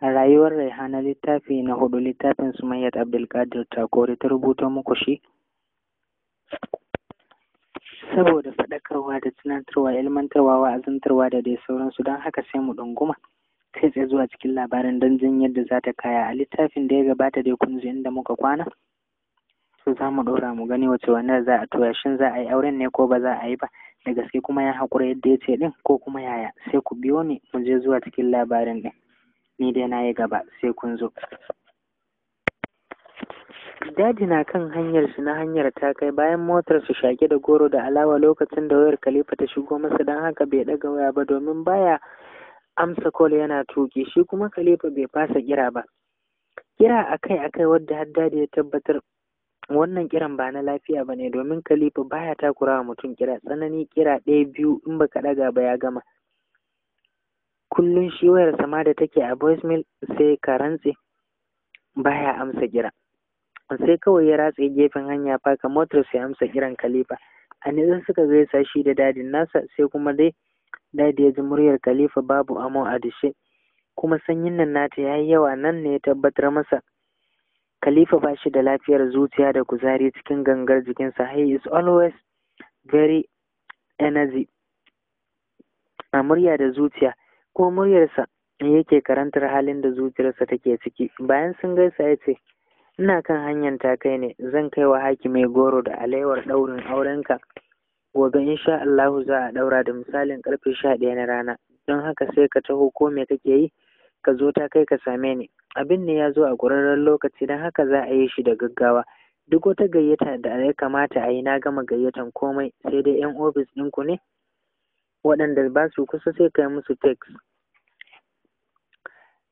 Rayuwar Raihana littafi na hudu littafin Sumayyat Abdulkadir takori ta rubuta muku shi saboda faɗakarwa da tunatarwa ilmantarwa azantarwa da dai sauransu don haka sai mu ɗunguma kai tsaye zuwa cikin labarin don jin yadda za ta kaya a littafin da ya gabata dai kun inda muka kwana to za mu ɗora mu gani wace wannan za a toya shin za a yi auren ne ko ba za a yi ba da gaske kuma ya haƙura yadda ya ce ɗin ko kuma yaya sai ku biyo ni mu je zuwa cikin labarin din? ni dai na yi gaba sai kun zo daji na kan hanyar shi na hanyar ta kai bayan motar su shaƙe da goro da alawa lokacin da wayar khalifa ta shigo masa don haka bai ɗaga waya ba domin baya amsa kol yana tuki shi kuma khalifa bai fasa kira ba kira akai akai wadda har daji ya tabbatar wannan kiran ba na lafiya ba ne domin khalifa baya takurawa mutum kira tsanani kira ɗaya biyu in baka ɗaga ba ya gama kullum shi wayarsa ma da take a voicemail sai ka rantse baya amsa kira sai kawai ya ratse gefen hanya fa ka motar sai amsa kiran khalifa a nitsin suka gaisa shi da dadin nasa sai kuma dai dadi ya ji muryar khalifa babu amo a dishe kuma sanyin nan nata yayi yawa nan ne ya tabbatar masa khalifa ba shi da lafiyar zuciya da kuzari cikin gangar jikinsa he is always very energy a murya da zuciya ko muryarsa yake karantar halin da zuciyarsa take ciki bayan sun gaisa ya ce ina kan hanyar ta kai ne zan kai wa mai goro da alaiwar ɗaurin aurenka gobe insha Allahu za a ɗaura da misalin karfe sha ɗaya na rana don haka sai ka taho ko me kake yi ka zo ta kai ka same ni abin ne ya zo a ƙwararren lokaci don haka za a yi shi da gaggawa duk wata gayyata da ya kamata a yi na gama gayyatan komai sai dai yan ofis ɗinku ne waɗanda ba su kusa sai kai musu text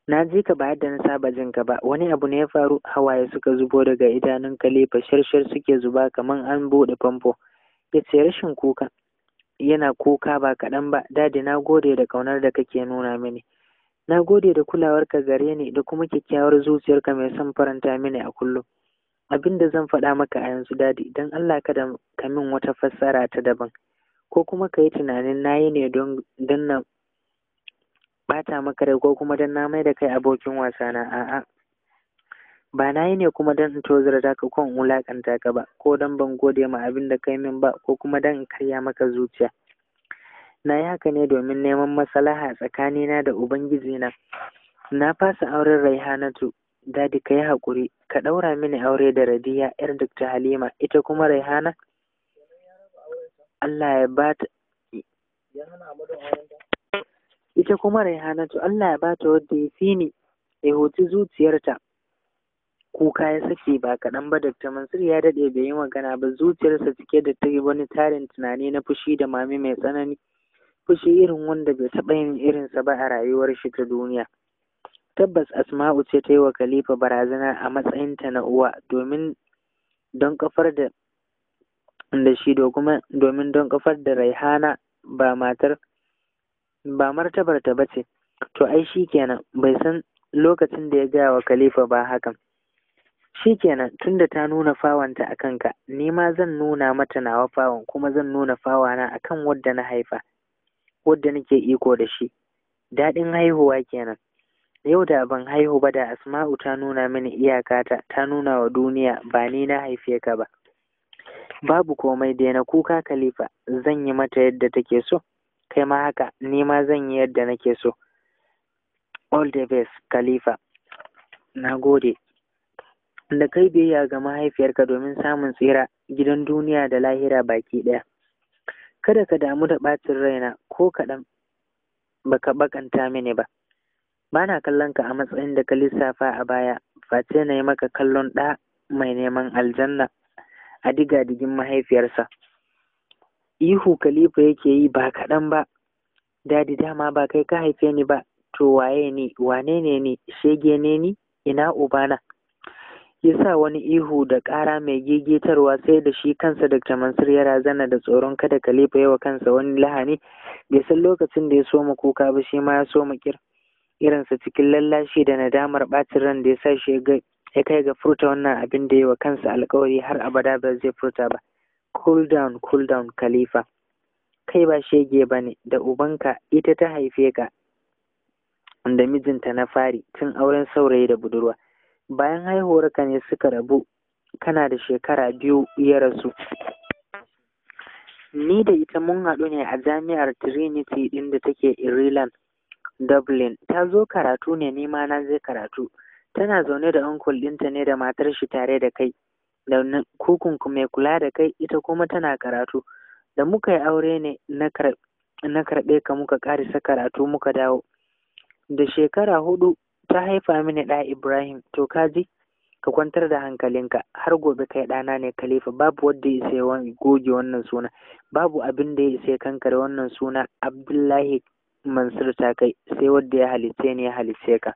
na ji ka ba yadda na saba jinka ba wani abu ne ya faru hawaye suka zubo daga idanun kalifa sharshar suke zuba kamar an buɗe famfo ya ce rashin kuka yana kuka ba kaɗan ba dadi na gode da ƙaunar da kake nuna mini na gode da kulawarka gare ni da kuma kyakkyawar zuciyarka mai son faranta mini a kullum abin da zan faɗa maka a yanzu dadi don allah kada ka min wata fassara ta daban ko kuma ka yi tunanin na yi ne don na ɓata maka rai ko kuma don na mai da kai abokin wasa na a'a ba na yi ne kuma dan in tozarta ka ko in wulaƙanta ka ba ko dan ban gode ma abin da kai min ba ko kuma don in karya maka zuciya na yi haka ne domin neman maslaha tsakanina da Ubangiji na Na fasa auren raihanatu dadi ka yi haƙuri ka ɗaura mini aure da radiya yar dr halima ita kuma raihana allah ya ba ta ita kuma ta Allah ya bata wadda ya fi ni ya huci zuciyarta kuka ya sake ba kaɗan ba Dr. Mansur ya daɗe bai yi magana ba zuciyarsa cike da ta wani tarin tunani na fushi da mami mai tsanani fushi irin wanda bai taɓa yin irinsa ba a rayuwar shi ta duniya tabbas Asma'u ce ta yi wa Khalifa barazana a matsayinta na uwa domin don kafar da da shi da kuma domin don kafar da Raihana ba matar ba martabarta ba ce to ai shi kenan bai san lokacin da ya gaya wa khalifa ba hakan shi kenan tunda ta nuna fawanta a kanka ni ma zan nuna mata nawa fawon kuma zan nuna fawana a kan wadda na haifa wadda nake iko da shi daɗin haihuwa kenan yau da ban haihu ba da asma'u ta nuna mini iyakata ta nuna wa duniya ba ni na haife ka ba babu komai da daina kuka khalifa zan yi mata yadda take so kai ma haka ni ma zan yi yadda nake so all the best khalifa na gode da kai biyayya ga mahaifiyarka domin samun tsira gidan duniya da lahira baki ɗaya kada ka damu da ɓacin raina ko kaɗan ba ka ɓaƙanta mini ba bana kallon ka a matsayin da ka lissafa a baya face na yi maka kallon ɗa mai neman aljanna a diga digin mahaifiyarsa ihu Khalifa yake yi ba kaɗan ba dadi dama ba kai ka haife ni ba to waye ni wane ne ni shege ne ni ina ubana ya sa wani ihu da ƙara mai gegetarwa sai da shi kansa da Mansur ya razana da tsoron kada kalifa yawa kansa wani lahani bai san lokacin da ya soma kuka ba shi ma ya soma kir irinsa cikin lallashi da nadamar ɓacin ran da ya sa shi ya kai ga furta wannan abin da wa kansa alkawari har abada ba zai furta ba cool down cool down khalifa kai ba shege ba ne da ubanka ita ta haife ka da mijinta na fari tun auren saurayi da budurwa bayan haihuwarka ne suka rabu kana da shekara biyu ya rasu ni da ita mun haɗu ne a jami'ar trinity ɗin da take ireland dublin ta zo karatu ne nima na zai karatu tana zaune da uncle ɗinta ne da matar shi tare da kai da kukunku mai kula da kai ita kuma tana karatu da muka yi aure ne na karɓe ka muka karisa karatu muka dawo da shekara hudu ta haifa mini ɗa ibrahim to kaji ka kwantar da hankalinka har gobe kai ɗana ne khalifa babu wanda ya isa goge wannan suna babu abin da ya isa kankare wannan suna abdullahi mansur ta kai sai wanda ya halitce ne ya halicce ka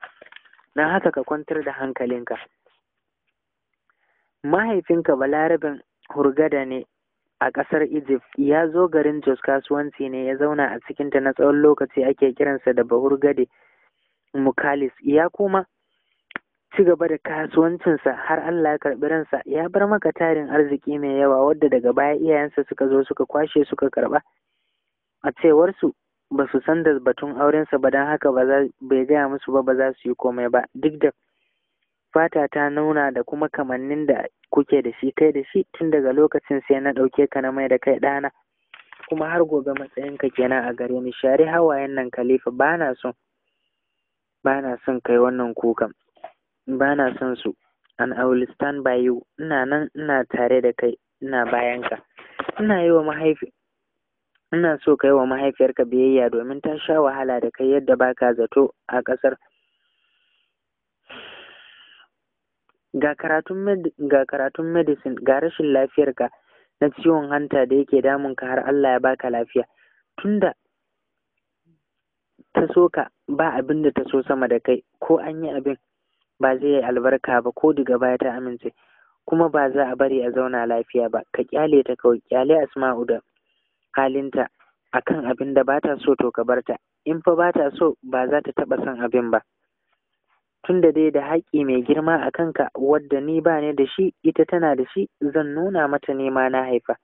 na haka ka kwantar da hankalinka mahaifinka balarabin hurgada ne a ƙasar egypt ya zo garin jos kasuwanci ne ya zauna a cikinta na tsawon lokaci ake kiransa da bahurgade mukalis ya kuma ci gaba da kasuwancinsa har allah ya karɓi ransa ya bar maka tarin arziki mai yawa wadda daga baya iyayensa suka zo suka kwashe suka karɓa a cewarsu ba su san da batun aurensa ba don haka bai gaya musu ba ba za su yi komai ba duk da fata ta nuna da kuma kamannin da kuke da shi kai da shi tun daga lokacin sai na ɗauke ka na mai da kai ɗana kuma har gobe matsayin matsayinka kenan a gare ni share hawayen nan khalifa ba son ba son kai wannan kukan ba na son su an I will stand by you ina nan ina tare da kai ina bayanka ina yi wa mahaifi ina so kai wa mahaifiyarka biyayya domin ta sha wahala da kai yadda baka zato a ƙasar ga karatun medicine ga rashin lafiyarka na ciwon hanta da yake damun ka har Allah ya baka lafiya tunda ta so ka ba abin da ta so sama da kai ko an yi abin ba zai yi albarka ba ko daga baya ta amince kuma ba za a bari a zauna lafiya ba ka kyale ta kawai kyale asma'u da halinta akan abin da ba ta so to ka barta in fa ba ta so ba za ta taba son abin ba tunda dai da haƙƙi mai girma a kanka wadda ni ba ni da shi ita tana da shi zan nuna mata nema na haifa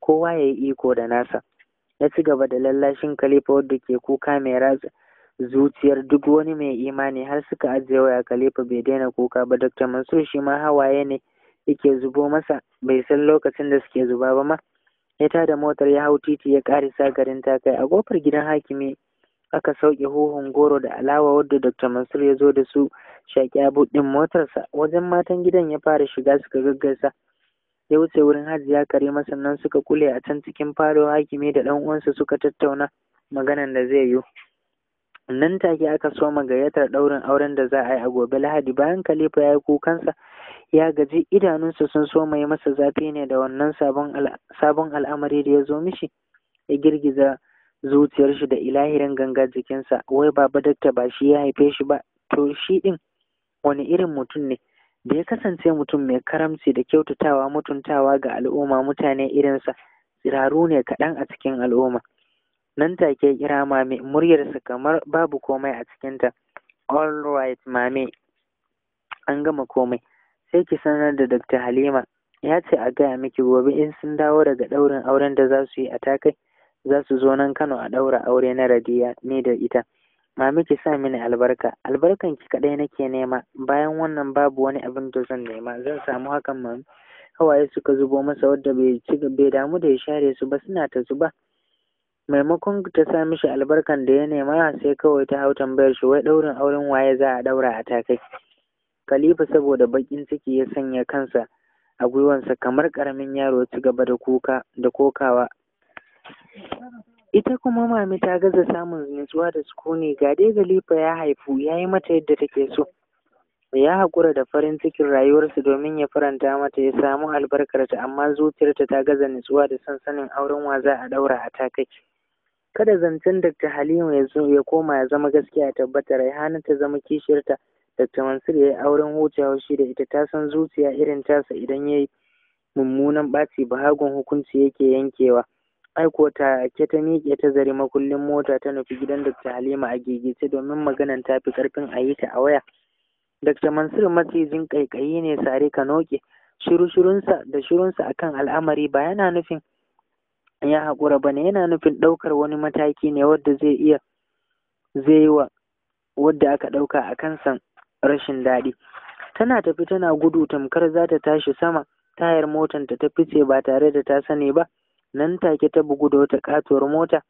kowa ya yi iko da nasa na ci gaba da lallashin kalifa wadda ke kuka mai ratsa zuciyar duk wani mai imani har suka ajiye waya kalifa bai daina kuka ba dr mansur shi ma hawaye ne yake zubo masa bai san lokacin da suke zuba ba ma ya tada motar ya hau titi ya ƙarisa garin ta kai a kofar gidan hakimi aka sauke huhun goro da alawa wadda Dr. Mansur ya zo da su shaki a buɗin motarsa wajen matan gidan ya fara shiga suka gaggaisa ya wuce wurin hajiya kare sannan suka kule a can cikin falo hakimi da ɗan uwansa suka tattauna maganan da zai yi nan take aka soma gayyatar ɗaurin auren da za a yi a gobe lahadi bayan khalifa ya yi kukansa ya gaji idanunsa sun soma yi masa zafi ne da wannan sabon al'amari da ya zo mishi ya girgiza zuciyar shi da ilahirin ganga jikinsa wai ba dakta ba shi ya haife shi ba to shi din wani irin mutum ne da ya kasance mutum mai karamci da kyautatawa mutuntawa ga al'umma mutane irinsa tsiraru ne kaɗan a cikin al'umma nan take kira mame muryarsa kamar babu komai a cikinta all right mame an gama komai sai ki sanar da dr halima ya ce a gaya miki gobe in sun dawo daga ɗaurin auren da za su yi a takai za su zo nan Kano a ɗaura aure na Radiya ni da ita. Mami ki sa mini albarka, albarkan ki kaɗai nake nema, bayan wannan babu wani abin da zan nema, zan samu hakan mami. Hawaye suka zubo masa wadda bai bai damu da ya share su ba suna ta zuba. Maimakon ta sa mishi albarkan da ya nema sai kawai ta hau tambayar shi wai ɗaurin auren waye za a ɗaura a takai. Khalifa saboda baƙin ciki ya sanya kansa a gwiwansa kamar ƙaramin yaro ci gaba da kuka da kokawa ita kuma mami ta gaza samun nutsuwa da sukuni ga dai Khalifa ya haifu ya yi mata yadda take so ya haƙura da farin cikin rayuwarsa domin ya faranta mata ya samu albarkarta amma zuciyarta ta gaza nutsuwa da sansanin auren wa za a ɗaura a takaki. kada zancen Dr. Halima ya zo ya koma ya zama gaskiya tabbata Raihana ta zama kishiyarta Dr. Mansur ya yi auren hutawa shi da ita ta san zuciya irin tasa idan ya yi mummunan ɓaci bahagun hukunci yake yankewa Ai ta ke, ta miƙe ta zari makullin mota ta nufi gidan Dr. Halima a gegece domin maganan ta fi ƙarfin a yi ta a waya. Dr. Mansur macijin ƙaiƙayi ne sare ka noƙe. Shiru-shirunsa da shirunsa a kan al'amari ba yana nufin ya haƙura ba ne yana nufin ɗaukar wani mataki ne wadda zai iya zai yi wa wadda aka ɗauka a kansa rashin daɗi. Tana tafi tana gudu tamkar za ta tashi sama tayar motanta ta fice ba tare da ta sani ba. nan take ta bugu da wata katuwar mota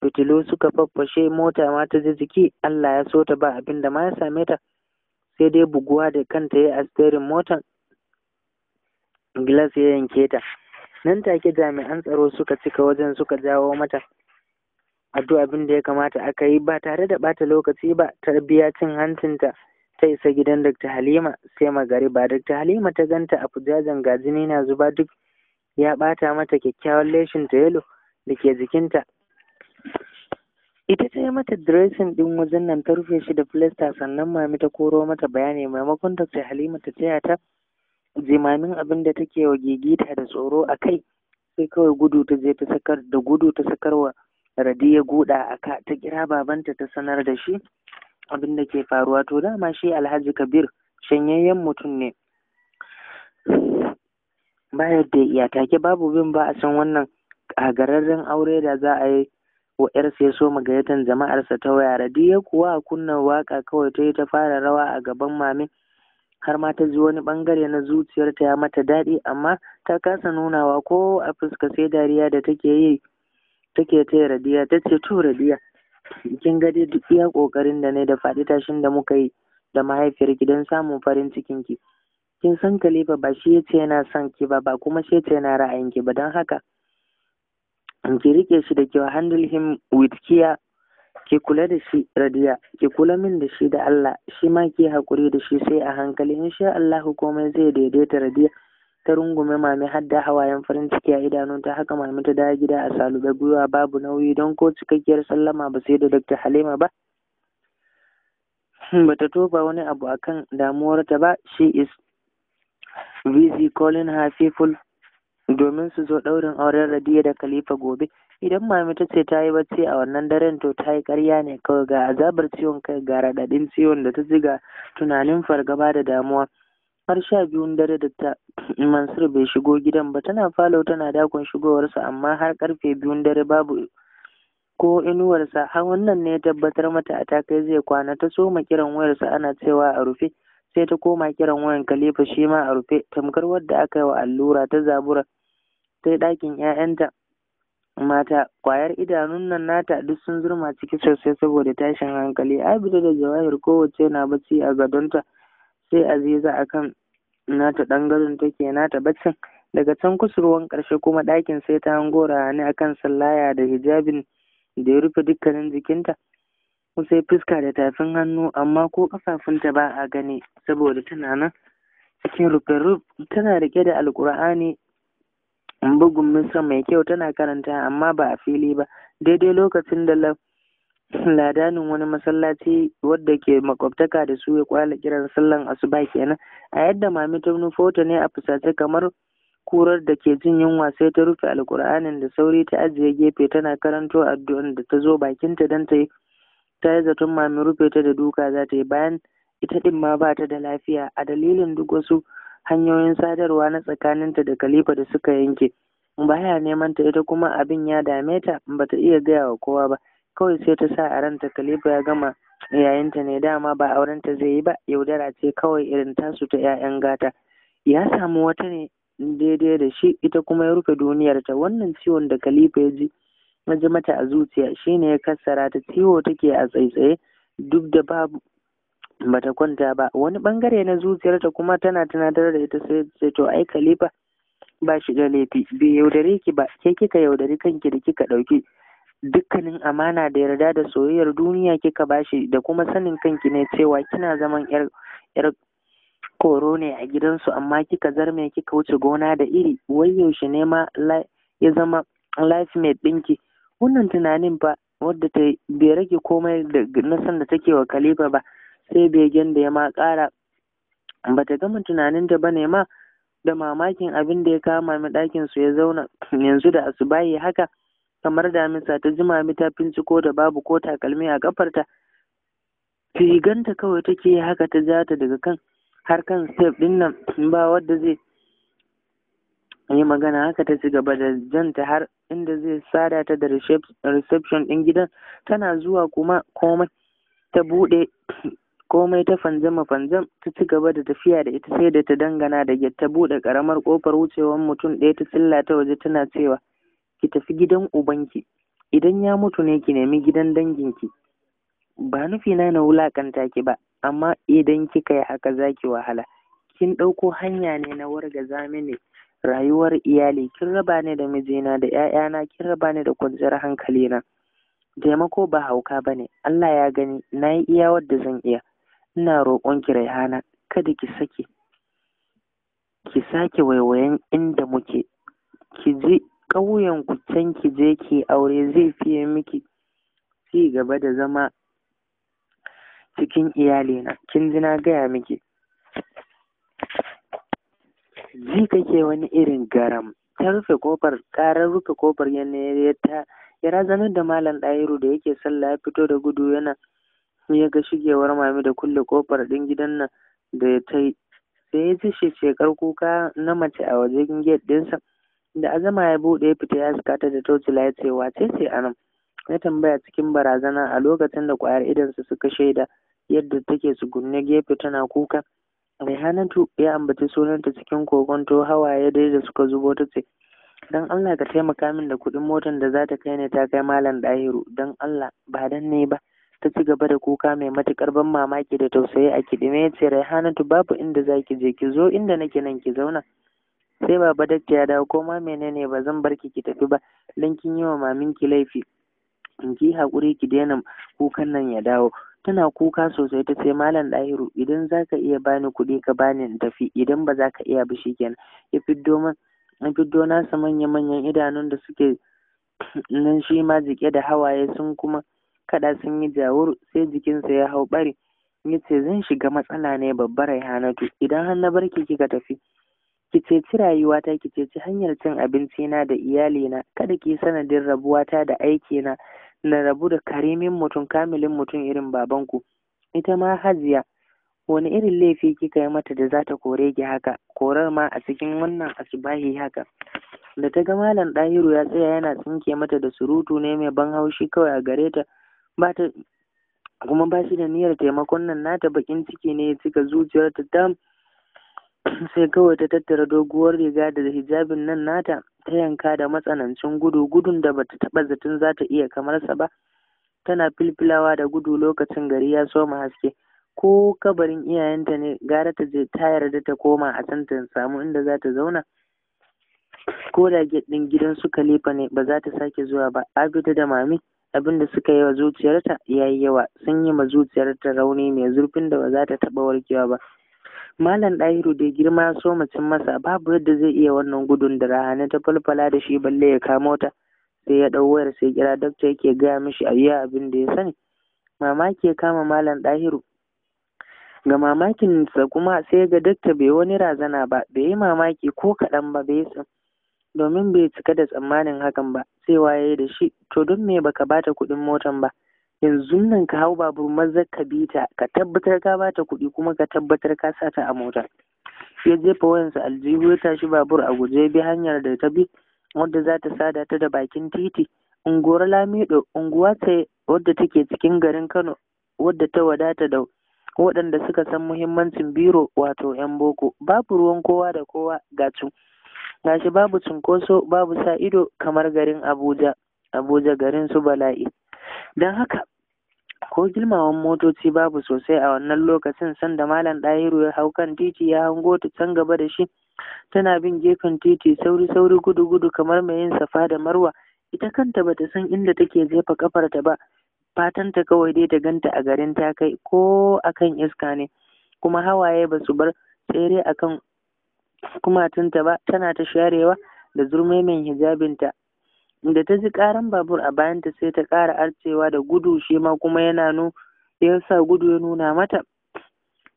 fitilu suka faffashe mota ma ta jiki Allah ya so ta ba abin da ma ya same ta sai dai buguwa da kanta ya asterin motan gilas ya yanke ta nan take jami'an tsaro suka cika wajen suka jawo mata addu'a abin da ya kamata aka yi ba tare da bata lokaci ba tarbiya cin hancinta ta isa gidan Dr. Halima sai magari ba Dr. Halima ta ganta a fujajen gajini na zuba duk ya ɓata mata kyakkyawan leshin ta yalo da ke jikinta ita ta yi mata dressing din wajen nan ta rufe shi da filasta sannan mami ta koro mata bayani maimakon ta ce halima ta taya ta jimamin abin da take wa gigita da tsoro a kai sai kawai gudu ta je ta sakar da gudu ta sakarwa wa radiya guda a ka ta kira babanta ta sanar da shi abin da ke faruwa to dama shi alhaji kabir shanyayyen mutum ne ba yadda ya take babu bin ba a san wannan a gararren aure da za a yi wa yarsa ya so gayyatan jama'arsa ta waya radiya kuwa kunna waka kawai ta yi ta fara rawa a gaban mami har ma ta ji wani bangare na zuciyarta ya mata daɗi amma ta kasa nunawa ko a fuska sai dariya da take yi take ta radiya ta ce to radiya kin ga dai duk iya kokarin da ne da faɗi tashin da muka yi da mahaifiyar gidan samun farin cikin ki cikin san Khalifa ba shi yace yana son ki ba ba kuma shi yace yana ra'ayin ki ba don haka ki rike shi da kyau handle him with care ki kula da shi radiya ki kula min da shi da Allah shi ma ki hakuri da shi sai a hankali insha Allah komai zai daidaita radiya ta rungume mami har da hawayen farin ciki a ta haka mami ta dawo gida a salube gwiwa babu nauyi don ko cikakkiyar sallama ba sai da Dr. Halima ba hmm, bata tofa wani abu akan damuwarta ba she is Vizi: calling her domin su zo ɗaurin auren Radiya da Khalifa gobe. Idan mami ta ce ta yi bacci a wannan daren to ta yi karya ne kawai ga azabar ciwon kai ga raɗaɗin ciwon da ta ji ga tunanin fargaba da damuwa. Har sha biyun dare da ta Mansur bai shigo gidan ba tana falo tana dakon shigowarsa amma har karfe biyun dare babu ko inuwarsa har wannan ne ya tabbatar mata a takai zai kwana ta soma kiran wayarsa ana cewa a rufe. sai ta koma kiran wayan kalifa shi ma a rufe tamkar wadda aka yi wa allura ta zabura ta yi ɗakin 'ya'yanta mata ƙwayar idanun nan nata duk sun zurma ciki sosai saboda tashin hankali abida da jawahir kowace na bacci a gadonta sai aziza akan nata ɗangaren gadon take nata baccin daga can kusurwan ƙarshe kuma ɗakin sai ta hango a akan sallaya da hijabin da ya rufe dukkanin jikinta sai fuska da tafin hannu amma ko kafafunta ba a gani saboda tana nan cikin rufe tana rike da alkur'ani bugun misa mai kyau tana karanta amma ba a fili ba daidai lokacin da ladanin wani masallaci wadda ke makwabtaka da su ya kwala kiran sallan asuba kenan a yadda mami ta nufo ta ne a fusace kamar kurar da ke jin yunwa sai ta rufe alkur'anin da sauri ta ajiye gefe tana karanto addu'an da ta zo bakinta don ta yi ta yi zaton mami rufe ta da duka za ta yi bayan ita din ma ba ta da lafiya a dalilin duk wasu hanyoyin sadarwa na tsakaninta da kalifa da suka yanke. Baya neman ta ita kuma abin ya dame ta ba ta iya gaya wa kowa ba kawai sai ta sa a ranta Khalifa ya gama ta ne dama ba auren ta zai yi ba yaudara ce kawai irin tasu ta 'ya'yan gata. Ya samu wata ne daidai da shi ita kuma ya rufe duniyarta wannan ciwon da kalifa ya ji na ji mata a zuciya shine ya kassara ta ciwo take a tsaitsaye duk da babu bata kwanta ba wani bangare na zuciyarta kuma tana tunatar da ita sai to ai khalifa ba shi da laifi bai yaudare ki ba ke kika yaudari kanki da kika ɗauki dukkanin amana da yarda da soyayyar duniya kika bashi da kuma sanin kanki ne cewa kina zaman yar yar koro ne a gidansu amma kika zarme kika wuce gona da iri wai yaushe ne ma ya zama life mate ɗinki wannan tunanin ba wadda ta bai rage komai na san da take wa kalifa ba sai begen da ya ma ƙara bata gama tunanin ta bane ma da mamakin abin da ya kama mi ɗakin su ya zauna yanzu da asubayi haka kamar da damisa ta jima mi ta finciko da babu ko takalmi a kafarta riganta kawai take haka ta ja ta daga kan har kan sef din nan ba wadda zai yi magana haka ta ci gaba da janta har inda zai sada ta da reception ɗin gidan tana zuwa kuma komai ta bude komai ta fanzama fanzam ta ci gaba da tafiya da ita sai da ta dangana da get ta buɗe karamar kofar wucewar mutum ɗaya ta silla ta waje tana cewa ki tafi gidan ubanki idan ya mutu ne ki nemi gidan danginki ba nufi na na wulakanta ki ba amma idan kika yi haka zaki wahala kin ɗauko hanya ne na wargaza mini rayuwar iyali kin raba ni da mijina da ƴaƴana kin raba ni da kwanciyar na, taimako ba hauka bane Allah ya gani nayi iya wadda zan iya ina roƙon ki Raihana kada ki sake ki sake waiwayen inda muke ki je ƙauyen ku can ki je ki aure zai fiye miki ci gaba da zama cikin iyalina kin ji na gaya miki ji kake wani irin garam ta rufe kofar ƙarar rufe kofar ya ta ya razanar da malam ɗahiru da yake sallah ya fito da gudu yana ya ga shigewar mami da kulle kofar ɗin gidan nan da ya ta yi sai ya ci shekar kuka na mace a wajen gate ɗinsa da azama ya buɗe ya fita ya sukata da tocila ya ce wace ce anan ya tambaya cikin barazana a lokacin da ƙwayar idansa suka shaida yadda take tsugunne gefe tana kuka Raihanatu ya ambaci sunanta cikin kogon to hawaye dai da suka zubo ta ce, Don Allah ka taimaka min da kuɗin motar da za ta kai ni ta kai Malam Ɗahiru, don Allah ba dan ne ba. Ta ci gaba da kuka mai matuƙar ban mamaki da tausayi a kiɗime ya ce, Raihanatu babu inda za ki je, ki zo inda nake nan ki zauna. Sai baba dakta ya dawo ko ma menene ba zan barki ki ki tafi ba, don kin yi wa maminki laifi. ki yi haƙuri ki daina kukan nan ya dawo tana kuka sosai ta ce malam ɗahiru idan za ka iya bani kuɗi ka bani in tafi idan ba za ka iya ba kenan ya fiddo man fiddo nasa manya manyan idanun da suke nan shi ma jike da hawaye sun kuma kaɗa sun yi jawur sai jikinsa ya hau ɓari ya ce zan shiga matsala ne babbar raihanatu idan har na barki kika tafi ki ceci rayuwata ki ceci hanyar cin abinci na da iyalina kada ki sanadin rabuwata da aikina na rabu da karimin mutum kamilin mutum irin babanku ita ma hajiya wani irin laifi kika yi mata da za ta kore ki haka korar ma a cikin wannan asubahi haka da ta ga malam ɗahiru ya tsaya yana tsinke mata da surutu ne mai ban haushi kawai a gare ta ba ta kuma ba shi da niyyar taimakon nan nata bakin ciki ne ya cika zuciyarta ta sai kawai ta tattara doguwar riga da hijabin nan nata ta yanka da matsanancin gudu gudun da bata taba zaton za ta iya sa ba tana filfilawa da gudu lokacin gari ya soma haske ko kabarin iyayenta ne gara ta je ta yarda ta koma a can samu inda za ta zauna ko da ɗin gidan su kalifa ne ba za ta sake zuwa ba abita da mami abin da suka yi wa zuciyarta ya yi yawa sun yi ma zuciyarta rauni mai zurfin da ba za ta taɓa warkewa ba Malam Ɗahiru da girma so mutum masa babu yadda zai iya wannan gudun da rahane ta falfala da shi balle ya kamo ta sai ya ɗau wayar sai kira dakta yake gaya mishi a yi abin da ya sani mamaki ya kama Malam Ɗahiru ga mamakin sa kuma sai ga dakta bai wani razana ba bai yi mamaki ko kaɗan ba bai san. domin bai cika da tsammanin hakan ba sai waye da shi to don me baka bata kuɗin motan ba yanzun nan ka hau babur maza ka bi ta ka tabbatar ka bata kuɗi kuma ka tabbatar ka sa ta a mota ya jefa wayansa aljihu ya tashi babur a guje bi hanyar da ta bi wadda za ta sada ta da bakin titi unguwar lamido unguwa ce wadda take cikin garin kano wadda ta wadata da waɗanda suka san muhimmancin biro wato 'yan boko babu ruwan kowa da kowa ga gashi babu cunkoso babu sa ido kamar garin abuja abuja garin su bala'i don haka ko girmawan motoci babu sosai a wannan lokacin sanda malam ɗahiru ya hau kan titi ya hango ta can gaba da shi tana bin gefen titi sauri sauri gudu gudu kamar mai yin safa da marwa ita kanta bata san inda take jefa kafarta ba fatanta kawai dai ta ganta a garin ta kai ko akan iska ne kuma hawaye ba su bar tsere akan kumatunta ba tana ta sharewa da mai hijabinta da ta ji karan babur a bayanta sai ta ƙara arcewa da gudu shi ma kuma yana nu ya sa gudu ya nuna mata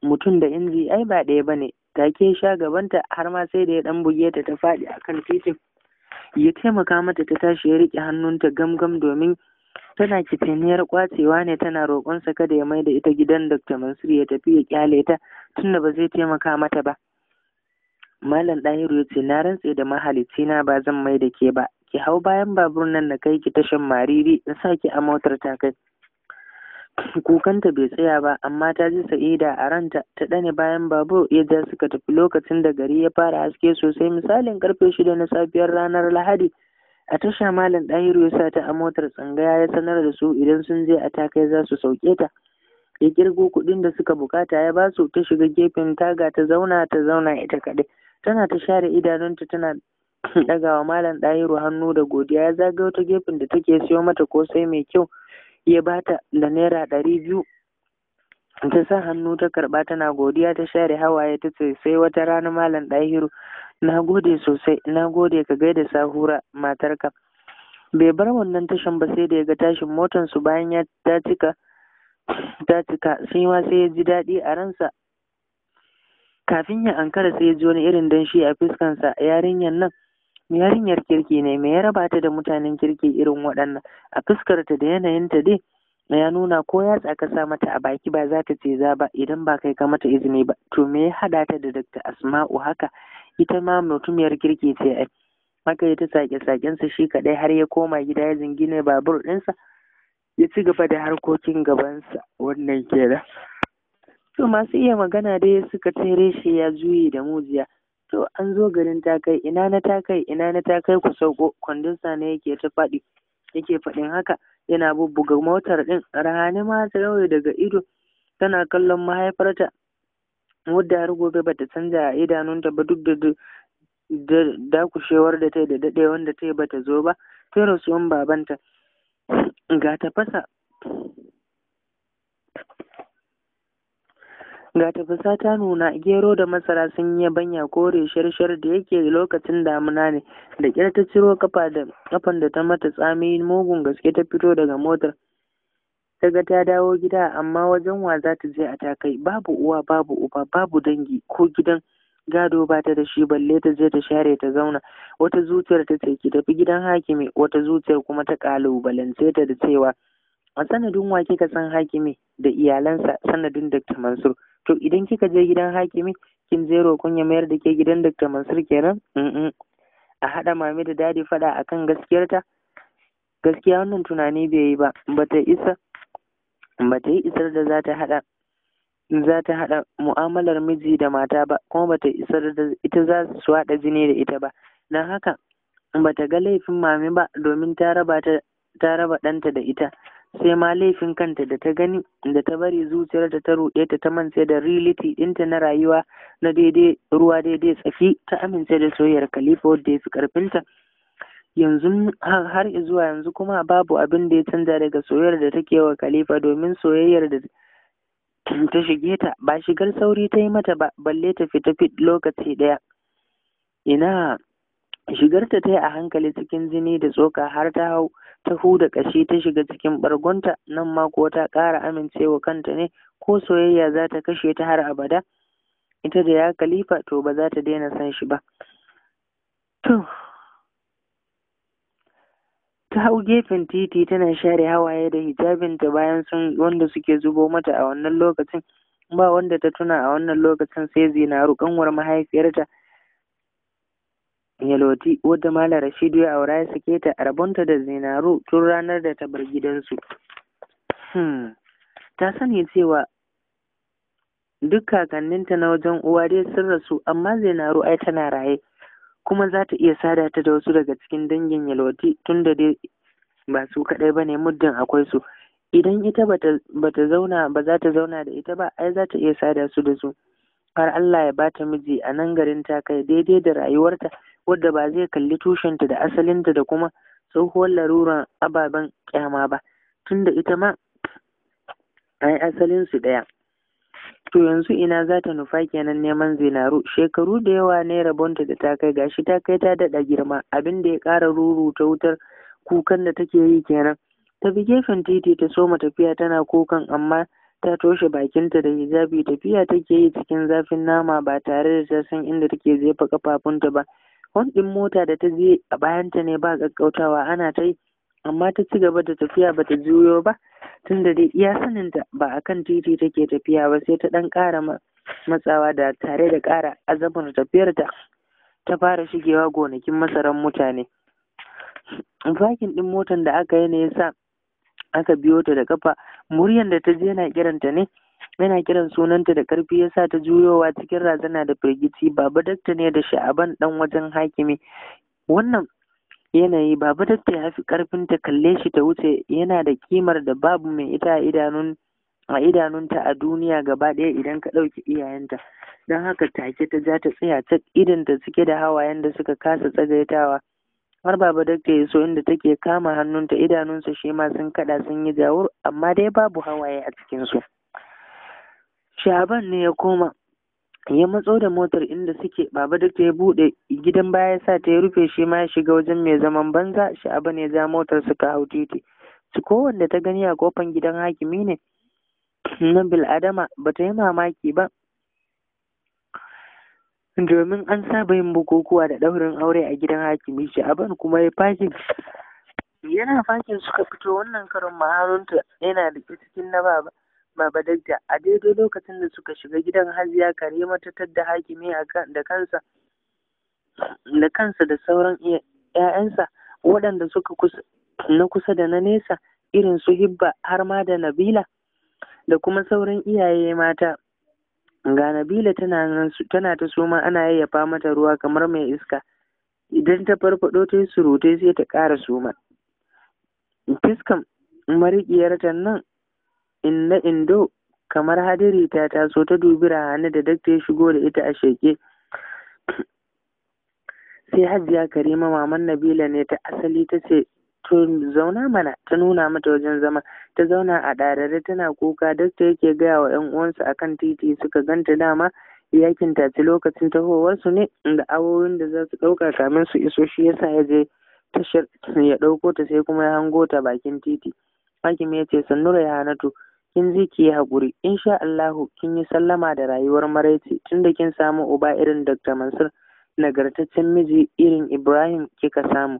mutum da inji ai ba ɗaya bane take sha gabanta har ma sai da ya ɗan buge ta ta faɗi kan titin ya taimaka mata ta tashi ya riƙe hannunta gamgam domin tana kitiniyar kwacewa ne tana roƙonsa kada ya mai da ita gidan Dr. Mansur ya tafi ya kyale ta tunda ba zai taimaka mata ba. Malam Ɗahiru ya ce na rantse da mahalicci na ba zan mai da ke ba ki hau bayan babur nan na kai ki tashan mariri in sa ki a motar ta kai kukanta bai tsaya ba amma ta ji sa'ida a ranta ta ɗane bayan babur ya suka tafi lokacin da gari ya fara haske sosai misalin karfe shida na safiyar ranar lahadi a tasha malam ɗahiru ya sa ta a motar tsangaya ya sanar da su idan sun je a takai za su sauke ta ya kirgo kuɗin da suka bukata ya basu ta shiga gefen taga ta zauna ta zauna ita kaɗai tana ta share idanunta tana ɗagawa malam ɗahiru hannu da godiya ya zagayo ta gefen da take siyo mata kosai mai kyau ya bata da naira ɗari biyu ta sa hannu ta karɓa tana godiya ta share hawaye ta ce sai wata rana malam ɗahiru na gode sosai na gode ka gaida sahura matarka bai bar wannan tashan ba sai da ya ga tashin motan su bayan ya ta cika ta cika ma sai ya ji daɗi a ransa kafin ya ankara sai ya ji wani irin danshi a fuskansa yarinyar nan yarinyar kirki ne mai ya raba ta da mutanen kirki irin waɗannan a fuskarta da yanayin ta dai ya nuna ko ya tsaka sa mata a baki ba za ta ce za ba idan ba kai ka mata izini ba to me ya haɗa ta da dakta Asma'u haka ita ma mutumiyar kirki ce ai haka ya ta sake sakensa shi kaɗai har ya koma gida ya zingine babur ɗinsa ya ci gaba da harkokin gabansa wannan kenan to masu iya magana dai suka tere shi ya juye da mujiya To an zo garin ta kai ina na ta kai ina na ta kai ku sauko kwandonsa ne yake ta faɗi yake faɗin haka yana bubbuga motar ɗin rahani ma ta yau daga ido tana kallon mahaifarta wadda har gobe bata canza a idanunta ba duk da dakushewar da ta yi da daɗe wanda ta yi bata zo ba ta rasuwan babanta ga ta fasa. ga tafasa ta nuna gero da masara sun yi banya kore shar-shar da yake lokacin damuna ne da kyar ta ciro kafa da kafan da ta mata tsami mugun gaske ta fito daga motar ga ta dawo gida amma wajen wa za ta je a takai babu uwa babu uba babu dangi ko gidan gado ba ta da shi balle ta je ta share ta zauna wata zuciyar ta ce ki tafi gidan hakimi wata zuciyar kuma ta kalubalance ta da cewa a sanadin wa kika san hakimi da iyalansa sanadin Dr. Mansur. To idan kika je gidan hakimi kin je roƙon ya mayar da ke gidan Dr. Mansur kenan? A haɗa mami da dadi faɗa akan gaskiyarta? Gaskiya wannan tunani bai yi ba, bata isa yi isar da za ta haɗa za ta haɗa mu'amalar miji da mata ba kuma bata isar da ita za su haɗa jini da ita ba don haka bata ga laifin mami ba domin ta raba ta raba ɗanta da ita sai ma laifin kanta da ta gani da ta bari zuciyarta ta ruɗe ta ta mance da reality ɗinta na rayuwa na daidai ruwa daidai tsafi ta amince da soyayyar khalifa wadda ya fi karfinta yanzu har zuwa yanzu kuma babu abin da ya canza daga soyayyar da take wa khalifa domin soyayyar da ta shige ta ba shigar sauri ta yi mata ba balle ta fita fit lokaci ɗaya ina shigarta ta yi a hankali cikin jini da tsoka har ta hau ta huda ƙashi ta shiga cikin ɓargonta nan ma kuwa ta ƙara amincewa kanta ne ko soyayya za ta kashe ta har abada ita da ya kalifa to ba za ta daina san shi ba to ta hau gefen titi tana share hawaye da hijabinta bayan sun wanda suke zubo mata a wannan lokacin ba wanda ta tuna a wannan lokacin sai zinaru kanwar mahaifiyarta Yalwati wadda mala Rashidu ya aura ya sake ta a rabonta da Zinaru tun ranar da ta bar gidansu. Hmm, ta sani cewa duk kakanninta na wajen uwa dai sun rasu amma Zinaru ai tana raye kuma za ta iya sada ta da wasu daga cikin dangin Yalwati tun da dai ba su kaɗai ba ne muddin akwai su. Idan ita ta zauna ba za ta zauna da ita ba ai za ta iya sada su da su. Har Allah ya bata miji a nan garin ta kai daidai da rayuwarta. wadda ba zai kalli tushenta da asalinta da kuma tsohuwar laruran ababen kyama ba tunda ita ma yi asalin su ɗaya to yanzu ina za ta nufa kenan neman zinaru shekaru da yawa ne rabonta da ta kai gashi ta kai ta daɗa girma abin da ya ƙara ruru ta wutar kukan da take yi kenan ta bi gefen titi ta soma tafiya tana kukan amma ta toshe bakinta da hijabi tafiya take yi cikin zafin nama ba tare da ta san inda take jefa kafafunta ba hon ɗin mota da ta je a bayanta ne ba gaggautawa ana ta yi amma ta ci gaba da tafiya ba ta juyo ba tunda dai iya saninta ba a kan titi take tafiya ba sai ta ɗan ƙara matsawa da tare da ƙara azabar tafiyarta ta fara shigewa gonakin masaran mutane fakin ɗin motan da aka yi ne sa aka biyo ta da kafa muryan da ta je yana kiranta ne Yana kiran sunanta da karfi ya sa ta juyowa cikin razana da firgici. Baba Dakta ne da Sha'aban ɗan wajen hakimi. Wannan yanayi Baba Dakta ya fi karfin ta kalle shi ta wuce yana da kimar da babu mai ita a idanun a idanunta a duniya gaba ɗaya idan ka ɗauki iyayenta. Don haka take ta ja ta tsaya ta idanta cike da hawayen da suka kasa tsagaitawa. har baba dakta ya so inda take kama hannunta idanunsa shi ma sun kaɗa sun yi jawur amma dai babu hawaye a cikinsu. Shaban ne ya koma ya matso da motar inda suke baba duk ya bude gidan baya ya sa ta ya rufe shi ma ya shiga wajen mai zaman banza Shaban ya ja motar suka hau titi su kowanne ta gani a kofan gidan hakimi ne na bil'adama ba ta yi mamaki ba domin an saba yin bukukuwa da ɗaurin aure a gidan hakimi Shaban kuma ya fakin yana fakin suka fito wannan karin maharunta yana da cikin na baba Baba a daidai lokacin da suka shiga gidan Hajiya Karima ta tadda Hakimi da kansa da kansa da sauran ‘ya'yansa waɗanda suka na kusa da na nesa irin su Hibba har ma da Nabila da kuma sauran iyaye mata. Ga Nabila tana, ta suma ana yayyafa mata ruwa kamar mai iska. Idan ta farfaɗo ta yi surutai sai ta ƙara suma. Fiskan ta nan inna indo kamar hadiri ta taso ta dubi rahane da dakta ya shigo da ita a sheke sai hajiya karima maman nabila ne ta asali ta ce to zauna mana ta nuna mata wajen zama ta zauna a ɗarare tana kuka dakta yake gaya wa 'yan uwansa akan titi suka ganta dama yakin taci lokacin tahowarsu ne da awowin da za su ɗauka kamin su iso shi yasa ya je tashar ya ɗauko ta sai kuma ya hango ta bakin titi hakim ya ce sannu hanatu kin je ki yi haƙuri insha Allahu kin yi sallama da rayuwar maraice tunda kin samu uba irin Dr. Mansur nagartaccen miji irin Ibrahim kika samu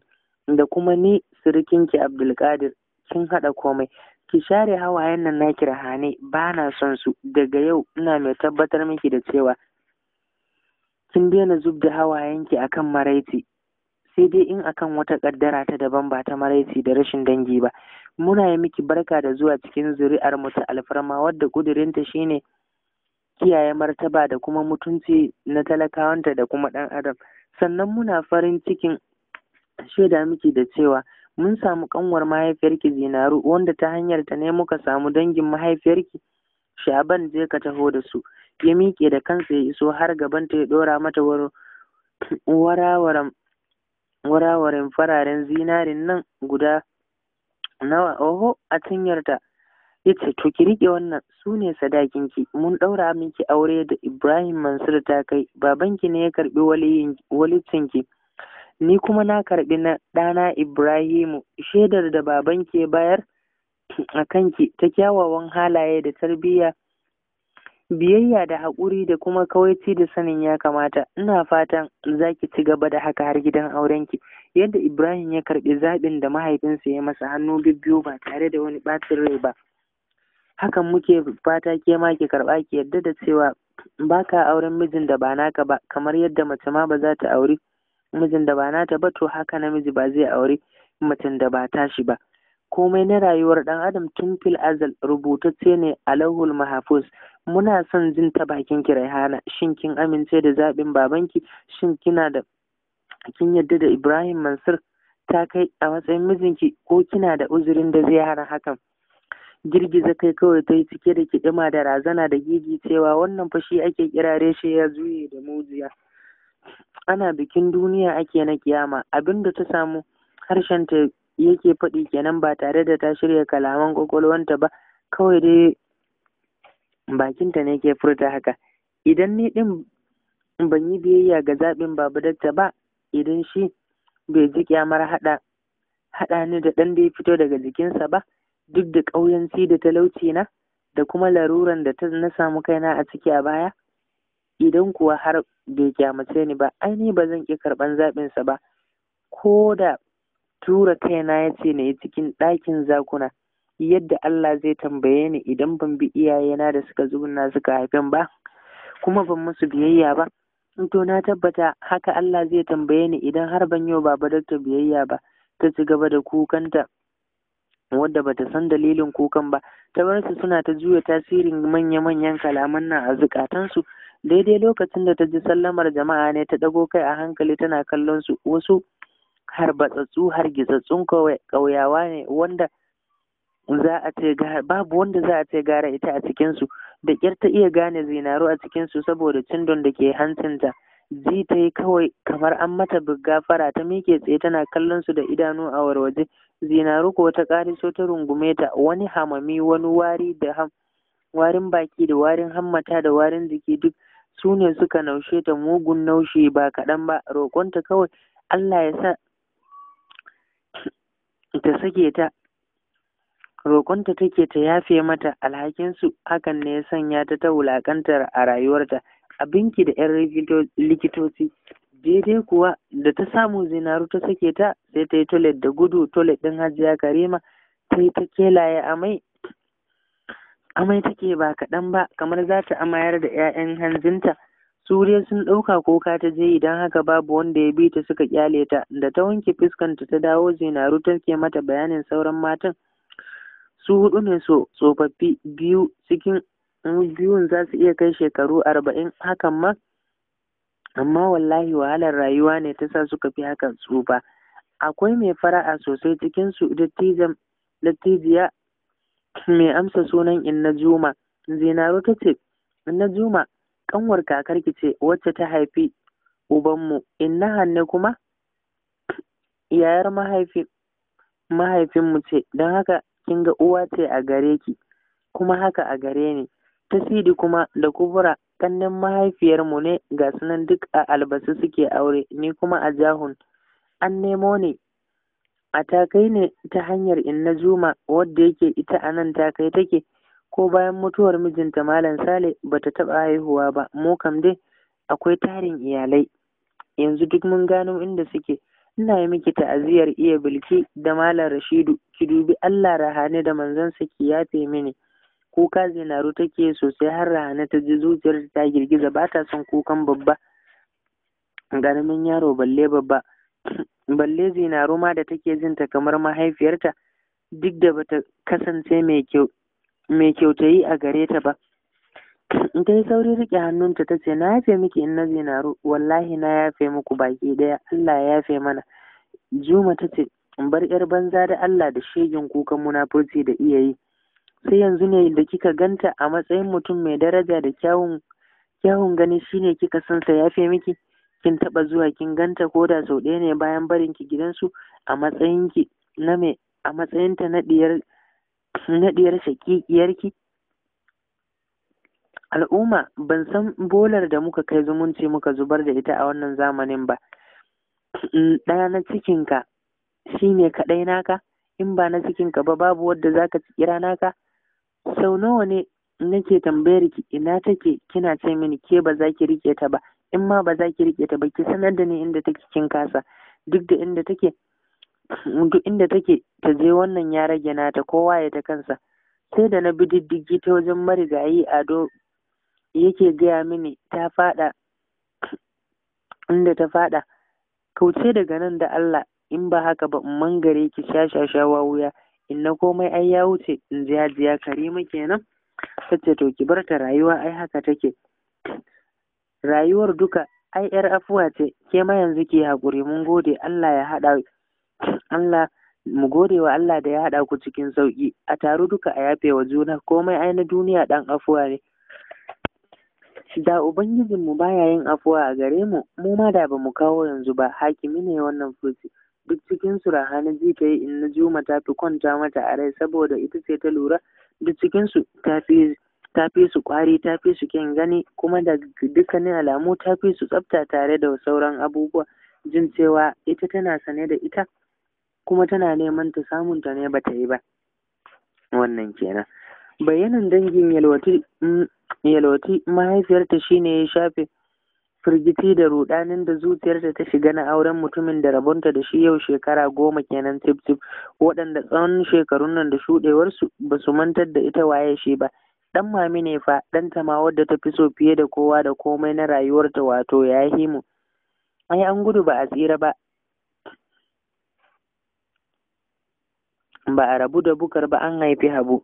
da kuma ni sirikinki Abdulkadir kin haɗa komai ki share hawayen nan naki rahane ba na son su daga yau ina mai tabbatar miki da cewa kin daina zub da hawayenki akan maraici sai dai in akan wata ƙaddara ta daban ba ta maraici da rashin dangi ba muna yi miki barka da zuwa cikin zuri'ar mu ta alfarma wadda ƙudurinta shine kiyaye martaba da kuma mutunci na talakawanta da kuma ɗan adam sannan muna farin cikin shaida miki da cewa mun samu ƙanwar mahaifiyarki zinaru wanda ta hanyar ta ne muka samu dangin mahaifiyarki shaban je ka taho da su ya miƙe da kansa ya iso har gaban ta ya ɗora mata warawaran fararen zinarin nan guda nawa oho a cinyarta ya ce to ki riƙe wannan su ne sadakinki mun ɗaura miki aure da ibrahim mansur ta kai babanki ne ya karɓi walicinki ni kuma na karɓi na ɗana ibrahimu shaidar da babanki ya bayar a kanki ta kyawawan halaye da tarbiyya biyayya da haƙuri da kuma kawaici da sanin ya kamata ina fatan za ki ci gaba da haka har gidan aurenki yadda ibrahim ya karɓi zaɓin da mahaifinsa ya masa hannu bibbiyu ba tare da wani ɓacin rai ba hakan muke fata ke ma ki karɓa ki yadda da cewa ba ka auren mijin da ba naka ba kamar yadda mace ma ba za ta auri mijin da ba nata ba to haka namiji ba zai auri mutum da ba tashi ba komai na rayuwar ɗan adam tun fil azal rubutacce ne a lahul mahafuz muna son jin ta bakin ki Raihana shin kin amince da zaɓin babanki shin kina da kin yadda da Ibrahim Mansur ta kai a matsayin mijinki ko kina da uzurin da zai hana hakan girgiza kai kawai ta yi cike da kiɗima da razana da gigi cewa wannan fashi ake kirare shi ya juye da mujiya ana bikin duniya ake na kiyama abinda ta samu harshen harshenta yake faɗi kenan ba tare da ta shirya kalaman kwakwalwanta ba kawai dai bakinta ne ke furta haka idan ni din ban yi biyayya ga zaɓin babu datta ba idan shi bai ji kyamar haɗa haɗa ni da ɗan da ya fito daga jikinsa ba duk da ci da talauci na da kuma laruran da ta na samu kaina a ciki a baya idan kuwa har bai kyamace ni ba ai ni ba zan ƙi karɓan zaɓinsa ba ko da tura kaina ya ce na cikin ɗakin zakuna yadda Allah zai tambaye ni idan ban bi iyayena da suka zuna suka haifin ba kuma ban musu biyayya ba to na tabbata haka Allah zai tambaye ni idan har ban yi baba dakta biyayya ba ta ci gaba da kukanta wadda bata san dalilin kukan ba ta bar su suna ta juya tasirin manya-manyan kalaman nan a zukatansu daidai lokacin da ta ji sallamar jama'a ne ta ɗago kai a hankali tana kallon su wasu har batsatsu har ƙauyawa ne wanda za a ce babu wanda za a ce gara ita a cikinsu da ƙyar ta iya gane zinaru a cikinsu saboda cindon da ke hancinta ji ta yi kawai kamar an mata gafara ta miƙe tsaye tana kallon su da idanu a warwaje zinaru ko ta ƙariso ta rungume ta wani hamami wani wari da ham warin baki da warin hammata da warin jiki duk su ne suka naushe ta mugun naushi ba kaɗan ba roƙonta kawai Allah ya sa ta sake ta roƙonta take ta yafe mata alhakinsu hakan ne ya sanya ta ta wulaƙantar a rayuwarta abinki da 'yan likitoci daidai kuwa da ta samu zinaru ta sake ta sai ta yi toilet da gudu tolet ɗin hajiya karima ta yi ta kelaye amai amai take ba kaɗan ba kamar za ta amayar da 'ya'yan hanzinta suriya sun ɗauka koka ta je idan haka babu wanda ya bi ta suka kyale ta da ta wanke fuskanta ta dawo zinaru take mata bayanin sauran matan su hudu ne so tsofaffi biyu cikin biyun za su iya kai shekaru arba'in hakan ma amma wallahi wahalar rayuwa ne ta sa suka fi hakan tsufa akwai mai fara'a sosai cikinsu dattijiya mai amsa sunan inna juma zinaru ta ce inna juma kanwar kakarki ce wacce ta haifi ubanmu inna hanne kuma yayar mahaifinmu ce don haka kin ga uwa ce a gare ki kuma haka a gare ni ta sidi kuma da kubura kannin mahaifiyarmu ne ga sunan duk a albasu suke aure ni kuma a jahun an nemo ne a takai ne ta hanyar in na juma wadda yake ita a nan takai take ko bayan mutuwar mijinta malam sale bata taɓa haihuwa ba mu kam dai akwai tarin iyalai yanzu duk mun gano inda suke ina yi miki ta'aziyar iya bilki da malam rashidu ki dubi allah rahane da manzon ki yafe mini kuka zinaru take sosai har rahane ta ji zuciyar ta girgiza ba ta son kukan babba garmin yaro balle babba balle zinaru ma da take jinta kamar mahaifiyarta duk da bata kasance mai kyau mai kyautayi a gare ta ba dai yi saurin riƙe hannunta ta ce na yafe miki in na zinaru wallahi na yafe muku baki ɗaya Allah ya yafe mana juma tace in bar yar banza da Allah da shegin kukan munafurci da iya yi sai yanzu ne da kika ganta a matsayin mutum mai daraja da kyawun kyawun gani shine kika san sa yafe miki kin taɓa zuwa kin ganta ko da sau ɗaya ne bayan barin ki gidansu a matsayin ki na me a matsayin ta na diyar na diyar shakikiyar ki al'umma ban san bolar da muka kai zumunci muka zubar da ita a wannan zamanin ba mm, ɗaya na cikinka ne kaɗai naka in ba na cikinka ba babu wadda za ci kira naka sau nawa ne nake tambayar ki ina take kina ce mini ke ba za ki rike ta ba in ma ba za ki rike ta ba ki sanar da ni inda take kin kasa duk da inda take duk inda take ta je wannan ya rage nata kowa ya ta kansa sai da na bi diddigi ta wajen marigayi ado yake gaya mini ta faɗa inda ta faɗa kauce daga nan da Allah in ba haka ba in mangare ki shashashawa wuya in na komai ai ya wuce in ji kare mu kenan tace to ki barka rayuwa ai haka take rayuwar duka ai yar afuwa ce ke ma yanzu ki hakuri mun gode Allah ya hada Allah mu gode wa Allah da ya haɗa ku cikin sauki a taru duka a yafe wa juna komai ai na duniya ɗan afuwa ne Da Ubangijinmu baya yin afuwa a gare mu, mu ma da bamu kawo yanzu ba, hakimi ne wannan fushi. Duk cikin su Rahana ji ta yi in na Juma ta fi kwanta mata a rai saboda ita ce ta lura duk cikin su ta fi su kwari ta fi su kyan gani kuma da dukkanin alamu ta su tsafta tare da sauran abubuwa jin cewa ita tana sane da ita kuma tana neman ta samun ta ne bata yi ba wannan kenan bayanan dangin yalwatu mm, Yalwati mahaifiyarta shi ne ya shafe firgiti da ruɗanin da zuciyarta ta shiga na auren mutumin da rabonta da shi yau shekara goma kenan tif tif waɗanda tsawon shekarun nan da shuɗewarsu ba su mantar da ita waye shi ba ɗan mami ne fa ɗanta ma wadda ta fi so fiye da kowa da komai na rayuwarta wato ya yi himu ai an gudu ba a tsira ba ba a rabu da bukar ba an haifi habu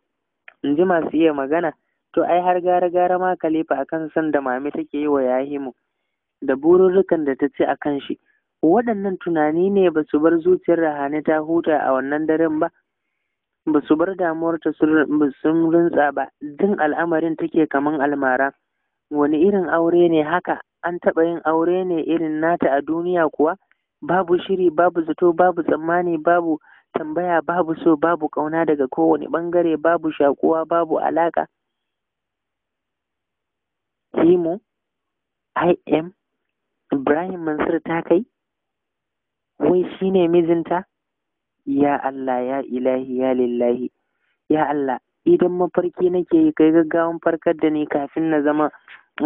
in ji masu iya magana to ai har gara gara ma Khalifa akan san da mami take yi wa Yahimu da bururrukan da ta ci a kan shi waɗannan tunani ne ba su bar zuciyar Rahane ta huta a wannan daren ba ba su bar damuwar ta sun rintsa ba din al'amarin take kaman almara wani irin aure ne haka an taɓa yin aure ne irin nata a duniya kuwa babu shiri babu zato babu tsammani babu tambaya babu so babu ƙauna daga kowane ɓangare babu shakuwa babu alaƙa Kimo, IM, Ibrahim Mansur ta kai? Wai shi ne mijinta? Ya Allah, ya ilahi, ya lillahi, ya Allah, idan mafarki nake yi kai gaggawan farkar da ni kafin na zama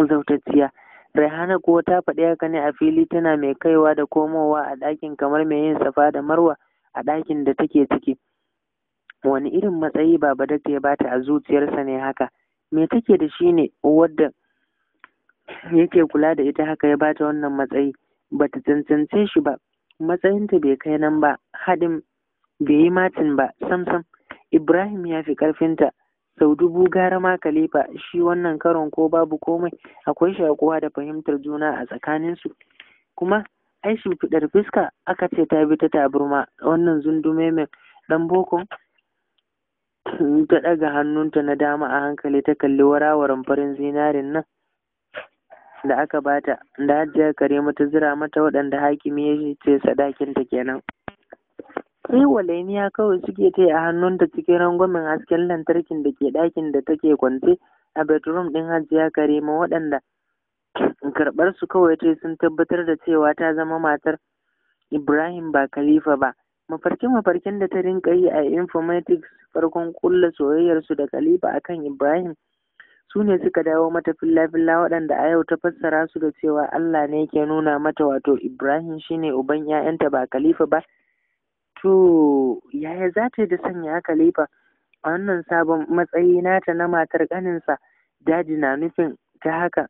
zautacciya. Rehana kuwa ta faɗi haka ne a fili tana mai kaiwa da komowa a ɗakin kamar mai yin safa da marwa a ɗakin da take ciki. Wani irin matsayi baba dakta ya bata a zuciyarsa ne haka? Me take da shi ne wadda yake kula da ita haka ya bata wannan matsayi bata cancance shi ba matsayinta bai kai nan ba Haɗin bai yi matin ba samsam ibrahim ya fi ƙarfinta. sau dubu gara ma kalifa shi wannan karon ko babu komai akwai shakuwa da fahimtar juna a tsakaninsu kuma ai shimfiɗar fuska aka ce ta bi ta taburma wannan zundume mai ɗan boko ta ɗaga hannunta na dama a hankali ta kalli warawaran farin zinarin nan da aka bata da hajjiyar Karima ta zira mata waɗanda hakimi ya ce sadakinta kenan. Sai walainiya kawai suke ta a hannun hannunta cikin rangwamen hasken lantarkin da ke ɗakin da take kwance a bedroom ɗin hajjiya Karima waɗanda karɓar su kawai ce sun tabbatar da cewa ta zama matar Ibrahim ba Khalifa ba. Mafarkin mafarkin da ta rinka yi a informatics farkon kulla soyayyarsu da Khalifa akan Ibrahim su ne suka dawo mata filla waɗanda a yau ta fassara su da cewa Allah ne yake nuna mata wato Ibrahim shine uban 'ya'yanta ba Khalifa ba to yaya za ta yi da sanya Khalifa a wannan sabon matsayi nata na matar ƙaninsa daji na nufin ta haka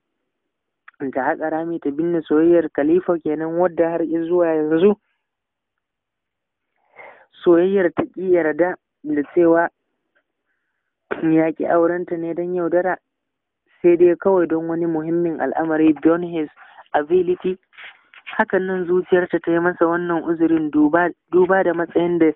ta haƙa rami ta binne soyayyar Khalifa kenan wadda har zuwa yanzu soyayyar ta ƙi yarda da cewa ya ƙi aurenta ne don yaudara sai dai kawai don wani muhimmin al'amari don his ability hakan nan zuciyarta ta yi masa wannan uzurin duba da matsayin da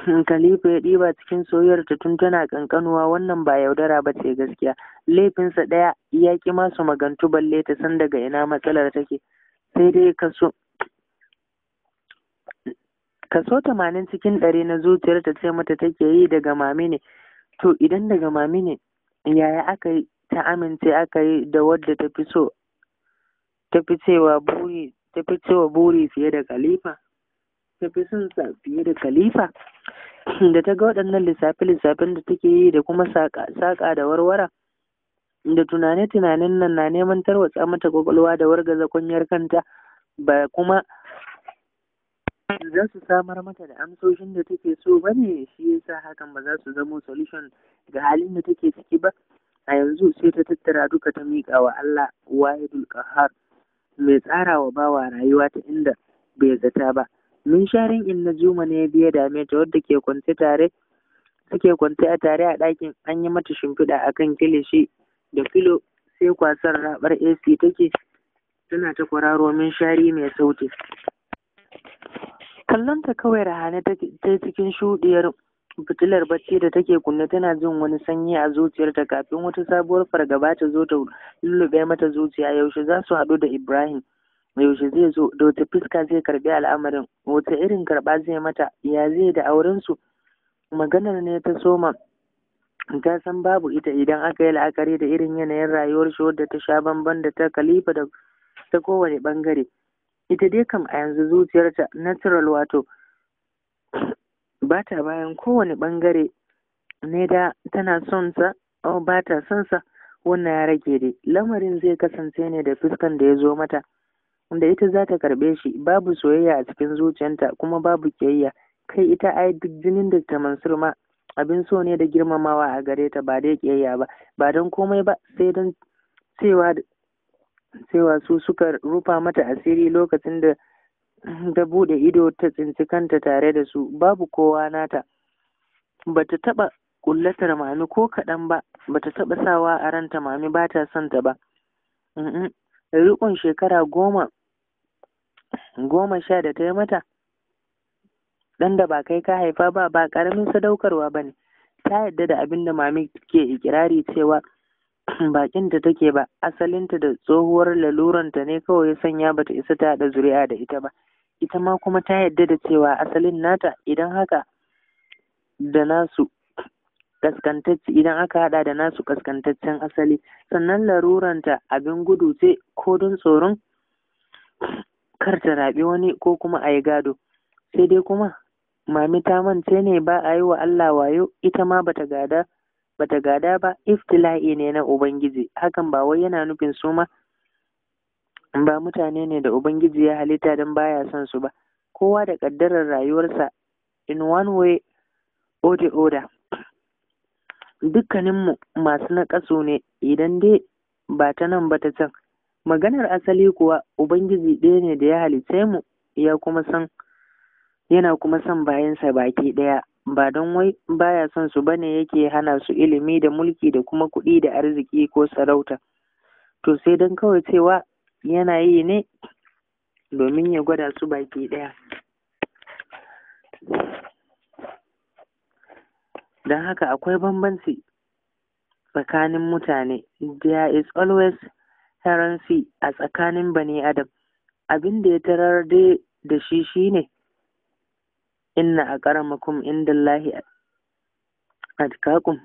kalifa ya ɗiba cikin soyayyarta tun tana kankanuwa wannan ba yaudara ba ce gaskiya laifinsa ɗaya ya ƙi masu magantu balle ta san daga ina matsalar take sai dai kaso kaso tamanin cikin ɗari na zuciyarta ta ce mata take yi daga mami ne to idan daga mami ne yaya aka yi ta amince aka yi da wadda ta fi so ta fi cewa buri ta fi cewa buri fiye da khalifa ta fi son sa fiye da kalifa da ta ga waɗannan lissafi lissafin da take yi da kuma saƙa da warwara da tunane tunanen nan na neman tarwatsa mata kwakwalwa da wargaza kunyar kanta ba kuma za su samar mata da amsoshin da take so ba ne shi yasa hakan ba za su zamo solution ga halin da take ciki ba a yanzu sai ta tattara duka ta miƙa wa Allah wahidul qahhar mai tsara wa bawa rayuwa ta inda bai zata ba minsharin inna juma ne biya dame ta wadda ke kwance tare suke kwance a tare a ɗakin an yi mata shimfiɗa a akan kilishi da filo sai kwasar raɓar AC take tana ta kwararo shari mai sauti kallonta kawai rahane ta cikin shuɗiyar Fitilar bacci da take kunne tana jin wani sanyi a zuciyarta kafin wata sabuwar fargaba ta zo ta lullube mata zuciya yaushe za su haɗu da Ibrahim yaushe zai zo da wata fuska zai karbi al'amarin wata irin karɓa zai mata ya zai da aurensu? maganar ne ta soma ta san babu ita idan aka yi la'akari da irin yanayin rayuwar shi wadda ta sha bamban da ta kalifa da ta kowane bangare ita dai kam a yanzu zuciyarta natural wato ba ta bayan kowane ɓangare ne da tana son sa ba ta son sa wannan ya rage dai lamarin zai kasance ne da fuskan da ya zo mata da ita za ta karɓe shi babu soyayya a cikin zuciyanta kuma babu kiyayya kai ita ai duk jinin da ta mansur ma abin so ne da girmamawa a gare ta ba dai kiyayya ba ba don komai ba sai don cewa cewa su suka rufa mata asiri lokacin da ta buɗe ido ta tsinci kanta tare da su babu kowa nata Ba ta taba ƙullatar mami ko kaɗan ba Ba bata taba sawa a ranta mami ba ta son ta ba riƙon shekara goma goma sha da ta yi mata ɗan da ba kai ka haifa ba ba ƙaramin sadaukarwa ba ne ta yadda da abin da mami ke ikirari cewa bakin ta take ba asalinta da tsohuwar laluranta ne kawai ya sanya bata isa ta haɗa zuri'a da ita ba ita ma kuma ta yadda da cewa asalin nata idan haka da nasu kaskantacce idan aka hada da nasu kaskantaccen asali sannan laruranta abin gudu ce ko don tsoron kar ta raɓi wani ko kuma a yi gado sai dai kuma mami ta mance ne ba a yi wa Allah wayo ita ma bata gada bata gada ba iftila'i ne na ubangiji hakan ba wai yana nufin suma? ba mutane ne da ubangiji ya halitta don baya son su ba kowa da ƙaddarar rayuwarsa in one way or the other dukkaninmu masu nakasu ne idan dai ba ta nan ba ta can maganar asali kuwa ubangiji ɗaya ne da ya halitta mu ya kuma san yana kuma son bayansa baki ɗaya ba don wai baya son su bane yake hana su ilimi da mulki da kuma kuɗi da arziki ko sarauta to sai don kawai cewa yana yi ne domin ya gwada su baki ɗaya don haka akwai bambanci tsakanin mutane there is always currency a tsakanin bani adam abin da ya tarar da shi shine inna a ƙaramakum indallahi atkakum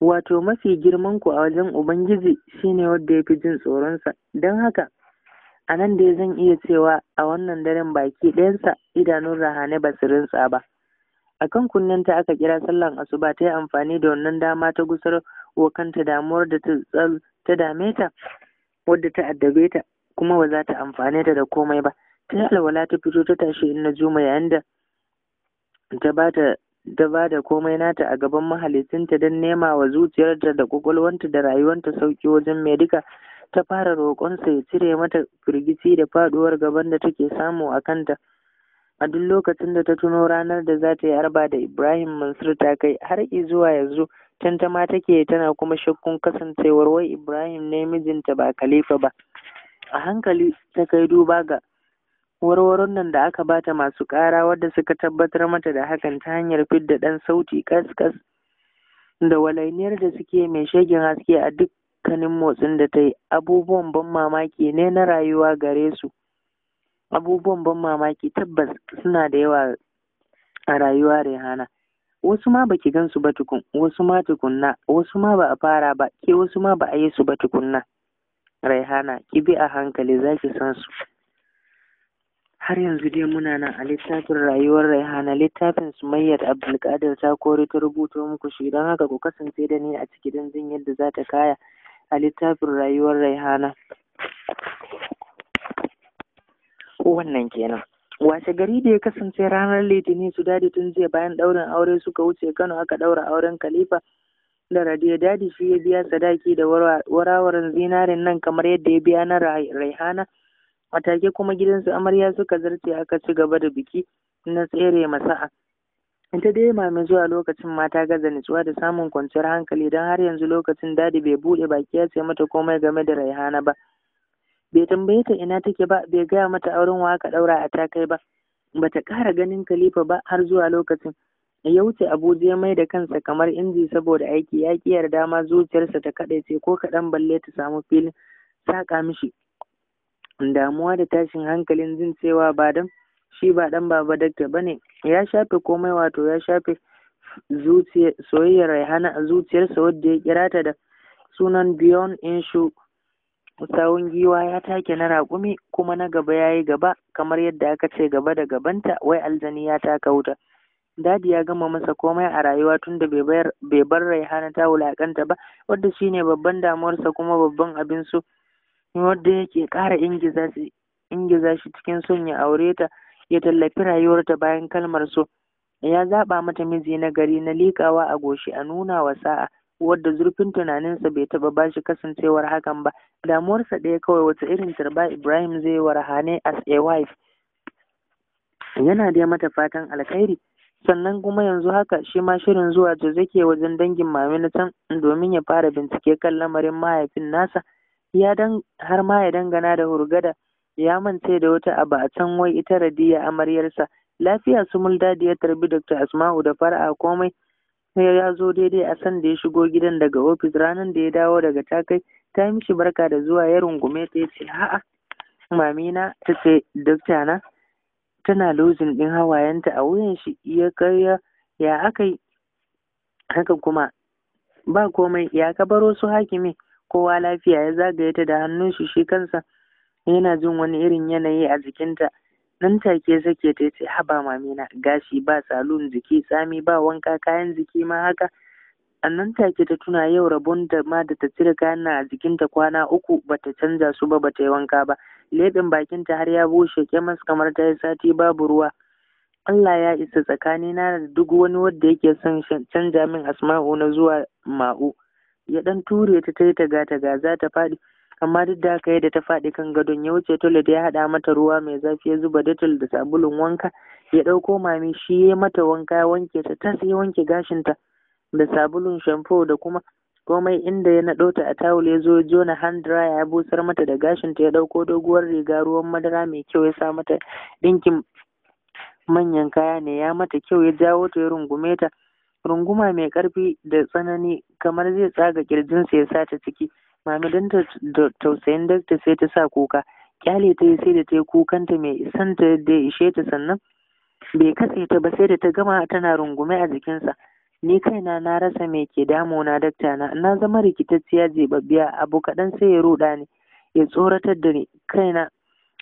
wato mafi girman ku a wajen ubangiji shine wanda ya fi jin tsoronsa don haka a nan dai zan iya cewa a wannan daren baki ɗayansa idanun rahane ba su rintsa ba a kan kunnenta aka kira sallan asuba ta yi amfani da wannan dama ta gusar wa kanta damuwar da ta dame ta wadda ta addabe ta kuma ba za ta amfane ta da komai ba ta yi alwala ta fito ta tashi in na juma yayin da ta ba ta da ba da komai nata a gaban mahalicinta don nema wa zuciyarta da kwakwalwanta da rayuwanta sauki wajen mai duka ta fara roƙonsa ya cire mata firgici da faɗuwar gaban da take samu a kanta a duk lokacin da ta tuno ranar da za ta yi arba da ibrahim mansur ta kai har zuwa yanzu ma take tana kuma shakkun kasancewar wai ibrahim ne mijinta ba khalifa ba a hankali ta kai duba ga warwaron nan da aka bata masu ƙara wadda suka tabbatar mata da hakan ta hanyar fidda ɗan sauti kaskas da walainiyar da suke mai shagin haske a duk dukkanin motsin da ta yi abubuwan ban mamaki ne na rayuwa gare su abubuwan ban mamaki tabbas suna da yawa a rayuwa Rihana. wasu ma baki gan su ba tukun wasu ma tukunna wasu ma ba a fara ba ke wasu ma ba a yi su ba tukunna Raihana ki bi a hankali za ki san su har yanzu dai muna nan a littafin rayuwar Raihana littafin su mayar Abdulkadir ta kori ta rubuto muku shi don haka ku kasance da ni a ciki don jin yadda za ta kaya a littafin rayuwar raihana wannan kenan washe gari da ya kasance ranar litinin su dadi tun jiya bayan ɗaurin aure suka wuce kano aka ɗaura auren khalifa da radiyo dadi shi ya biya sadaki da warawarin zinarin nan kamar yadda ya biya na raihana a take kuma gidansu amarya suka zarce aka ci gaba da biki na tsere masa'a ta dai mai zuwa lokacin mata gaza nutsuwa da samun kwanciyar hankali don har yanzu lokacin dadi bai buɗe baki ya ce mata komai game da Raihana ba. Bai tambaye ta ina take ba, bai gaya mata auren wa ka ɗaura a takai ba. Bata kara ganin kalifa ba har zuwa lokacin. Ya wuce Abuja ya mai da kansa kamar inji saboda aiki ya ƙi yarda ma zuciyarsa ta kaɗaice ko kaɗan balle ta samu filin saƙa mishi. Damuwa da tashin hankalin jin cewa ba don shi ba ɗan baba dakta bane ya shafe komai wato ya shafe zuciyar soyayyar Raihana a zuciyarsa wadda ya kira ta da sunan Beyond Inshu sawun giwa ya take na raƙumi kuma na gaba ya yi gaba kamar yadda aka ce gaba da gabanta wai aljani ya taka wuta dadi ya gama masa komai a rayuwa tun da bai bar raihana ta wulakanta ba wadda shine babban damuwarsa kuma babban abin su wadda yake ƙara ingiza shi cikin son ya aure ta ya tallafi rayuwarta bayan kalmar so ya zaba mata miji na gari na likawa a goshi a nuna wa sa'a wadda zurfin tunaninsa bai taɓa bashi kasancewar hakan ba damuwarsa ɗaya kawai wata irin tarba ibrahim zai wa rahane as a wife yana dai mata fatan alkhairi sannan kuma yanzu haka shi ma shirin zuwa da zake wajen dangin mami na can domin ya fara bincike kan lamarin mahaifin nasa ya dan har ma ya dangana da hurgada ya mance da wata abu a can wai ita radiya amaryarsa lafiya su muldadi ya tarbi dr asma'u da fara'a komai ya zo daidai a san da ya shigo gidan daga ofis ranar da ya dawo daga takai ta yi mishi barka da zuwa ya rungume ta ya ce ha'a mamina ta ce dokta na tana lozin ɗin hawayenta a wuyan shi ya kai ya aka yi haka kuma ba komai ya ka baro su hakimi kowa lafiya ya zagaye ta da hannun shi shi kansa yana jin wani irin yanayi a jikinta nan take sake ta ce haba mamina gashi ba salon jiki tsami ba wanka kayan jiki ma haka a nan take ta tuna yau rabon da ma da ta cire kayan a jikinta kwana uku bata canza su ba bata yi wanka ba bakin bakinta har ya bushe kemas kamar ta yi sati babu ruwa Allah ya isa tsakani na da duk wani wanda yake son canja min asma'u na zuwa ma'u ya dan ture ta ta yi taga taga za ta faɗi amma duk da haka yadda ta faɗi kan gadon ya wuce da ya haɗa mata ruwa mai zafi ya zuba detol da sabulun wanka ya ɗauko mami shi ya mata wanka ya wanke ta tas ya wanke gashinta da sabulun shamfo da kuma komai inda ya naɗo ta a tawul ya zo jona hand dry ya busar mata da gashinta ya ɗauko doguwar riga ruwan madara mai kyau ya sa mata ɗinkin manyan kaya ne ya mata kyau ya jawo ta ya rungume ta runguma mai ƙarfi da tsanani kamar zai tsaga ƙirjinsa ya sa ta ciki mami don tausayin dakta sai ta sa kuka kyale ta sai da ta yi kukanta mai isan ta da ishe ta sannan bai katse ta ba sai da ta gama tana rungume a jikinsa ni kaina na rasa me ke damuna dakta na na zama rikitacciya babbiya abu kaɗan sai ya ruɗa ni ya tsoratar da ni kaina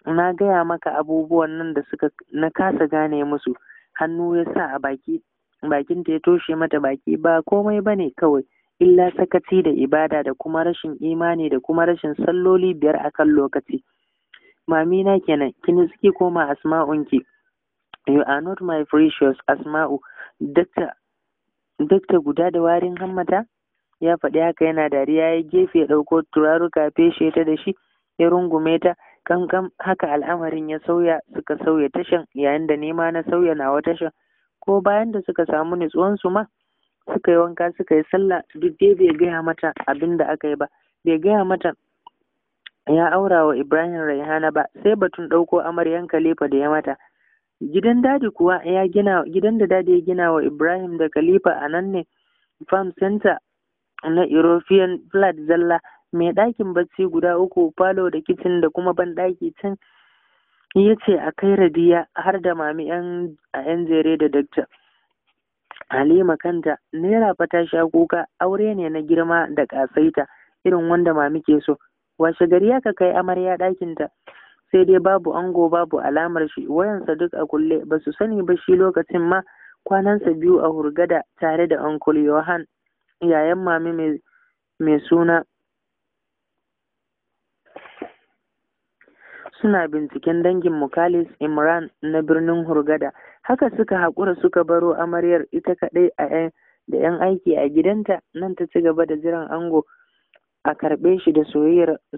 na gaya maka abubuwan nan da suka na kasa gane musu hannu ya sa a baki bakin ta ya toshe mata baki ba komai bane kawai illa sakaci da ibada da kuma rashin imani da kuma rashin salloli biyar a kan lokaci Mamina kenan kini suke koma asma'un ki you are not my precious asma'u dakta guda da warin hammata ya faɗi haka yana dariya ya gefe ya ɗauko turaruka feshe ta da shi ya rungume ta Kankan, haka al'amarin ya sauya suka sauya tashan yayin da nema na sauya nawa tashan ko bayan da suka samu nutsuwansu ma suka yi wanka suka yi sallah duk dai bai gaya mata abin da aka yi ba bai gaya mata ya aura wa Ibrahim Raihana ba sai batun ɗauko amaryan Khalifa da ya mata gidan dadi kuwa ya gina gidan da dadi ya gina wa Ibrahim da Khalifa a nan ne farm center na European flat zalla mai ɗakin bacci guda uku falo da kitchen da kuma banɗaki can ya ce a kai radiya har da mami 'yan a 'yan jere da daktar Halima kanta Naira fa ta sha kuka aure ne na girma da ƙasaita irin wanda mami ke so. Washe gari aka kai amarya ɗakinta sai dai babu ango babu alamar shi wayansa duk a kulle ba su sani ba shi lokacin ma kwanansa biyu a hurgada tare da uncle Yohan yayan mami mai suna suna binciken dangin mukalis imran na birnin hurgada haka suka haƙura suka baro amaryar ita kaɗai a da 'yan aiki a gidanta nan ta ci gaba da jiran ango a karɓe shi da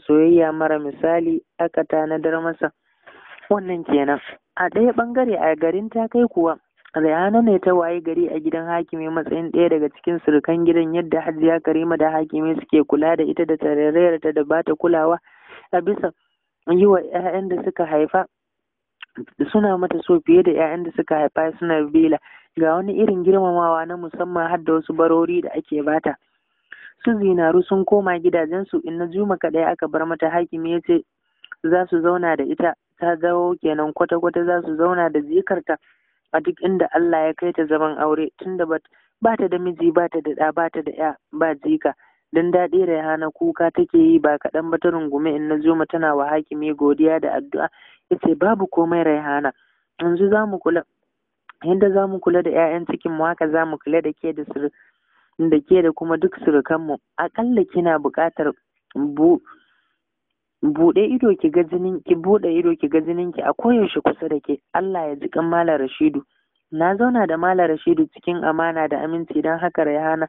soyayya mara misali aka tanadar masa wannan kenan a ɗaya ɓangare a garin ta kai kuwa rihanna ne ta waye gari a gidan hakimi matsayin ɗaya daga cikin surukan gidan yadda Hajiya Karima da hakimi suke kula da ita da tarairayar ta da bata kulawa a bisa yi wa 'ya'yan da suka haifa suna mata so fiye da 'ya'yan da suka haifa suna bela ga wani irin girmamawa na musamman har da wasu barori da ake bata su zinaru sun koma gidajensu in na juma kaɗai aka bar mata hakimi ya ce za su zauna da ita ta dawo kenan kwata-kwata za su zauna da zikarta a duk inda Allah ya kai ta zaman aure tunda ba ta da miji ba ta da ɗa ba ta da ya ba jika Don daɗi Raihana kuka take yi ba kaɗan ba ta rungumi in na zuma tana wa hakimi godiya da addu'a ya ce babu komai Raihana yanzu za mu kula yadda za mu kula da 'ya'yan cikin mu haka za mu kula da ke da kuma duk surukanmu aƙalla kina buƙatar bu buɗe ido ki ga jinin ki buɗe ido ki ga jinin ki a koyaushe kusa da ke Allah ya ji kan Malam Rashidu na zauna da Malam Rashidu cikin amana da aminci don haka Rayhana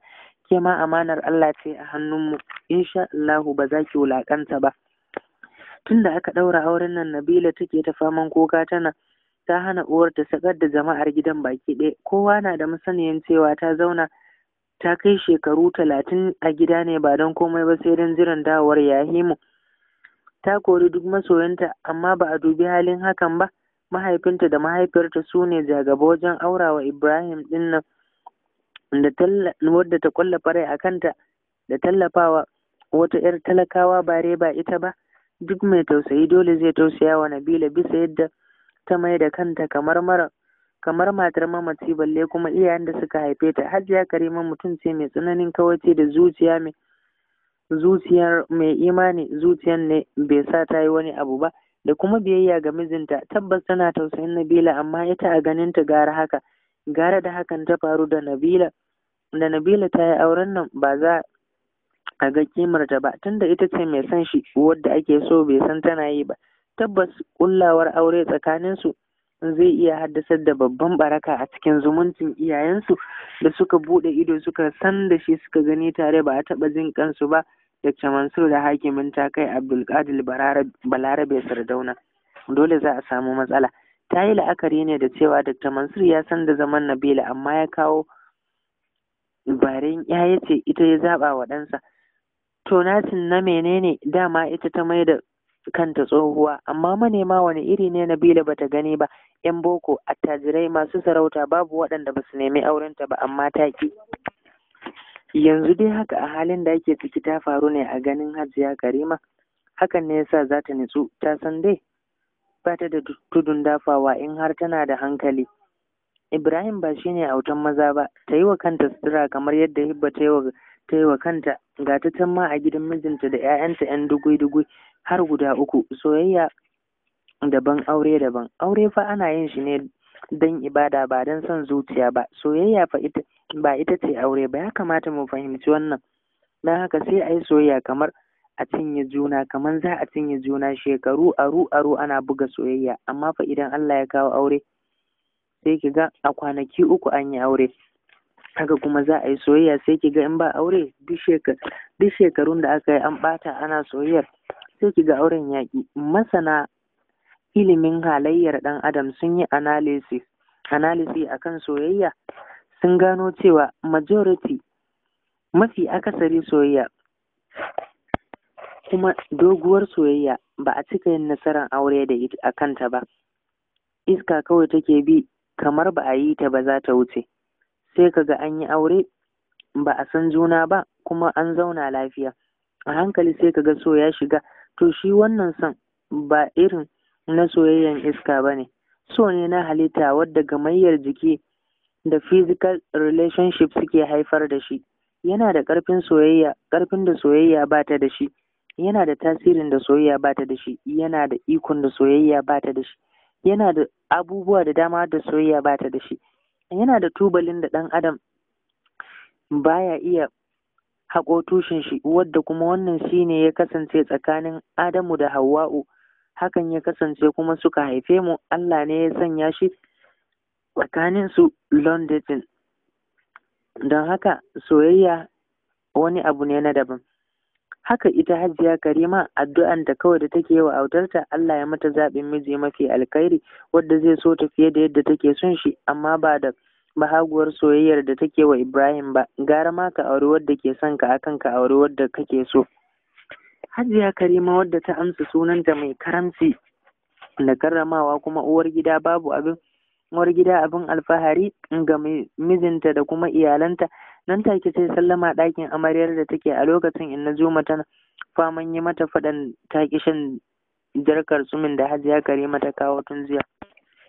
ke ma amanar Allah ce a hannunmu insha Allah ba za ki wulakanta ba tunda aka ɗaura auren nan Nabila take ta faman koka tana ta hana uwarta sakar da jama'ar gidan baki ɗaya kowa na da masaniyan cewa ta zauna ta kai shekaru talatin a gida ne ba don komai ba sai don jiran dawowar yahimu ta kori duk masoyanta amma ba a dubi halin hakan ba mahaifinta da mahaifiyarta su ne jagaba wajen aurawa ibrahim ɗinnan wadda ta ƙwallafa rai a kanta da tallafawa wata 'yar talakawa ba re ba ita ba duk mai tausayi dole zai tausaya wa Nabila bisa yadda ta mai da kanta kamar mara kamar matar mamaci balle kuma iyayen da suka haife ta hajiya karima mutum ce mai tsananin kawace da zuciya mai zuciyar mai imani zuciyar ne bai sa ta yi wani abu ba da kuma biyayya ga mijinta tabbas tana tausayin Nabila amma ita a ganin ta gara haka gara da hakan ta faru da Nabila da Nabila ta yi auren nan ba za a ga kimarta ba tunda ita ce mai san shi wadda ake so bai san tana yi ba tabbas kullawar aure su zai iya haddasar da babban baraka a cikin zumuncin iyayensu da suka bude ido suka san da shi suka gani tare ba a taba jin kansu ba da Mansur da hakimin ta kai Abdulkadir Balarabe Sardauna dole za a samu matsala ta yi la'akari ne da cewa Dr. Mansur ya san da zaman Nabila amma ya kawo barin ya ya ce ita ya zaba wa ɗansa. To na menene dama ita ta mai da kanta tsohuwa amma manema wani iri ne Nabila bata gani ba yan boko attajirai masu sarauta babu waɗanda ba su nemi aurenta ba amma ta ki. Yanzu dai haka a halin da ake ciki ta faru ne a ganin Hajiya Karima hakan ne yasa za ta nitsu ta san dai ba da tudun dafawa in har tana da hankali ibrahim ba shine autan maza ba ta yi wa kanta sutura kamar yadda hibba ta yi wa ta wa kanta ga ta can ma a gidan mijinta da 'ya'yanta 'yan dugui-dugui har guda uku soyayya daban aure daban aure fa ana yin shi ne don ibada ba don son zuciya ba soyayya fa ita ba ita ce aure ba ya kamata mu fahimci wannan don haka sai a soyayya kamar a cinye juna kamar za a cinye juna shekaru aru aru ana buga soyayya amma fa idan Allah ya kawo aure sai ki ga a kwanaki uku an yi aure haka kuma za a yi soyayya sai ki ga in ba aure duk shekarun da aka yi an bata ana soyayyar sai ki ga auren yaƙi masana ilimin halayyar ɗan adam sun yi analysis analysis akan soyayya sun gano cewa majority mafi akasari soyayya kuma doguwar soyayya ba a cika yin nasarar aure da ita a kanta ba iska kawai take bi kamar ba a yi ta ba za ta wuce sai kaga ga an yi aure ba a san juna ba kuma an zauna lafiya a hankali sai ka ga so ya shiga to shi wannan son ba irin na soyayyan iska ba ne so ne na halitta wadda gamayyar jiki da physical relationship suke haifar da shi yana da ƙarfin soyayya ƙarfin da soyayya ba ta da shi yana da tasirin da soyayya ba ta da shi yana da ikon da soyayya ba ta da shi yana da abubuwa da dama da soyayya ba ta da shi yana da tubalin da ɗan adam baya iya haƙo tushen shi wadda kuma wannan shi ne ya kasance tsakanin Adamu da hawa'u hakan ya kasance kuma suka haife mu Allah ne ya sanya shi tsakanin su London don haka soyayya wani abu ne na daban haka ita hajiya karima addu'an da kawai da take wa autarta Allah ya mata zaɓin miji mafi alkhairi wadda zai so ta fiye da yadda take son shi amma ba da bahaguwar soyayyar da take wa Ibrahim ba gara ma ka auri wadda ke son ka akan ka auri wadda kake so hajiya karima wadda ta amsa sunanta mai karamci da karramawa kuma uwar gida babu abin uwar gida abin alfahari ga mijinta da kuma iyalanta nan take sai sallama ɗakin amaryar da take a lokacin in na juma tana faman yi mata faɗan ta ki shan jarkar sumin da hajiya kare mata kawo tun jiya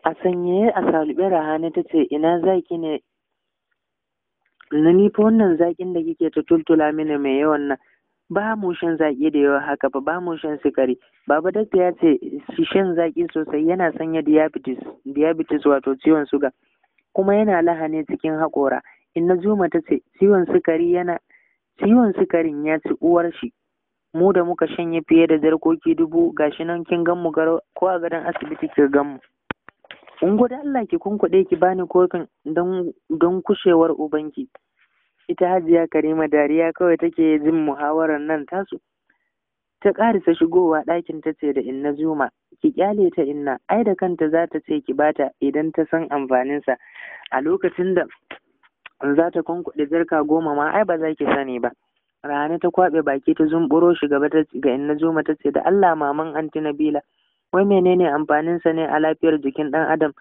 a sanyaye a salube rahane ta ce ina zaki ne na nifa wannan zakin da kike ta tultula mini mai yawan nan ba mu shan zaki da yawa haka ba ba mu shan sikari baba dakta ya ce shan zaki sosai yana sanya diabetes diabetes wato ciwon suga kuma yana lahani cikin haƙora inna juma ta ce ciwon sukari yana ciwon sukarin ya ci uwar shi mu da muka shanye fiye da jarkoki dubu gashi nan kin gan mu ko a gadan asibiti kin gan mu in gwada Allah ki kunkuɗe ki bani kofin don don kushewar ubanki ita hajiya karima dariya kawai take jin muhawarar nan tasu ta ƙarisa shigowa ɗakin ta ce da inna zuma ki kyale ta inna ai da kanta za ta ce ki bata idan ta san amfaninsa a lokacin da za ta kwankwaɗe jarka goma ma ai ba za ki sani ba rana ta kwaɓe baki ta zumburo shi gaba ta ga inna zuma ta ce da Allah maman anti Nabila wai menene amfanin sa ne a lafiyar jikin ɗan adam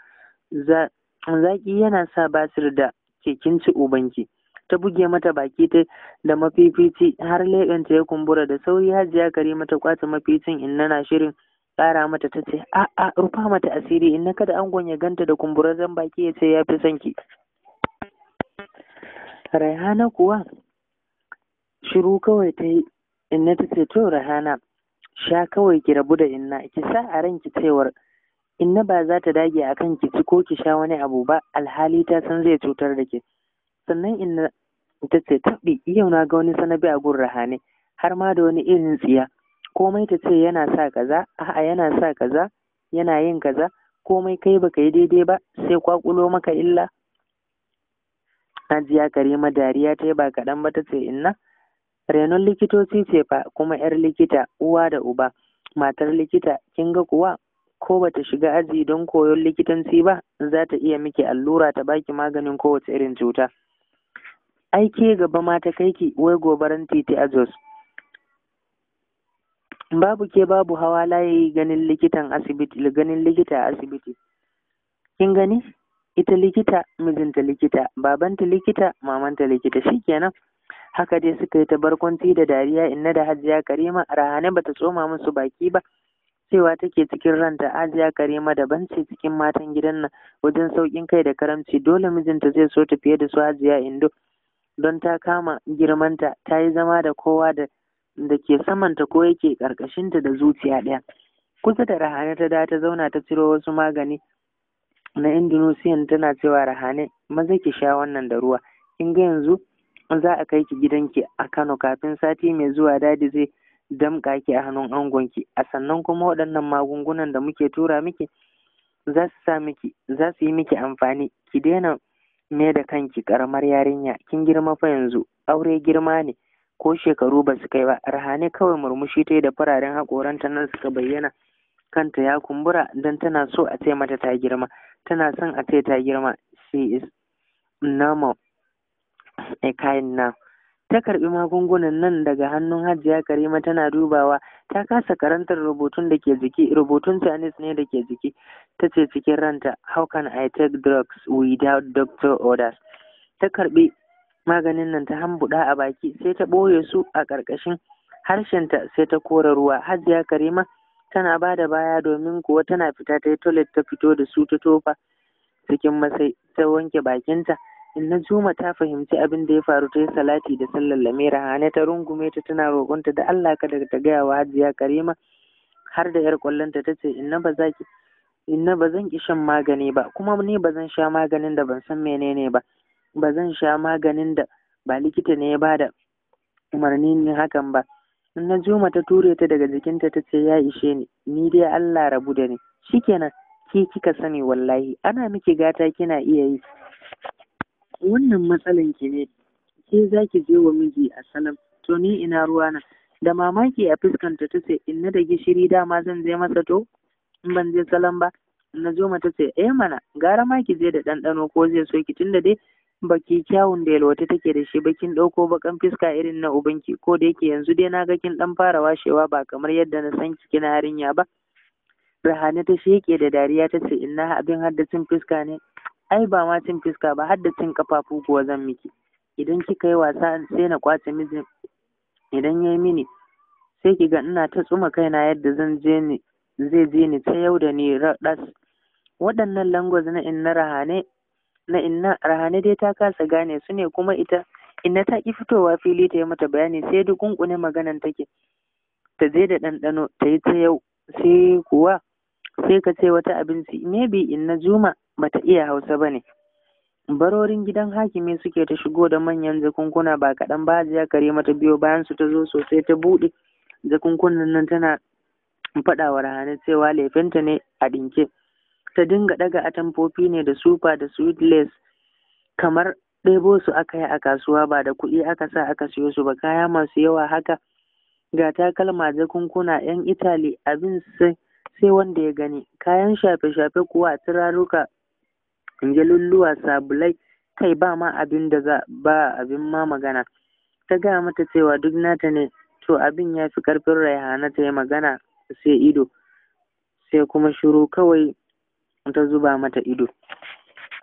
zaki yana sa basir da kekin ci ubanki ta buge mata baki ta da mafifici har leɓenta ya kumbura da sauri hajiya kare mata kwace maficin In na shirin ƙara mata ta ce a'a rufa mata asiri In na kada angon ya ganta da kumburazan baki ya ce ya fi son ki Raihana kuwa shiru kawai ta yi inna ta ce to Raihana sha kawai ki rabu da inna ki sa a ranki cewar inna ba za ta dage a kan ki ci ko ki sha wani abu ba alhali ta san zai cutar da ke sannan inna ta ce taɓi yau na ga wani sanabi a gun rahane har ma da wani irin tsiya komai ta ce yana sa kaza a'a yana sa kaza yana yin kaza komai kai baka yi daidai ba sai kwakulo maka illa hajiya karima dariya ta yi ba kaɗan ba ta ce inna renon likitoci ce fa kuma yar likita uwa da uba matar likita kin ga kuwa ko bata shiga aji don koyon likitanci ba za ta iya miki allura ta baki maganin kowace irin cuta ai gaba ma ta kai ki wai gobaran titi a jos babu ke babu hawa layi ganin likitan asibiti ganin likita a asibiti kin gani ita likita mijinta likita babanta likita mamanta likita shi shikenan haka dai suka yi ta barkwanci da dariya inna da hajiya karima rahane bata tsoma musu baki ba cewa take cikin ranta hajiya karima daban ce cikin matan gidan nan wajen saukin kai da karamci dole mijinta zai so ta fiye da su hajiya indo don ta kama girmanta ta yi zama da kowa da da ke samanta ko yake karkashinta da zuciya ɗaya kusa da rahane ta da ta zauna ta ciro wasu magani na Indonesiyan tana cewa Rahane maza ki sha wannan da ruwa kin ga yanzu za a kai ki gidanki a Kano kafin sati mai zuwa dadi zai damƙa ki a hannun angonki a sannan kuma waɗannan magungunan da muke tura miki za su sa miki za su yi miki amfani ki daina mai da kanki karamar yarinya kin girma fa yanzu aure girma ne ko shekaru ba su kai ba rahane kawai murmushi ta yi da fararen haƙoranta nan suka bayyana kanta ya kumbura don tana so a ce mata ta girma tana son a ce ta girma she is normal a kind now ta karbi magungunan nan daga hannun hajiya karima tana dubawa ta kasa karantar rubutun da ke jiki rubutun chinese ne da ke jiki ta ce cikin ranta how can i take drugs without doctor orders ta karbi maganin nan ta hambuda a baki sai ta ɓoye su a ƙarƙashin harshenta sai ta kora ruwa hajiya karima tana ba da baya domin kuwa tana fita ta yi toilet ta fito da su ta tofa cikin masai ta wanke bakinta inna juma ta fahimci abin da ya faru ta yi salati da sallar lamira hane ta rungume ta tana roƙonta da Allah kada ta gaya wa hajiya karima har da yar ƙwallonta ta ce inna ba za ki inna ba zan ki shan magani ba kuma ni ba zan sha maganin da ban san menene ba ba zan sha maganin da ba likita ne ya bada umarni ne hakan ba Najuma ta ture ta daga jikinta ta ce ya ishe ni, ni dai Allah rabu da ni. Shikenan, ki kika sani wallahi, ana miki gata kina iya yi. Wannan matsalan ki ne, ke za ki je wa miji a salam, to ni ina ruwana. Da mamaki a fuskanta ta ce, inna da gishiri dama zan je masa to? In ban je salam ba, Najuma ta ce, eh mana, gara ma ki je da ɗanɗano ko zai so ki tunda dai baki kyawun da yalwata take da shi bakin ɗauko bakan fiska irin na ubanki ko da yake yanzu dai na ga kin dan fara washewa ba kamar yadda na san ki kina yarinya ba rahane ta sheke da dariya ta ce inna abin haddacin fiska ne ai ba ma cin fiska ba haddacin kafafu kuwa zan miki idan kika yi wasa sai na kwace mijin idan yayi mini sai ki ga ina ta tsuma kaina yadda zan je ni zai je ni ta yau da ni raɗas waɗannan langwaz na inna rahane na inna rahane dai ta kasa gane su ne kuma ita inna ta ki fitowa fili ta yi mata bayani sai kunkune maganan take ta je da ɗanɗano ta yi ta yau sai kuwa sai ka ce wata abinci maybe inna juma bata iya hausa bane barorin gidan hakimi suke ta shigo da manyan jakunkuna ba kaɗan ba ya kare mata biyo bayan su ta zo sosai ta buɗe jakunkunan nan tana faɗa wa rahane cewa laifinta ne a ɗinke ta dinga ɗaga atamfofi ne da sufa da sweetless kamar ɗebo su aka yi a kasuwa ba da kuɗi aka sa aka siyo su ba kaya masu yawa haka ga takalma jakunkuna yan itali abin sai sai wanda ya gani kayan shafe-shafe kuwa turaruka lulluwa sabulai kai ba ma abin da za ba abin ma magana ta gaya mata cewa duk nata ne to abin ya fi karfin raihana ta yi magana sai ido sai kuma shiru kawai ta zuba mata ido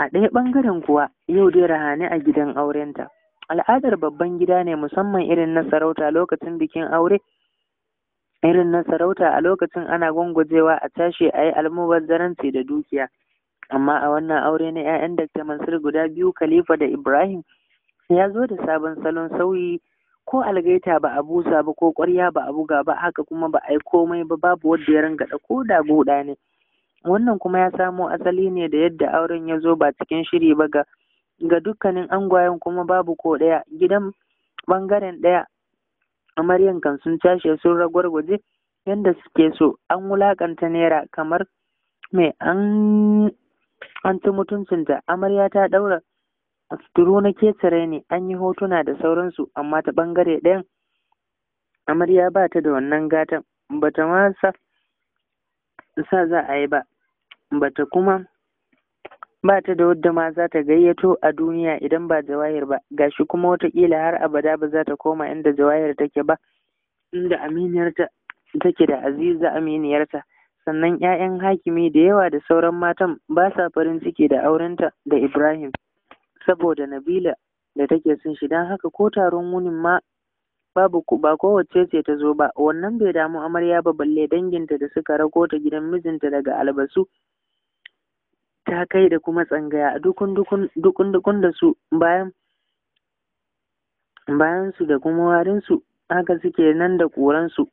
a ɗaya ɓangaren kuwa yau dai rahane a gidan aurenta al'adar babban gida ne musamman irin na sarauta lokacin bikin aure irin na sarauta a lokacin ana gwangwajewa a tashi a yi almubazzaranci da dukiya amma a wannan aure na 'ya'yan Dr. Mansur guda biyu Khalifa da Ibrahim ya zo da sabon salon sauyi ko algaita ba a busa ba ko ƙwarya ba a buga ba haka kuma ba a yi komai ba babu wanda ya ranga da ko da guda ne wannan kuma ya samo asali ne da yadda auren ya zo ba cikin shiri ba ga ga dukkanin angwayen kuma babu ko ɗaya gidan ɓangaren ɗaya amaryan kan sun cashe sun ragwargwaje yadda suke so an wulakanta naira kamar mai an an ci mutuncinta amarya ta ɗaura suturu na ketare ne an yi hotuna da sauransu amma ta ɓangare ɗayan amarya ba ta da wannan gatan ba ta ma sa za a yi ba bata kuma ba ta da wadda ma za ta gayyato a duniya idan ba jawahir ba gashi kuma watakila har abada ba za ta koma inda jawahir take ba inda aminiyarta take da aziza aminiyarta sannan 'ya'yan hakimi da yawa da sauran matan ba sa farin ciki da aurenta da ibrahim saboda nabila da take son shi don haka ko taron wunin ma babu ba kowace ce ta zo ba wannan bai damu amarya ba balle danginta da suka rako ta gidan mijinta daga albasu ta kai da kuma tsangaya a dukun-dukun da su bayan su da kuma warinsu haka suke nan da kuransu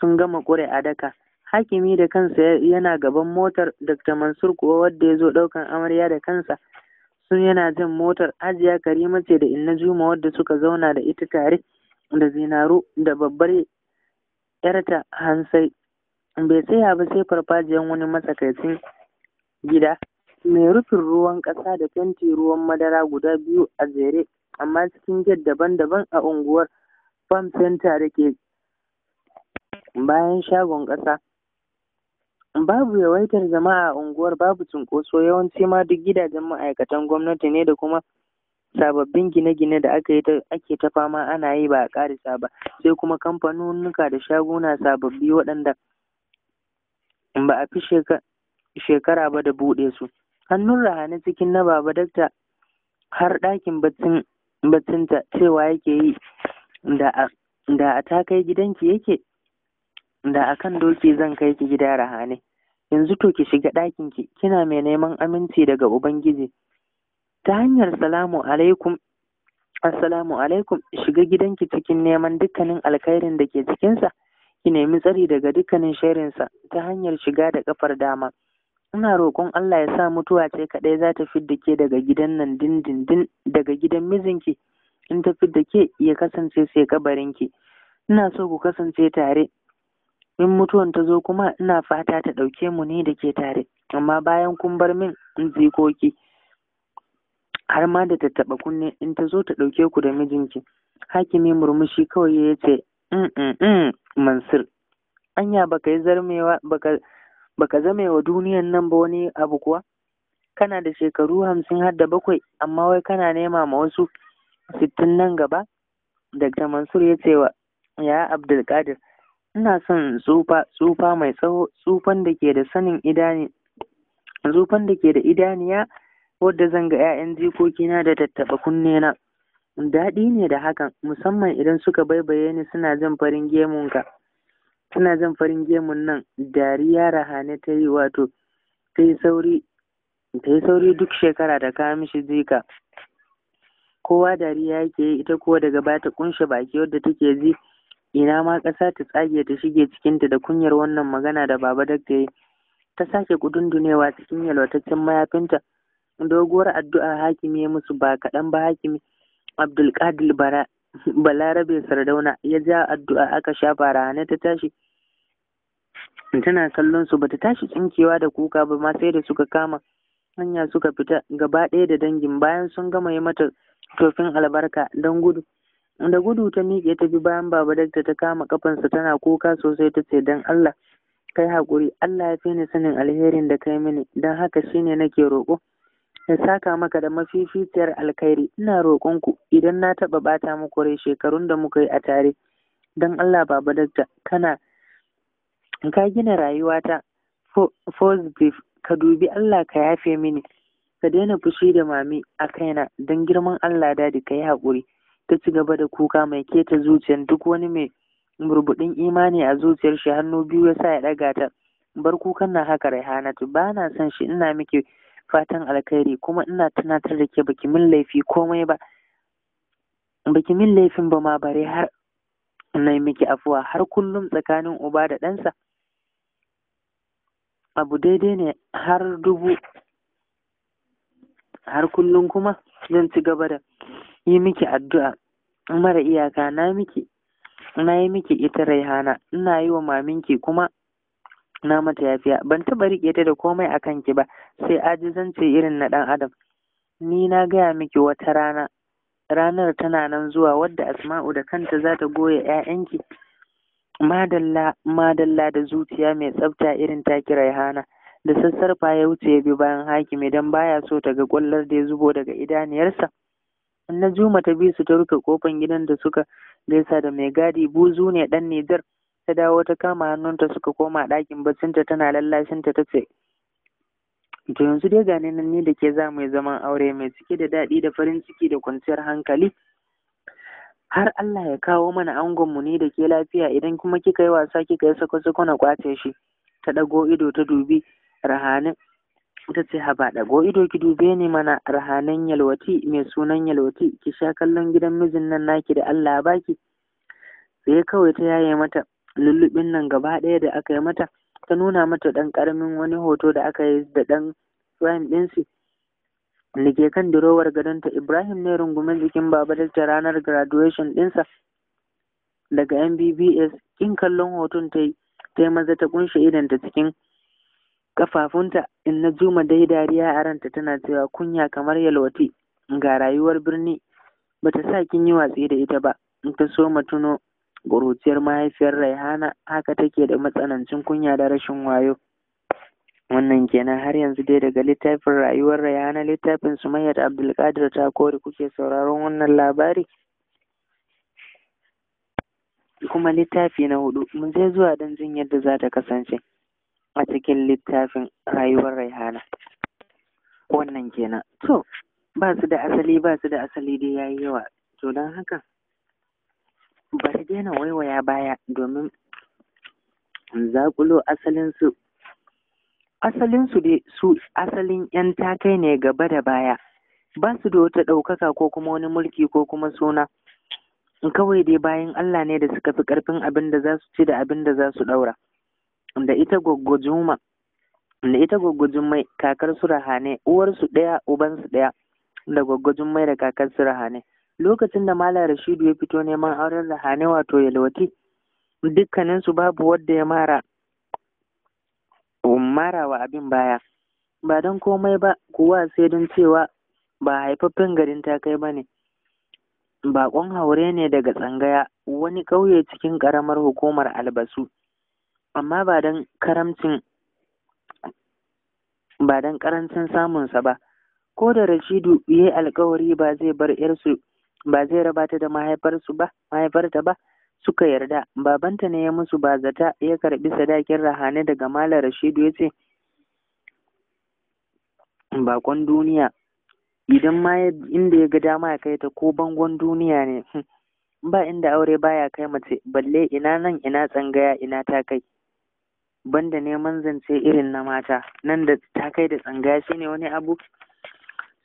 sun gama ƙure a daka hakimi da kansa yana gaban motar dr mansur kuwa wadda ya zo ɗaukan amarya da kansa sun yana jin motar ajiya karima ce da inna juma wadda suka zauna da ita tare da zinaru da babbar yarta hansai bai tsaya ba sai farfajiyan wani matsakaicin gida mai rufin ruwan ƙasa da fenti ruwan madara guda biyu a jere amma cikin gate daban-daban a unguwar farm center da ke bayan shagon ƙasa babu yawaitar jama'a a unguwar babu cunkoso yawanci ma duk gidajen ma'aikatan gwamnati ne da kuma sababbin gine-gine da aka yi ta ake ta fama ana yi ba a ƙarisa ba sai kuma kamfanonuka da shaguna sababbi waɗanda ba a fi shekara ba da buɗe su hannun rahane cikin na baba dakta har ɗakin baccin baccinta cewa yake yi da a da a ta kai gidanki yake da a kan doki zan kai ki gida rahane yanzu to ki shiga ɗakinki kina mai neman aminci daga ubangiji ta hanyar salamu alaikum assalamu alaikum shiga gidanki cikin neman dukkanin alkhairin da ke cikinsa ki nemi tsari daga dukkanin shirinsa ta hanyar shiga da kafar dama ina roƙon Allah ya sa mutuwa ce kaɗai za ta fidda ke daga gidan nan dindindin daga gidan mijinki in ta fidda ke ya kasance sai kabarinki ina so ku kasance tare in mutuwan ta zo kuma ina fata ta ɗauke mu ni da ke tare amma bayan kun bar min in zikoki har ma da tattaɓa kunne in ta zo ta ɗauke ku da mijinki hakimi murmushi kawai ya ce mm, mm, mm, Mansur anya baka yi zarmewa baka baka zame wa duniyan nan ba wani abu kuwa kana da shekaru hamsin har da bakwai amma wai kana nema ma wasu sittin nan gaba Dr. Mansur ya ce wa ya Abdulkadir ina son tsufa tsufa mai tsawo tsufan da ke da sanin idani tsufan da ke da idaniya wadda zan ga 'ya'yan jikokina da tattaɓa kunnena daɗi ne da hakan musamman idan suka baibaye ni suna jin farin gemunka tana jan farin gemun nan dariya rahane ta yi wato ta yi sauri duk shekara da kawo mishi zika kowa dariya yake yi ita kuwa daga baya ta kunshe baki wadda take ji ina ma ƙasa ta tsage ta shige cikinta da kunyar wannan magana da baba dakta yi ta sake kudundunewa cikin yalwataccen mayafinta doguwar addu'a hakimi ya musu ba kaɗan ba hakimi abdulkadir bara balarabe sardauna ya ja addu'a aka shafa rana ta tashi tana kallon su bata tashi tsinkewa da kuka ba ma sai da suka kama hanya suka fita gaba ɗaya da dangin bayan sun gama yi mata tofin albarka don gudu da gudu ta miƙe ta bi bayan baba dakta ta kama kafansa tana kuka sosai ta ce don Allah kai hakuri Allah ya fi ni sanin alherin da kai mini don haka shine nake roƙo ya saka maka da mafificiyar alkhairi ina ku idan na taɓa ɓata muku rai shekarun da muka yi a tare don Allah baba dakta kana ka gina rayuwata Fosgrave ka dubi Allah ka yafe mini ka daina fushi da mami a kaina don girman Allah dadi ka yi haƙuri ta ci gaba da kuka mai keta zuciyar duk wani mai burbuɗin imani a zuciyar shi hannu biyu ya sa ya ɗaga ta bar kukan na haka raihanatu ba na son shi ina miki fatan alkhairi kuma ina tunatar da ke baki min laifi komai ba baki min laifin ba ma bare har na miki afuwa har kullum tsakanin uba da ɗansa abu daidai ne har dubu har kullum kuma zan ci gaba da yi miki addu'a mara iyaka na miki na yi miki ita raihana ina yi wa maminki kuma na mata yafiya ban taɓa riƙe ta da komai a kanki ba sai ajizance irin na ɗan adam ni na gaya miki wata rana ranar tana nan zuwa wadda asma'u da kanta za ta goya 'ya'yanki madalla madalla da zuciya mai tsafta irin taki raihana da sassarfa ya wuce ya bi bayan hakimi don baya so ta ga kwallar da ya zubo daga idaniyarsa na juma ta bi su ta rufe kofan gidan da suka gaisa da mai gadi buzu ne dan nijar ta dawo ta kama hannunta suka koma ɗakin bacinta tana lallashinta ta ce to yanzu dai gane nan ni da ke za mu yi zaman aure mai cike da daɗi da farin ciki da kwanciyar hankali har Allah ya kawo mana angonmu ne da ke lafiya idan kuma kika yi wasa kika yi sako-sako na kwace shi ta ɗago ido ta dubi Rahane ta ce haba ɗago ido ki dube ni mana Rahanen yalwati mai sunan yalwati ki sha kallon gidan mijin nan naki da Allah baki sai kawai ta yaye mata lullubin nan gaba ɗaya da aka yi mata ta nuna mata ɗan ƙaramin wani hoto da aka yi da ɗan prime ɗinsu da ke kan durowar gadonta Ibrahim ne rungumin jikin Baba ranar graduation ɗinsa daga MBBS kin kallon hoton ta yi ta maza ta kunshe idanta cikin kafafunta in na juma dai dariya a ranta tana cewa kunya kamar yalwati ga rayuwar birni Ba ta sa kin yi watsi da ita ba in ta so tuno gurutiyar mahaifiyar Raihana haka take da matsanancin kunya da rashin wayo wannan kenan har yanzu dai daga littafin rayuwar rayana littafin sumayyar abdulkadir ta kore kuke sauraron wannan labari kuma littafi na hudu mun zai zuwa don jin yadda za ta kasance a cikin littafin rayuwar raihana wannan kenan to ba su da asali ba su da asali dai yayi yawa to don haka bari daina waiwaya baya domin zakulo asalinsu asalin su dai su asalin yan takai ne gaba da baya ba su da wata ɗaukaka ko kuma wani mulki ko kuma suna kawai dai bayan Allah ne da suka fi ƙarfin abin da za su ci da abin da za su ɗaura da ita gwaggwajuma da ita gwaggwajin mai kakar su rahane uwarsu ɗaya ubansu ɗaya da gwaggwajin mai da kakar su rahane lokacin da malam rashidu ya fito neman auren rahane wato yalwati dukkaninsu babu wanda ya mara marawa abin baya ba don komai ba kuwa sai don cewa ba haifaffen garin ta kai ba ne baƙon haure ne daga tsangaya wani ƙauye cikin ƙaramar hukumar albasu amma ba don karamcin ba don ƙarancin samunsa ba ko da rashidu ya yi alkawari ba zai bar yarsu ba zai raba da mahaifarsu mahaifarta ba suka yarda babanta ne ya musu bazata ya karbi sadakin rahane daga malam rashidu ya ce bakon duniya idan ma inda ya ga dama ya kai ta ko bangon duniya ne hmm, ba inda aure baya kai mace balle ina nan ina tsangaya ina ta kai banda neman zance irin na mata nan da ta kai da tsangaya shine wani abu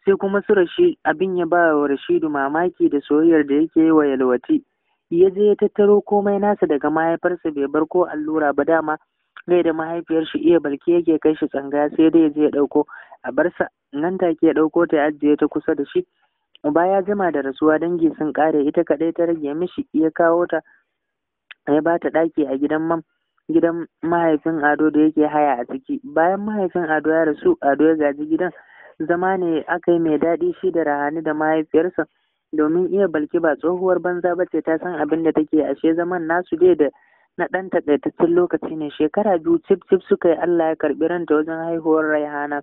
sai kuma su rashi abin ya ba wa rashidu mamaki da soyayyar da yake yi wa yalwati ya je ya tattaro komai nasa daga mahaifarsa bai bar ko allura ba dama gai da mahaifiyar shi iya balki yake kai shi tsanga sai dai ya je ya ɗauko a barsa nan take ya ɗauko ta ya ajiye ta kusa da shi uba ya jima da rasuwa dangi sun kare ita kadai ta rage mishi ya kawo ta ya ba ta ɗaki a gidan mam gidan mahaifin ado da yake haya a ciki bayan mahaifin ado ya rasu ado ya gaji gidan zama ne aka yi mai daɗi shi da rahani da mahaifiyarsa domin iya balki ba tsohuwar banza ba ce ta san abin da take ashe zaman nasu dai da na ɗan takaitaccen lokaci ne shekara biyu cif cif suka yi Allah ya karɓi ranta wajen haihuwar Raihana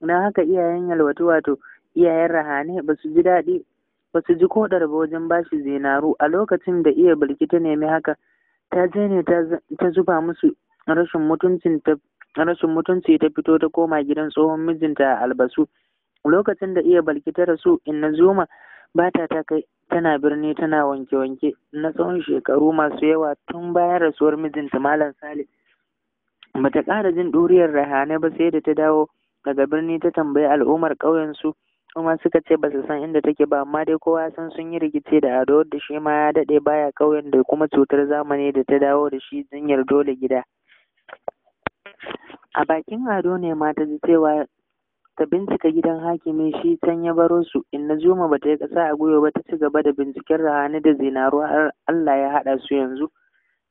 na haka iyayen yalwatu wato iyayen Rahane ba su ji daɗi ba su ji kodar ba wajen bashi zinaru a lokacin da iya balki ta nemi haka ta je ne ta zuba musu rashin mutuncin ta rashin mutunci ta fito ta koma gidan tsohon mijinta a albasu lokacin da iya balki ta rasu inna zuma Ba ta ta kai tana birni tana wanke-wanke na tsawon shekaru masu yawa tun bayan rasuwar mijinta Malam Sale. Bata ƙara jin ɗuriyar Rahane ba sai da ta dawo daga birni ta tambayi al'ummar ƙauyensu kuma suka ce ba su san inda take ba amma dai kowa san sun yi rikice da Ado da shi ma ya daɗe baya ƙauyen da kuma cutar zamani da ta dawo da shi jinyar dole gida. A bakin Ado ne ma ta ji cewa ta bincika gidan hakimin shi can ya baro su inna juma ta yi ƙasa a gwiwa ba ta ci gaba da binciken rahane da zinaru har Allah ya haɗa su yanzu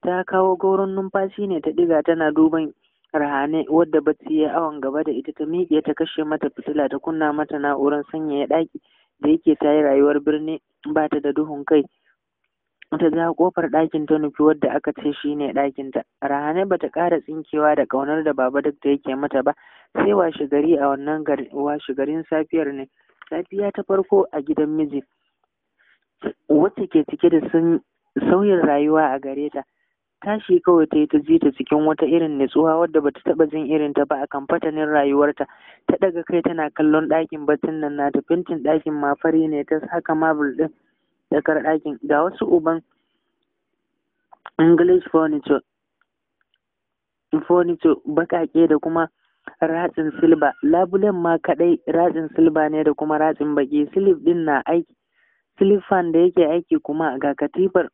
ta kawo gauron numfashi ne ta ɗiga tana duban rahane wadda ta ya awon gaba da ita ta miƙe ta kashe mata fitila ta kunna mata na'urar sanyaya ɗaki da yake ta yi rayuwar birni ba ta da duhun kai ta ja kofar ɗakin ta nufi wadda aka ce shine ɗakinta rahane bata ƙara tsinkewa da ƙaunar da baba duk da yake mata ba sai washe gari a wannan gari washe garin safiyar ne safiya ta farko a gidan miji wacce ke cike da sun sauyin rayuwa a gare ta tashi kawai ta yi ta ji ta cikin wata irin nutsuwa wadda ba ta taba jin irin ta ba a kan fatanin rayuwarta ta daga kai tana kallon ɗakin baccin nan na ta fintin ɗakin ma fari ne ta haka mabul ɗin tsakar ɗakin ga wasu uban english furniture furniture baƙaƙe da kuma ratsin silba labulen ma kadai ratsin silba ne da kuma ratsin baki silif din na aiki silifan da yake aiki kuma ga katifar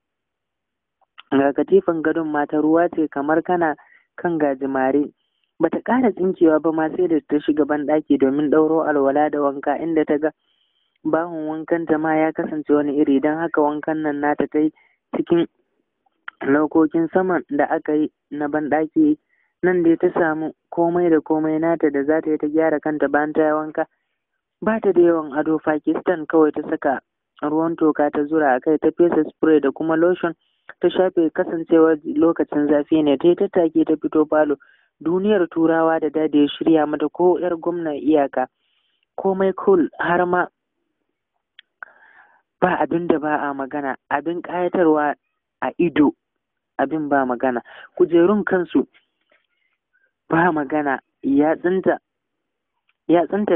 ga katifan gadon mata ruwa ce kamar kana kan gajimare bata kara tsinkewa ba ma sai da ta shiga banɗaki domin ɗauro alwala da wanka inda ta ga bahun wankan ta ma ya kasance wani iri don haka wankan nan nata ta yi cikin laukokin saman da aka yi na banɗaki nan dai ta samu komai da komai nata da za ta yi ta gyara kanta bayan ta yi wanka ba ta da yawan ado pakistan kawai ta saka ruwan toka ta zura a kai ta fesa spray da kuma lotion ta shafe kasancewar lokacin zafi ne ta yi tattaki ta fito falo duniyar turawa da dade ya shirya mata ko yar gwamnan iyaka komai cool har ma ba abin da ba a magana abin kayatarwa a ido abin ba magana kujerun kansu ba magana Ya tsinta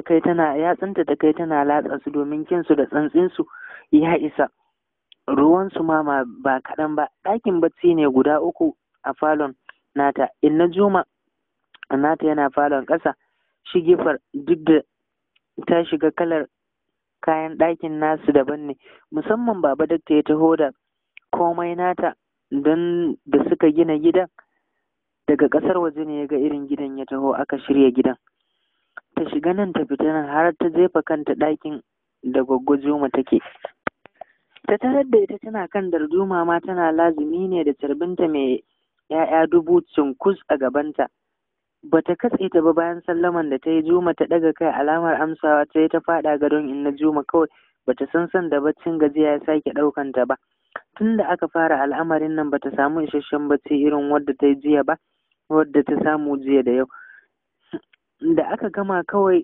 kai tana tsinta ta kai tana latsa su domin kinsu da tsantsinsu ya isa ruwansu ma ba kaɗan ba ɗakin bacci ne guda uku a falon nata inna juma nata yana falon ƙasa shi gifar duk da ta shiga kalar kayan ɗakin nasu daban ne musamman baba dakta ya taho da komai nata don da suka gina gidan daga ƙasar waje ne ya ga irin gidan ya taho aka shirya gidan ta shiga nan ta fita nan har ta jefa kanta ɗakin da gwaggo Juma take ta tarar da ita tana kan darduma ma tana lazumi ne da carbinta mai ‘ya'ya dubu cunkus a gabanta bata katse ta ba bayan sallaman da ta yi juma ta ɗaga kai alamar amsawa ta yi ta faɗa gadon in na juma kawai ba ta san san da baccin gajiya ya sake ɗaukanta ta ba tunda aka fara al'amarin nan ba ta samu isasshen bacci irin wadda ta yi jiya ba wadda ta samu jiya da yau da aka gama kawai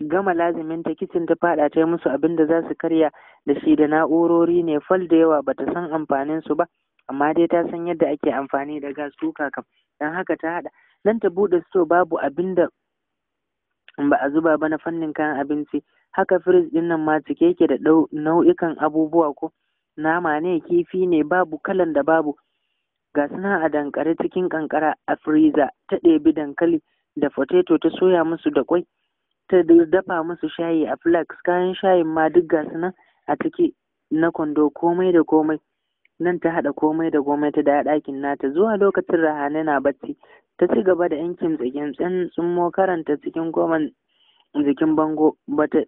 gama lazimin ta kicin ta fada ta yi musu abin da za su karya da shi da na'urori ne fal da yawa ba ta san amfanin su ba amma dai ta san yadda ake amfani da gas kuka kam dan haka ta hada dan ta bude sto babu abin da ba a zuba ba na fannin kayan abinci haka firij din nan ma cike yake da nau'ikan abubuwa ko nama ne kifi ne babu kalan da babu ga suna a dankare cikin kankara a freezer ta ɗebi dankali da potato ta soya musu da kwai ta dafa musu shayi a flax kayan shayin ma duk ga suna a ciki na kwando komai da komai nan ta haɗa komai da komai ta da ɗakin nata zuwa lokacin rahane na bacci ta ci gaba da yankin kimtse sun tsummo karanta cikin goman jikin bango bata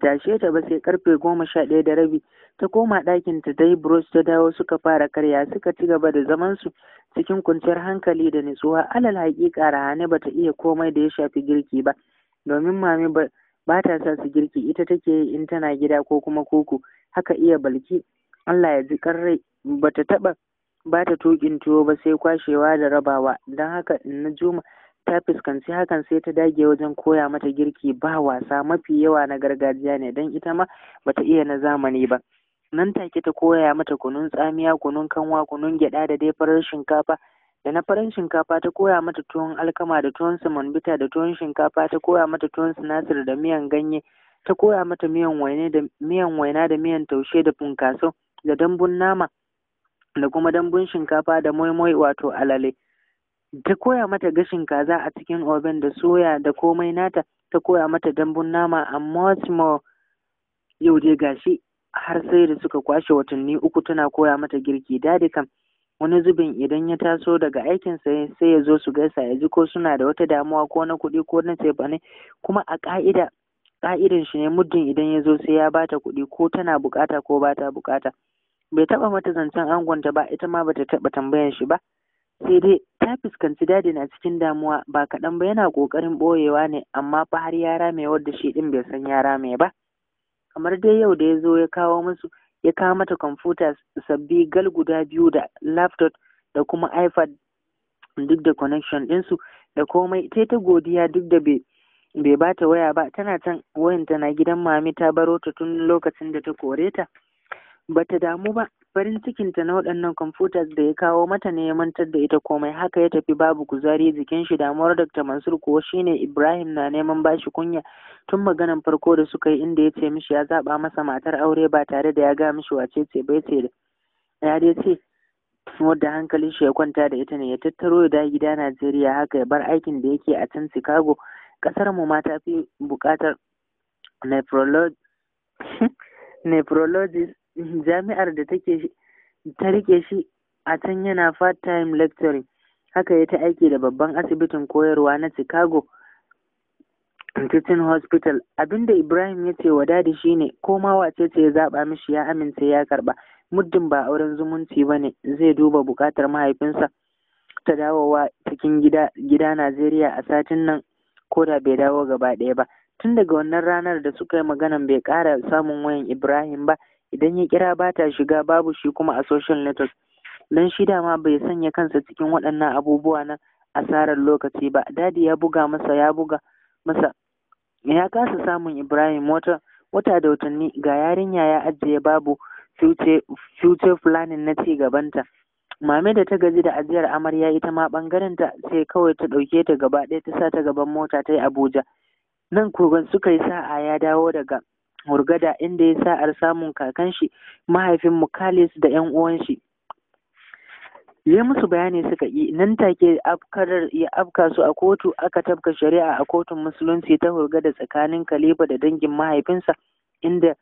tashe ta ba sai karfe goma sha ɗaya da rabi ta koma ɗakin ta dai bros ta dawo suka fara karya suka ci gaba da zaman su cikin kwanciyar hankali da nutsuwa alal haƙiƙa rahane bata iya komai da ya shafi girki ba domin mami ba ta sa su girki ita take yi in tana gida ko kuma koko haka iya balki Allah ya ji karrai bata taɓa ba ta tuƙin tuwo ba sai kwashewa da rabawa don haka na juma ta fuskanci hakan sai ta dage wajen koya mata girki ba wasa mafi yawa na gargajiya ne don ita ma bata iya na zamani ba Nan take ta koya mata kunun tsamiya, kunun kanwa, kunun gyaɗa da dai farar shinkafa. Da na farin shinkafa ta koya mata tuwon alkama da tuwon bita da tuwon shinkafa ta koya mata tuwon sinasir da miyan ganye ta koya mata miyan waine da miyan waina da miyan taushe da funkaso da dambun nama da kuma dambun shinkafa da moimoi wato alale. ta koya mata gashin kaza a cikin oven da soya da komai nata ta koya mata dambun nama a more yau dai gashi har sai da suka kwashe watanni uku tana koya mata girki dadi kam wani zubin idan ya taso daga aikinsa sai ya zo su gaisa ya ji ko suna da wata damuwa ko na kuɗi ko na cefane kuma a ƙa'ida ƙa'idan shi ne muddin idan ya zo sai ya bata kuɗi ko tana bukata ko bata bukata bai taba mata zancen angonta ba ita ma bata taba tambayan shi ba sai dai ta fuskanci dadi na cikin damuwa ba kaɗan ba yana ƙoƙarin ɓoyewa ne amma fa har yara mai wadda shi ɗin bai san yara mai ba kamar dai yau da ya zo ya kawo musu ya kawo mata kwamfuta sabbi gal guda biyu da laptop da kuma ipad duk da connection ɗinsu da komai ta ta godiya duk da bai bai bata waya ba tana can wayanta na gidan mami ta baro ta tun lokacin da ta kore ta bata damu ba farin cikinta na waɗannan kwamfutas da ya kawo mata ne ya mantar da ita komai haka ya tafi babu kuzari jikin shi damuwar dr mansur kuwa shine ibrahim na neman bashi kunya tun maganan farko da suka yi inda ya ce mishi ya zaɓa masa matar aure ba tare da ya ga mishi wace ce bai ce ya dai ce wadda hankalin shi ya kwanta da ita ne ya tattaro ya da gida najeriya haka ya bar aikin da yake a can chicago kasar mu ma ta fi buƙatar nephrologist jami'ar da take ta rike shi a can yana part-time lecturing haka ya ta aiki da babban asibitin koyarwa na chicago teaching hospital abinda ibrahim ya ce wa dadi shine ko ma wace ce ya zaba mishi ya amince ya karba muddin ba auren zumunci ba ne zai duba bukatar mahaifinsa ta dawowa cikin gida gida najeriya a satin nan ko da bai dawo gaba ɗaya ba tun daga wannan ranar da suka yi maganan bai kara samun wayan ibrahim ba idan ya kira ba ta shiga babu shi kuma a social network don shi dama bai sanya kansa cikin waɗannan abubuwa na asarar lokaci ba dadi ya buga masa ya buga masa ya kasa samun ibrahim wata wata da watanni ga yarinya ya ajiye babu future, future planning na ci gabanta mame da ta gaji da ajiyar amarya ita ma bangaren ta sai kawai ta ɗauke ta gaba ɗaya ta sa ta gaban mota ta yi abuja nan kogon suka yi sa'a ya dawo daga Hurgada inda ya sa ar samun kakanshi mahaifin Mukalis da ‘yan uwanshi. shi. Ya musu bayani suka yi nan take ya afka su a kotu aka tabka shari'a a kotun musulunci ta Hurgada tsakanin Kalifa da dangin mahaifinsa inda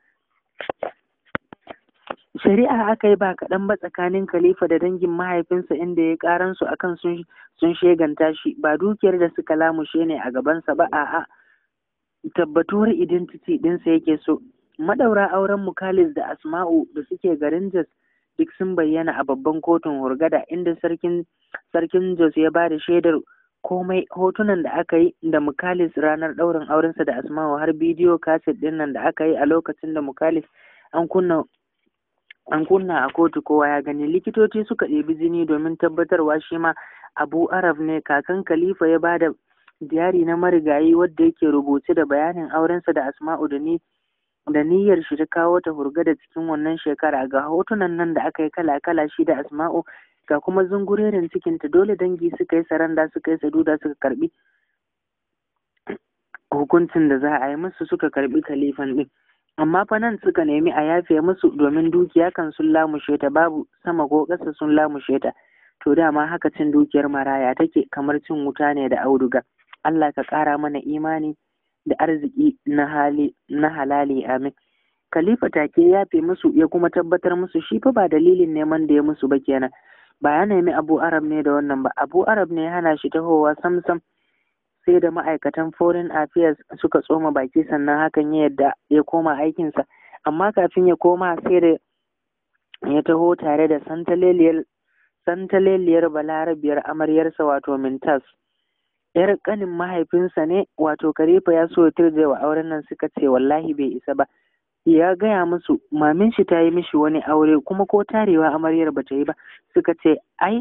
shari'a aka yi ba kaɗan ba tsakanin khalifa da dangin mahaifinsa inda ya karansu akan sun sheganta shi ba dukiyar da suka lamushe ne a gabansa ba a'a tabbatuwar identity ɗinsa yake so madaura auren mukalis da asma'u da suke garin jos duk sun bayyana a babban kotun hurgada inda sarkin sarkin jos ya ba da shaidar komai hotunan da aka yi da mukalis ranar ɗaurin aurensa da asma'u har bidiyo kaset ɗin nan da aka yi a lokacin da mukalis an kunna an kunna a kotu kowa ya gani likitoci suka ɗebi jini domin tabbatarwa shi ma abu arab ne kakan khalifa ya ba da diyari na marigayi wadda yake rubuce da bayanin aurensa da Asma'u da ni da niyyar shi ta kawo ta hurga da cikin wannan shekara ga hotunan nan da aka yi kala-kala shi da Asma'u ga kuma zungurerin cikinta dole dangi suka yi saranda suka yi saduda suka karbi hukuncin da za a yi musu suka karbi kalifan din amma fa nan suka nemi a yafe musu domin dukiya kan sun lamushe ta babu sama ko ƙasa sun lamushe ta to dama haka cin dukiyar maraya take kamar cin wuta ne da auduga Allah ka ƙara mana imani da arziki na hali na halali amin Khalifa take ya fi musu ya kuma tabbatar musu shi fa ba dalilin neman da ya musu ba kenan ba ya nemi Abu Arab ne da wannan ba Abu Arab ne ya hana shi tahowa samsam sai da ma'aikatan foreign affairs suka tsoma baki sannan hakan ya yadda ya koma aikinsa amma kafin ya koma sai da ya taho tare da santaleliyar balarabiyar amaryarsa wato mintas yar kanin mahaifinsa ne wato karifa ya so ya wa auren nan suka ce wallahi bai isa ba ya gaya musu mamin shi ta yi mishi wani aure kuma ko tarewa amaryar ba ta yi ba suka ce ai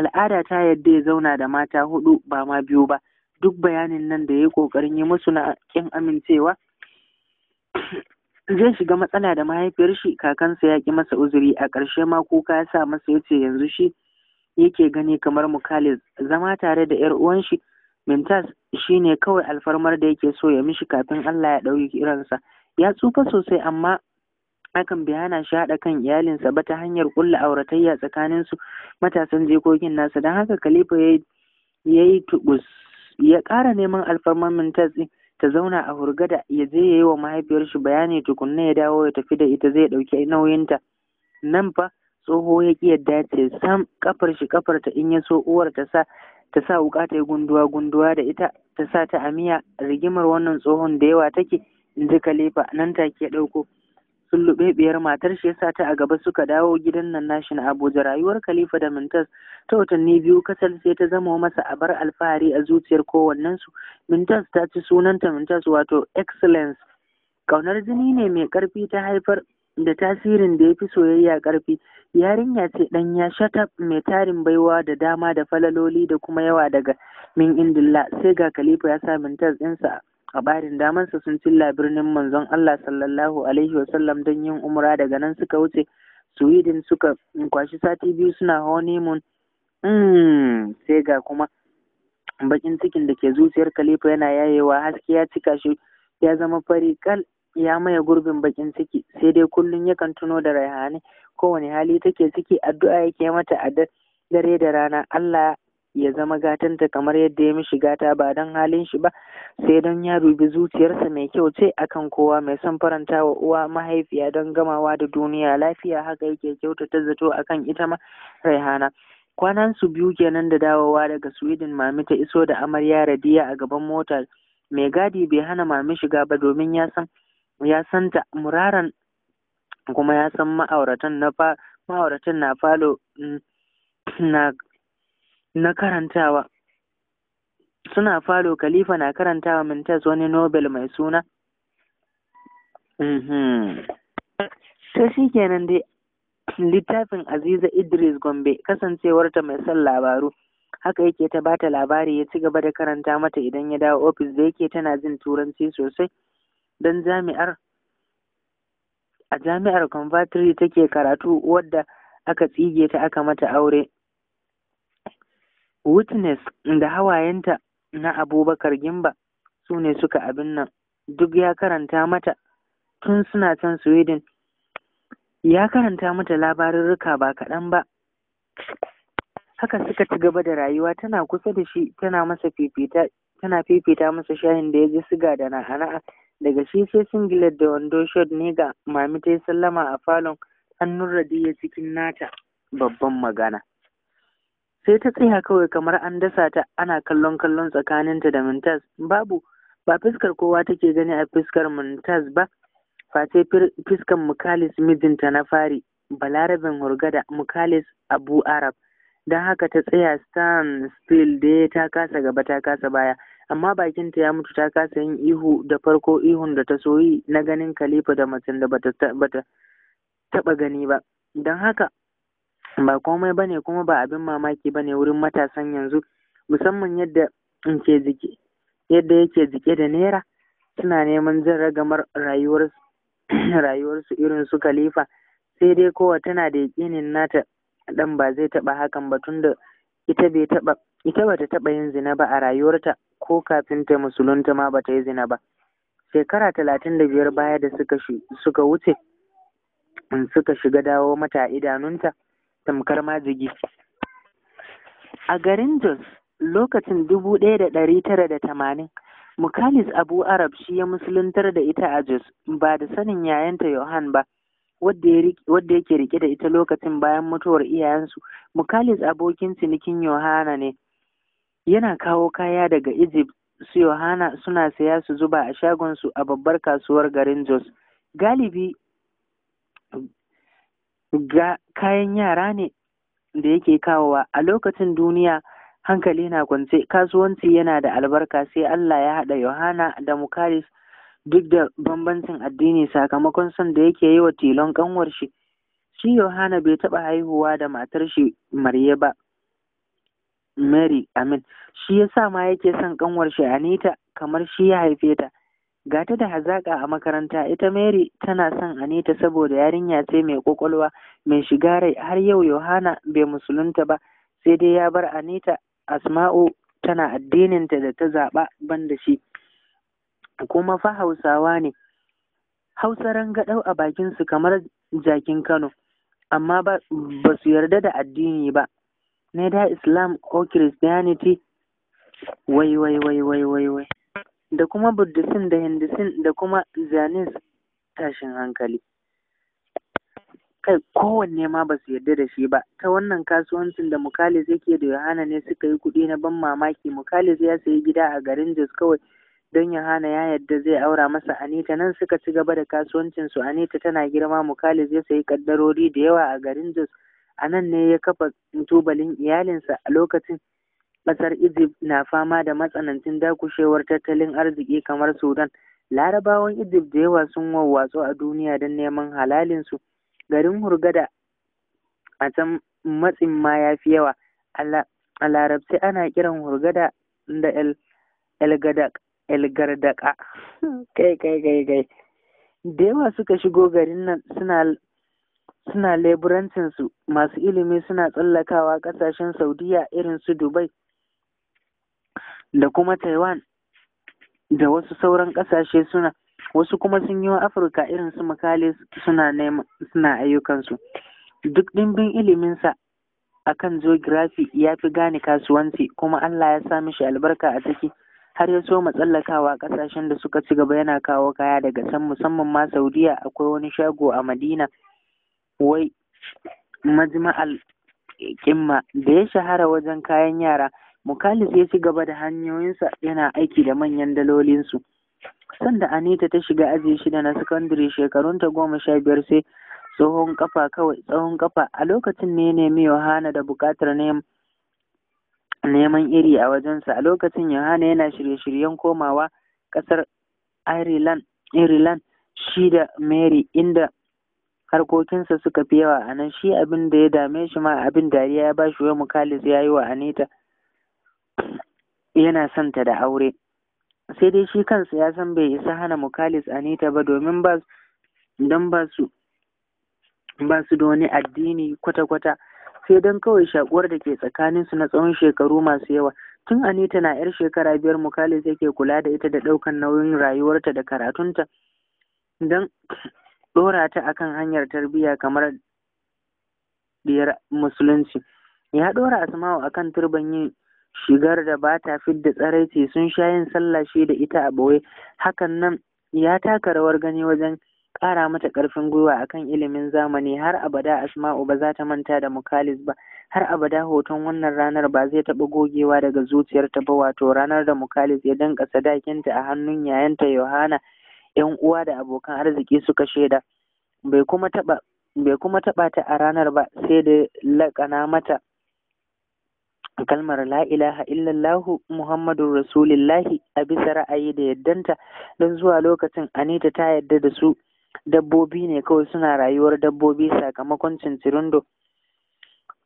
al'ada ta yadda ya zauna da mata hudu ba ma biyu ba duk bayanin nan da ya yi kokarin yi musu na kin amincewa zai shiga matsala da mahaifiyar shi kakansa ya ki masa uzuri a ƙarshe ma kuka ya sa masa ya yanzu shi yake gani kamar mukalis zama tare da 'yar uwan shi mintas shi ne kawai alfarmar da yake so ya mishi kafin Allah ya ɗauki kiransa. Ya tsufa sosai amma akan bai hana shi haɗa kan iyalinsa ba ta hanyar ƙulla auratayya tsakaninsu matasan jikokin nasa don haka Khalifa ya yi tubus ya ƙara neman alfarmar mintas ta zauna a hurgada ya je ya yi wa mahaifiyar shi bayani tukunna ya dawo ya tafi da ita zai ɗauki nauyinta. Nan fa tsoho ya ƙi yadda ce sam kafar shi ƙafar ta in ya so uwar ta sa ta sa wuƙa ta yi gunduwa gunduwa da ita ta sa ta a miya rigimar wannan tsohon da yawa take in ji khalifa nan take ya ɗauko biyar matar shi yasa ta a gaba suka dawo gidan nan nashi na Abuja rayuwar Khalifa da Mintas ta watanni biyu kasar sai ta zama masa abar alfahari a zuciyar kowannensu. Mintas ta ci sunanta Mintas wato excellence kaunar jini ne mai karfi ta haifar da tasirin da ya fi soyayya ƙarfi yarinya ce ɗan ya mai tarin baiwa da dama da falaloli da kuma yawa daga min indilla sai ga khalifa ya sa mintas ɗinsa a barin damansa sun cilla birnin manzon Allah sallallahu alaihi wasallam don yin umra daga nan suka wuce Sweden suka kwashi sati biyu suna honeymoon hmm, sai ga kuma bakin cikin da ke zuciyar khalifa yana yayewa haske ya cika shi ya zama fari kal ya maye gurbin bakin ciki sai dai kullum yakan tuno da raihane kowane hali take ciki addu'a yake mata a dare da rana Allah ya zama gatanta kamar yadda ya mishi gata ba don halin shi ba sai don ya dubi zuciyarsa mai kyau ce akan kowa mai son faranta wa uwa mahaifiya don gamawa da duniya lafiya haka yake kyautata zato akan ita ma raihana kwanan su biyu kenan da dawowa daga sweden mami ta iso da amarya radiya a gaban mota mai gadi bai hana mami shiga ba domin ya san ya san ta muraran kuma ya san ma'auratan na fa ma'auratan na falo mm, na na karantawa suna falo khalifa na karantawa mintas wani nobel mai suna to mm-hmm. shi kenan dai littafin aziza idris gombe kasancewarta mai son labaru haka yake ta bata labari ya ci gaba da karanta mata idan ya dawo ofis da yake tana jin turanci sosai don jami'ar a jami'ar convatry take karatu wadda aka tsige ta aka mata aure witness da hawayenta na abubakar gimba su ne suka abin nan duk ya karanta mata tun suna can sweden ya karanta mata labarurruka ba kaɗan ba haka suka ci gaba da rayuwa tana kusa da shi tana masa fifita tana fifita masa shayin da ya ji siga da na'ana'a daga shi sai singlet da wando shot ne ga mami ta yi sallama a falon hannun radiya cikin nata babban magana sai ta tsaya kawai kamar an dasa ta ana kallon kallon tsakaninta da mintas babu ba fuskar kowa take gani a fuskar mintas ba face fiskar mukalis mijinta na fari balarabin hurgada mukalis abu arab don haka ta tsaya stan still da ta kasa gaba ta kasa baya amma bakinta ya mutu ta kasa yin ihu da farko ihun da ta soyi na ganin kalifa da macen da bata taba gani ba don haka ba komai bane kuma ba abin mamaki ba ne wurin matasan yanzu musamman yadda ke jike yadda yake jike da naira suna neman jin ragamar rayuwarsu irin su kalifa sai dai kowa tana da yakinin nata dan ba zai taba hakan ba tunda ita bai taba ita bata taba yin zina ba a rayuwarta ko kafin ta musulunta ma ta yi zina ba shekara talatin da biyar baya da suka wuce wuce suka shiga dawo mata idanunta tamkar majigi a garin jos lokacin dubu ɗaya da ɗari tara da tamanin mukalis abu arab shi ya musuluntar da ita a jos ba da sanin yayanta yohan ba wadda yake rike da ita lokacin bayan mutuwar iyayensu mukalis abokin cinikin yohana ne yana kawo kaya daga Egypt su Yohana suna saya su zuba a shagonsu a babbar kasuwar garin Jos. Galibi ga kayan yara ne da yake kawowa a lokacin duniya hankali na kwance kasuwanci yana da albarka sai Allah ya haɗa Yohana da Mukaris duk da bambancin addini sakamakon son da yake yi wa tilon kanwar shi. Shi Yohana bai taɓa haihuwa da matar shi Marye ba, Mary Amin shi yasa ma yake son kanwar shi Anita kamar shi ya haife ta ga da hazaƙa a makaranta ita Mary tana son Anita saboda yarinya sai mai ƙwaƙwalwa mai shiga rai har yau Yohana bai musulunta ba sai dai ya bar Anita Asma'u tana addininta da ta zaɓa banda shi kuma fa Hausawa ne Hausa rangadau a bakin su kamar jakin Kano amma ba su yarda da addini ba neither Islam or Christianity wai wai wai wai wai wai da kuma Buddhism da Hinduism da kuma Zionism tashin hankali kai kowanne ma ba su yarda da shi ba ta wannan kasuwancin da mukalis yake da yohana ne suka yi kuɗi na ban mamaki mukalis ya sayi gida a garin jos kawai don yohana ya yarda zai aura masa anita nan suka ci gaba da kasuwancin su anita tana girma mukalis ya sayi kaddarori da yawa a garin jos a nan ne ya kafa tubalin iyalinsa a lokacin ƙasar Egypt na fama da matsanancin dakushewar tattalin arziki kamar Sudan. Larabawan Egypt da yawa sun wawwatsu a duniya don neman halalinsu. Garin Hurgada a can matsin ma ya fi yawa. A larabci ana kiran Hurgada da Elgardaka. Kai kai kai kai. Da yawa suka shigo garin nan suna suna leburancinsu masu ilimi suna tsallakawa kasashen saudiya irin su dubai da kuma taiwan da wasu sauran kasashe suna wasu kuma sun yi wa afirka irin su makale suna suna ayyukansu duk ɗimbin iliminsa a kan geography ya fi gane kasuwanci kuma allah ya sa mishi albarka a ciki har ya so tsallakawa kasashen da suka ci gaba yana kawo kaya daga can musamman ma saudiya akwai wani shago a madina wai majma'al kimma da ya shahara wajen kayan yara mukalis ya ci gaba da hanyoyinsa yana aiki da manyan dalolinsu sanda anita ta shiga aji shida na sakandare shekarunta goma sha biyar sai tsohon kafa kawai tsohon kafa a lokacin ne nemi yohana da bukatar neman iri a wajensa a lokacin yohana yana shirye-shiryen komawa kasar ireland shi da mary inda harkokinsa suka fi yawa a nan shi abin da ya dame shi ma abin dariya ya ba shi wai mukalis ya yi wa anita yana son ta da aure sai dai shi kansa ya san bai isa hana mukalis anita ba domin ba don ba su ba su da wani addini kwata-kwata sai don kawai shakuwar da ke tsakaninsu na tsawon shekaru masu yawa tun anita na yar shekara biyar mukalis yake kula da ita da ɗaukan nauyin rayuwarta da karatunta don ɗora ta akan hanyar tarbiyya kamar diyar musulunci ya ɗora asma'u akan turban yin shigar da ba ta fidda tsaraici sun sha yin sallah shi da ita a ɓoye hakan nan ya taka rawar gani wajen ƙara mata ƙarfin gwiwa akan ilimin zamani har abada asma'u ba za ta manta da mukalis ba har abada hoton wannan ranar ba zai taɓa gogewa daga zuciyarta ba wato ranar da mukalis ya danƙa sadakinta a hannun yayanta yohana 'yan uwa da abokan arziki suka shaida bai kuma taɓa bai kuma taɓa ta a ranar ba sai da laƙana mata kalmar la ilaha illallahu muhammadun rasulillahi a bisa ra'ayi da yaddanta don zuwa lokacin anita ta yadda da su dabbobi ne kawai suna rayuwar dabbobi sakamakon cincirindo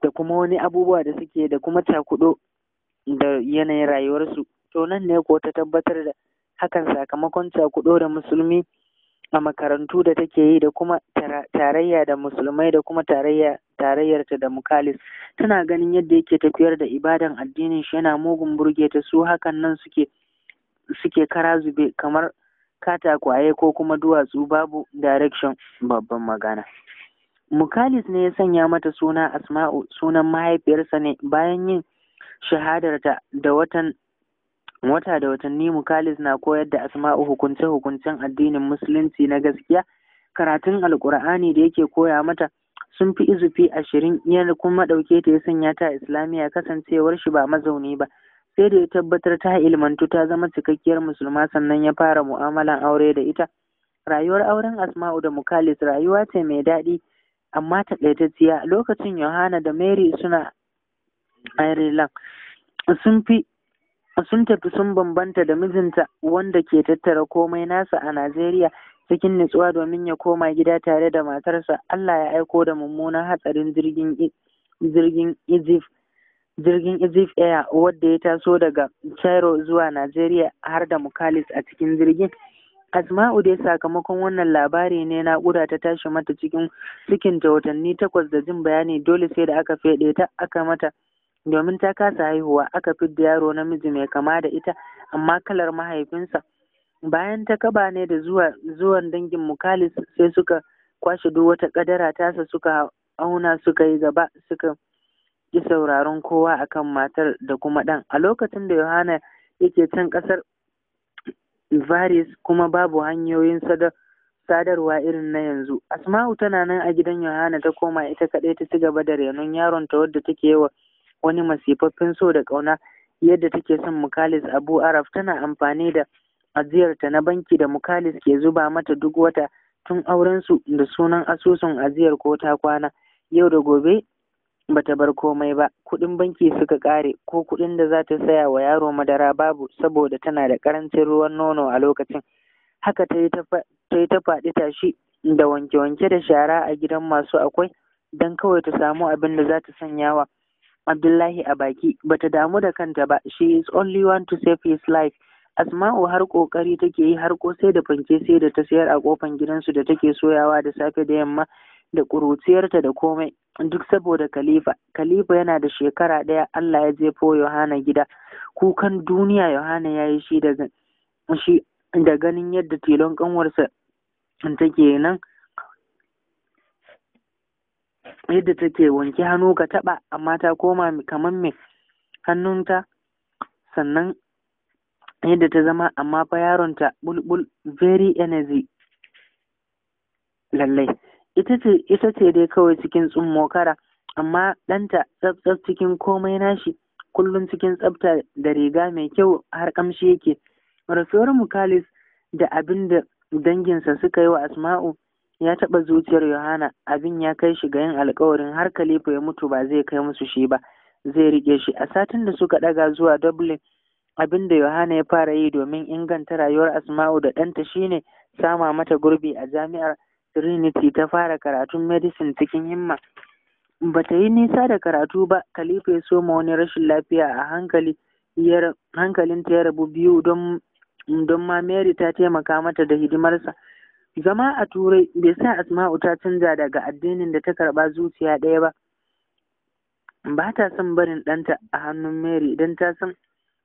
da kuma wani abubuwa da suke da kuma cakudo da yanayin rayuwarsu to nan ne ko ta tabbatar da hakan sakamakon cakuɗo da musulmi a makarantu da take yi da kuma tarayya da musulmai da kuma tarayya tarayyarta da mukalis tana ganin yadda yake tafiyar da ibadan addinin shi yana mugun burge ta su hakan nan suke kara zube kamar katakwaye ko kuma duwatsu babu direction babban magana mukalis ne ya sanya mata suna asma'u sunan mahaifiyarsa ne bayan yin shahadarta da watan wata da watanni mukalis na koyar da asma'u hukunce-hukuncen addinin musulunci na gaskiya karatun alkur'ani da yake koya mata sun fi izufi ashirin ya kuma ɗauke ta ya sanya ta islamiyya kasancewar shi ba mazauni ba sai da ya tabbatar ta ilmantu ta zama cikakkiyar musulma sannan ya fara mu'amalan aure da ita rayuwar auren asma'u da mukalis rayuwa ce mai daɗi amma taƙaitacciya lokacin yohana da mary suna ireland sun fi sun tafi sun bambanta da mijinta wanda ke tattara komai nasa a Najeriya cikin nutsuwa domin ya koma gida tare da matarsa Allah ya aiko da mummunan hatsarin jirgin jirgin Egypt jirgin Egypt Air wadda ya taso daga Cairo zuwa Najeriya har da Mukalis a cikin jirgin Asma'u dai sakamakon wannan labari ne naƙuda ta tashi mata cikin cikin ta watanni takwas da jin bayani dole sai da aka feɗe ta aka mata domin ta kasa haihuwa aka fidda yaro namiji mai kama da ita amma kalar mahaifinsa bayan ta kaba ne da zuwa zuwan dangin mukalis sai suka kwashe duk wata kadara tasa suka auna suka yi gaba suka ki sauraron kowa akan matar da kuma ɗan a lokacin da yohana yake can ƙasar Varis kuma babu hanyoyin sadarwa irin na yanzu. Asma'u tana nan a gidan Yohana ta koma ita kaɗai ta ci gaba da renon yaron ta wadda take yawa wani masifaffin so da ƙauna yadda take son mukalis abu araf tana amfani da ajiyarta na banki da mukalis ke zuba mata duk wata tun aurensu da sunan asusun ajiyar ko ta kwana yau da gobe bata bar komai ba kuɗin banki suka ƙare ko kuɗin da za ta saya wa yaro madara babu saboda tana da ƙarancin ruwan nono a lokacin haka ta yi ta faɗi tashi da wanke-wanke da shara a gidan masu akwai don kawai ta samu abin da za ta sanya wa Abdullahi a baki bata damu da kanta ba she is only one to save his life Asma'u har kokari take yi har ko sai da fanke sai da ta sayar a kofan gidansu da take soyawa da safe da yamma da kuruciyarta da komai duk saboda Khalifa Khalifa yana da shekara ɗaya Allah ya jefo Yohana gida kukan duniya Yohana ya yi shi da ganin yadda tilon ƙanwarsa take nan yadda take wanke hannu ka taɓa amma ta koma kamar mai hannunta sannan yadda ta zama amma fa yaronta bulbul very energy lallai ita ce ita ce dai kawai cikin tsummokara amma ɗanta tsaf cikin komai nashi kullum cikin tsafta da riga mai kyau har ƙamshi yake rasuwar mukalis da abinda danginsa suka yi wa asma'u ya taɓa zuciyar Yohana abin ya kai shi ga yin alkawarin har kalifa ya mutu ba zai kai musu shi ba zai rike shi a satin da suka ɗaga zuwa Dublin abin da Yohana ya fara yi domin inganta rayuwar Asma'u da ɗanta shine sama mata gurbi a jami'ar Trinity ta fara karatun medicine cikin himma ba ta yi nisa da karatu ba kalifa ya soma wani rashin lafiya a hankali hankalinta ya rabu biyu don don ma Mary ta taimaka mata da hidimarsa zama a turai bai sa asma'u ta canza daga addinin da ta karba zuciya ɗaya ba ba ta son barin ɗanta a hannun mary idan ta san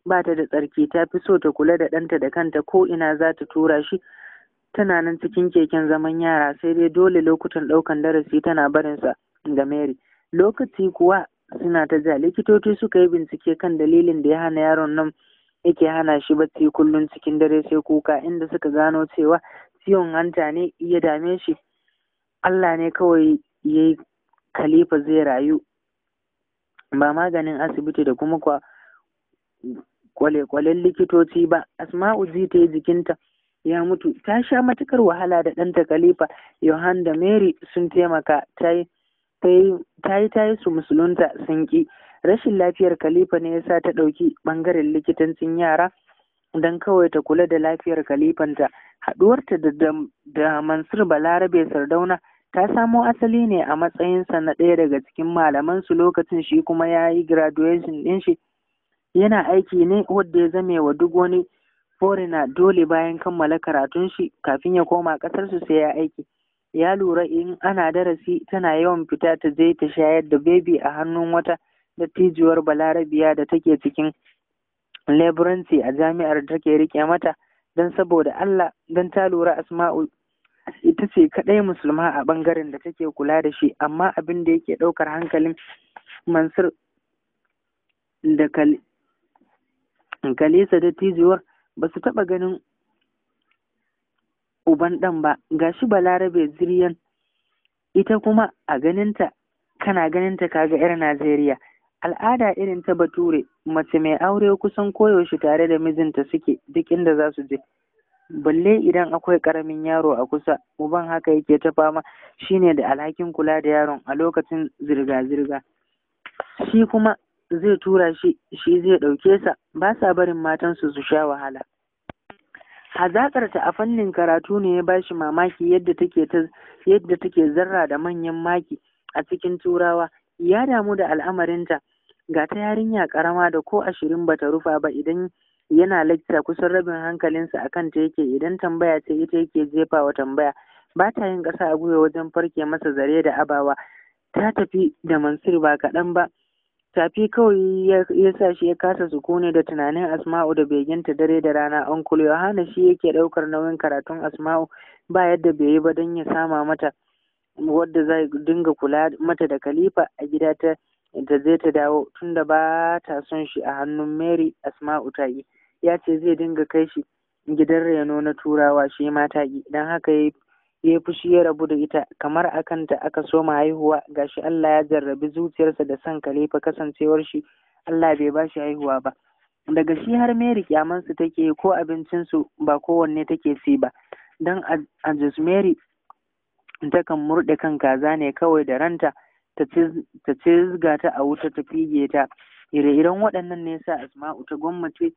ba ta da tsarki ta fi so ta kula da ɗanta da kanta ko ina za ta tura shi tana nan cikin keken zaman yara sai dai dole lokutan ɗaukan darasi tana barin sa ga mary lokaci kuwa suna ta ja likitoci suka yi bincike kan dalilin da ya hana yaron nan yake hana shi bacci kullum cikin dare sai kuka inda suka gano cewa ciwon hanta ne ya dame shi Allah ne kawai ya yi khalifa zai rayu ba maganin asibiti da kuma kwa kwale-kwalen likitoci ba asma'u ji yi jikinta ya mutu ta sha matukar wahala da ɗanta khalifa yohan da mary sun taimaka ta yi ta yi su musulunta sun ki rashin lafiyar khalifa ne ya sa ta ɗauki ɓangaren likitancin yara don kawai ta kula da lafiyar kalifanta haɗuwarta da mansur balarabe sardauna ta samo asali ne a matsayinsa na ɗaya daga cikin malamansu lokacin shi kuma ya yi graduation ɗin shi yana aiki ne wadda ya zame wa duk wani forina dole bayan kammala karatun shi kafin ya koma ƙasarsu sai ya aiki ya lura in ana darasi tana yawan fita ta je ta shayar da baby a hannun wata dattijuwar balarabiya da take cikin leburanci a jami'ar da take rike mata don saboda Allah don ta lura Asma'u ita ce kaɗai musulma a ɓangaren da take kula da shi amma abin da yake ɗaukar hankalin Mansur da Kalisa da Tijuwar ba su taɓa ganin uban ɗan ba gashi Balarabe ziriyan ita kuma a ganinta kana ganinta kaga 'yar Najeriya. al'ada irin ta bature mace mai aure kusan koyaushe tare da mijinta suke duk inda za su je balle idan akwai karamin yaro a kusa uban haka yake ta fama shine da alhakin kula da yaron a lokacin zirga-zirga shi kuma zai tura shi shi zai ɗauke sa ba sa barin matansu su sha wahala hazaƙarta a fannin karatu ne ya ba shi mamaki yadda take ta yadda take zarra da manyan maki a cikin turawa ya damu da al'amarinta ga ta yarinya karama da ko ashirin bata rufa ba idan yana lecture kusan rabin hankalinsa a kanta yake idan tambaya ce ita yake jefawa tambaya ba ta yin ƙasa a gwiwa wajen farke masa zare da abawa ta tafi da mansur ba kaɗan ba tafi kawai ya sa shi ya kasa sukuni da tunanin asma'u da beginta dare da rana onkul yohana shi yake ɗaukar nauyin karatun asma'u ba yadda bai yi ba don ya sama mata wadda zai dinga kula mata da kalifa a gida ta ta zai ta dawo tunda ba ta son shi a hannun Mary Asma'u ta yi ya ce zai dinga kai shi gidan reno na turawa shi ma ta yi don haka ya yi fushi ya rabu da ita kamar a kanta aka soma haihuwa ga shi Allah ya jarrabi zuciyarsa da son kalifa kasancewar shi Allah bai ba shi haihuwa ba daga shi har Mary kyamansu take ko abincinsu ba kowanne take si ba don a Mary takan murɗe kan kaza ne kawai da ranta ta cizga ta a wuta ta fige ta ire-iren waɗannan ne sa asma'u ta gwammace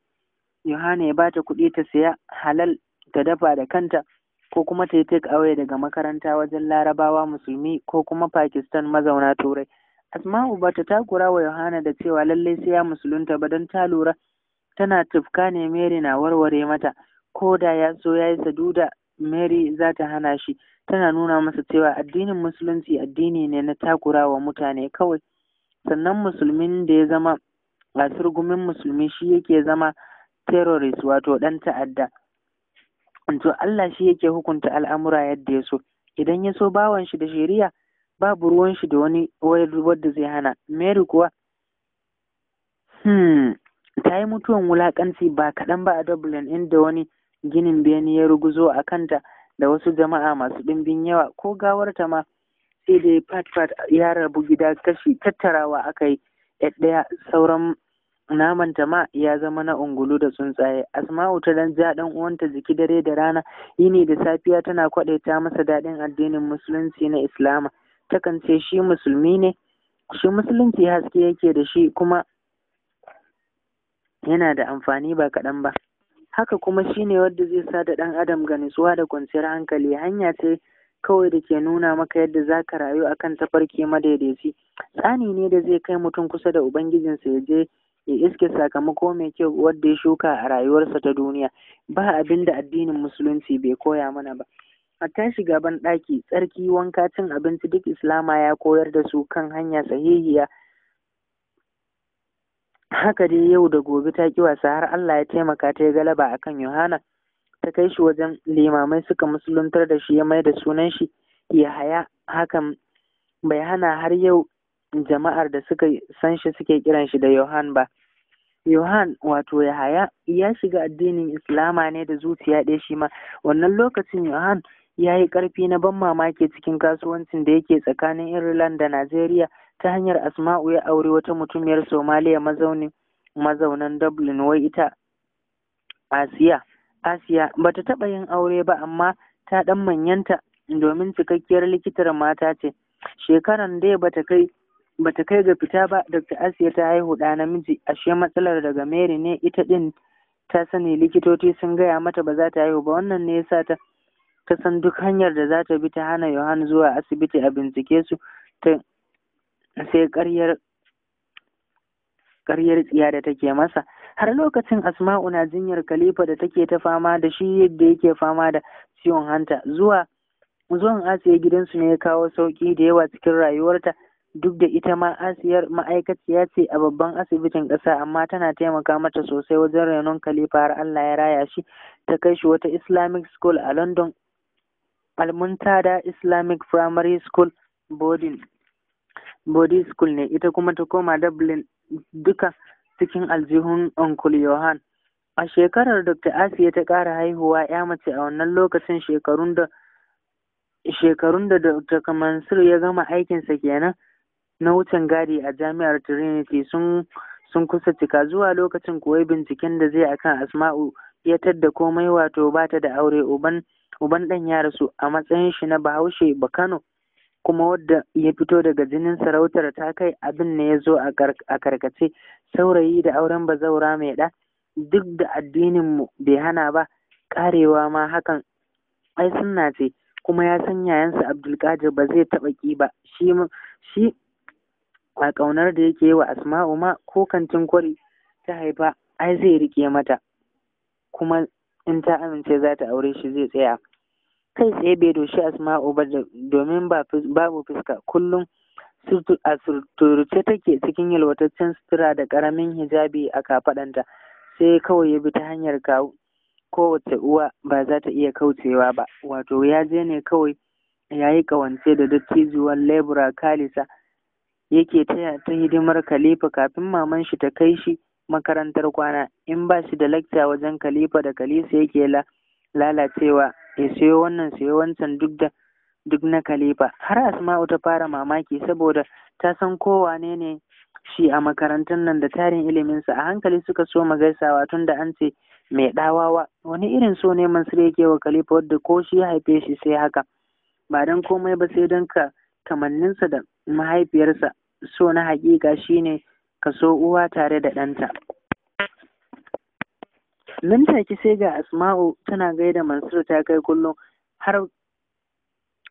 yohana ya bata kuɗi ta siya halal ta dafa da kanta ko kuma ta yi take away daga makaranta wajen larabawa musulmi ko kuma pakistan mazauna turai asma'u bata takura wa yohana da cewa lallai sai ya musulunta ba don ta lura tana tufka ne mary na warware mata ko da ya so ya yi saduda Mary za ta hana shi tana nuna masa cewa addinin musulunci addini ne na takura wa mutane kawai sannan musulmin da ya zama a gumin musulmi shi yake zama terrorist wato ɗan ta'adda to Allah shi yake hukunta al'amura yadda ya so idan ya so bawan shi da shari'a babu ruwan shi da wani wadda zai hana Mary kuwa hmm ta yi mutuwan wulakanci ba kaɗan ba a Dublin inda wani ginin bene ya ruguzo a kanta da wasu jama'a masu ɗimbin yawa ko gawarta ma sai dai fat fat ya rabu gida kashi tattarawa aka yi ɗaya sauran naman ta ma ya zama na ungulu da tsuntsaye asma'u ta dan ja dan uwanta jiki dare da rana yini da safiya tana kwadaita masa daɗin addinin musulunci na islama takan ce shi musulmi ne shi musulunci haske yake da shi kuma yana da amfani ba kaɗan ba haka kuma shi ne wadda zai sa da ɗan adam ga nutsuwa da kwanciyar hankali hanya ce kawai da ke nuna maka yadda za ka rayu a kan tafarki madaidaici tsani ne da zai kai mutum kusa da ubangijinsa ya je ya iske sakamako mai kyau wadda ya shuka a rayuwarsa ta duniya ba abin da addinin musulunci bai koya mana ba hatta shiga ban ɗaki tsarki wanka cin abinci duk islama ya koyar da su kan hanya sahihiya haka dai yau da gobe ta ki wasa har Allah ya taimaka ta yi galaba a kan Yohana ta kai shi wajen limamai suka musuluntar da shi ya mai da sunan shi Yahaya hakan bai hana har yau jama'ar da suka san shi suke kiran shi da Yohan ba Yohan wato Yahaya ya shiga addinin Islama ne da zuciya ɗaya shi ma wannan lokacin Yohan ya yi ƙarfi na ban mamaki cikin kasuwancin da yake tsakanin Ireland da Najeriya ta hanyar asma'u ya aure wata mutumiyar somaliya mazaunin mazaunan dublin wai ita asiya asiya ba ta taɓa yin aure ba amma ta ɗan manyanta domin cikakkiyar likitar mata ce shekaran da bata kai ba kai ga fita ba dr asiya ta haihu ɗa namiji ashe matsalar daga mary ne ita din ta sani likitoci sun gaya mata ba za ta haihu ba wannan ne yasa ta ta san duk hanyar da za ta bi ta hana yohan zuwa asibiti a bincike su ta sai ƙaryar ƙaryar tsiya da take masa har lokacin asma'u na jinyar khalifa da take ta fama da shi yadda yake fama da ciwon hanta zuwa zuwan asiya gidansu ne ya kawo sauƙi da yawa cikin rayuwarta duk da ita ma asiyar ma'aikaciya ce a babban asibitin ƙasa amma tana taimaka mata sosai wajen renon kalifa har allah ya raya shi ta kai shi wata islamic school a london almuntada islamic primary school boarding body school ne ita kuma ta koma dublin duka cikin aljihun uncle johan a shekarar dr asiya ta kara haihuwa ya mace a wannan lokacin shekarun da shekarun dr kamansur ya gama aikinsa kenan na wucin gadi a jami'ar trinity sun kusa cika zuwa lokacin kuwa binciken da zai akan asma'u ya tadda komai wato bata da aure uban uban dan ya a matsayin shi na bahaushe bakano kuma wadda ya fito daga jinin sarautar ta kai abin ne ya zo a karkace saurayi da auren bazaura mai ɗa duk da addininmu bai hana ba karewa ma hakan ai sunna ce kuma ya san yayansa abdulkadir ba zai taɓa ƙi ba shi shi a ƙaunar da yake wa asma'u ma ko kantin kwari ta haifa ai zai riƙe mata kuma in ta amince za ta aure shi zai tsaya kai tsaye bai doshi asma'u ba domin babu fuska kullum a surturce take cikin yalwataccen sutura da karamin hijabi a kafaɗanta sai kawai ya bi ta hanyar kawo kowace uwa ba za ta iya kaucewa ba wato ya je ne kawai ya yi kawance da dattijuwar lebura kalisa yake taya ta hidimar kalifa kafin maman shi ta kai shi makarantar kwana in ba shi da lakta wajen kalifa da kalisa yake lalacewa ya sayo wannan sayo wancan duk da duk na kalifa har Asma'u ta fara mamaki saboda ta san kowa ne ne shi a makarantar nan da tarin iliminsa a hankali suka so gaisawa tun da an ce mai ɗawawa wani irin so ne Mansur yake wa kalifa wadda ko shi ya haife shi sai haka ba dan komai ba sai don ka kamanninsa da mahaifiyarsa so na haƙiƙa shine ka so uwa tare da ɗanta. nan take sai ga asma'u tana gaida mansur ta kai kullum har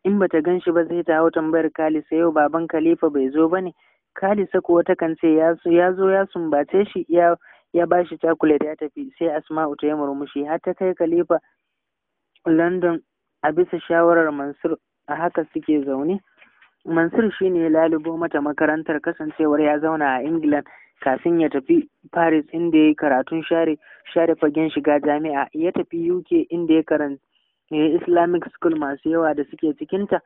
in bata gan shi ba zai ta hau tambayar kalisa yau baban khalifa bai zo ba ne kalisa kuwa takan ce ya zo ya sumbace shi ya ya ba shi cakulet ya tafi sai asma'u ta yi murmushi har ta kai khalifa london a bisa shawarar mansur a haka suke zaune mansur shine ya lalubo mata makarantar kasancewar ya zauna a england kafin ya tafi Paris inda ya yi karatun share share fagen shiga jami'a ya tafi UK inda ya karanta Islamic school masu yawa da suke cikinta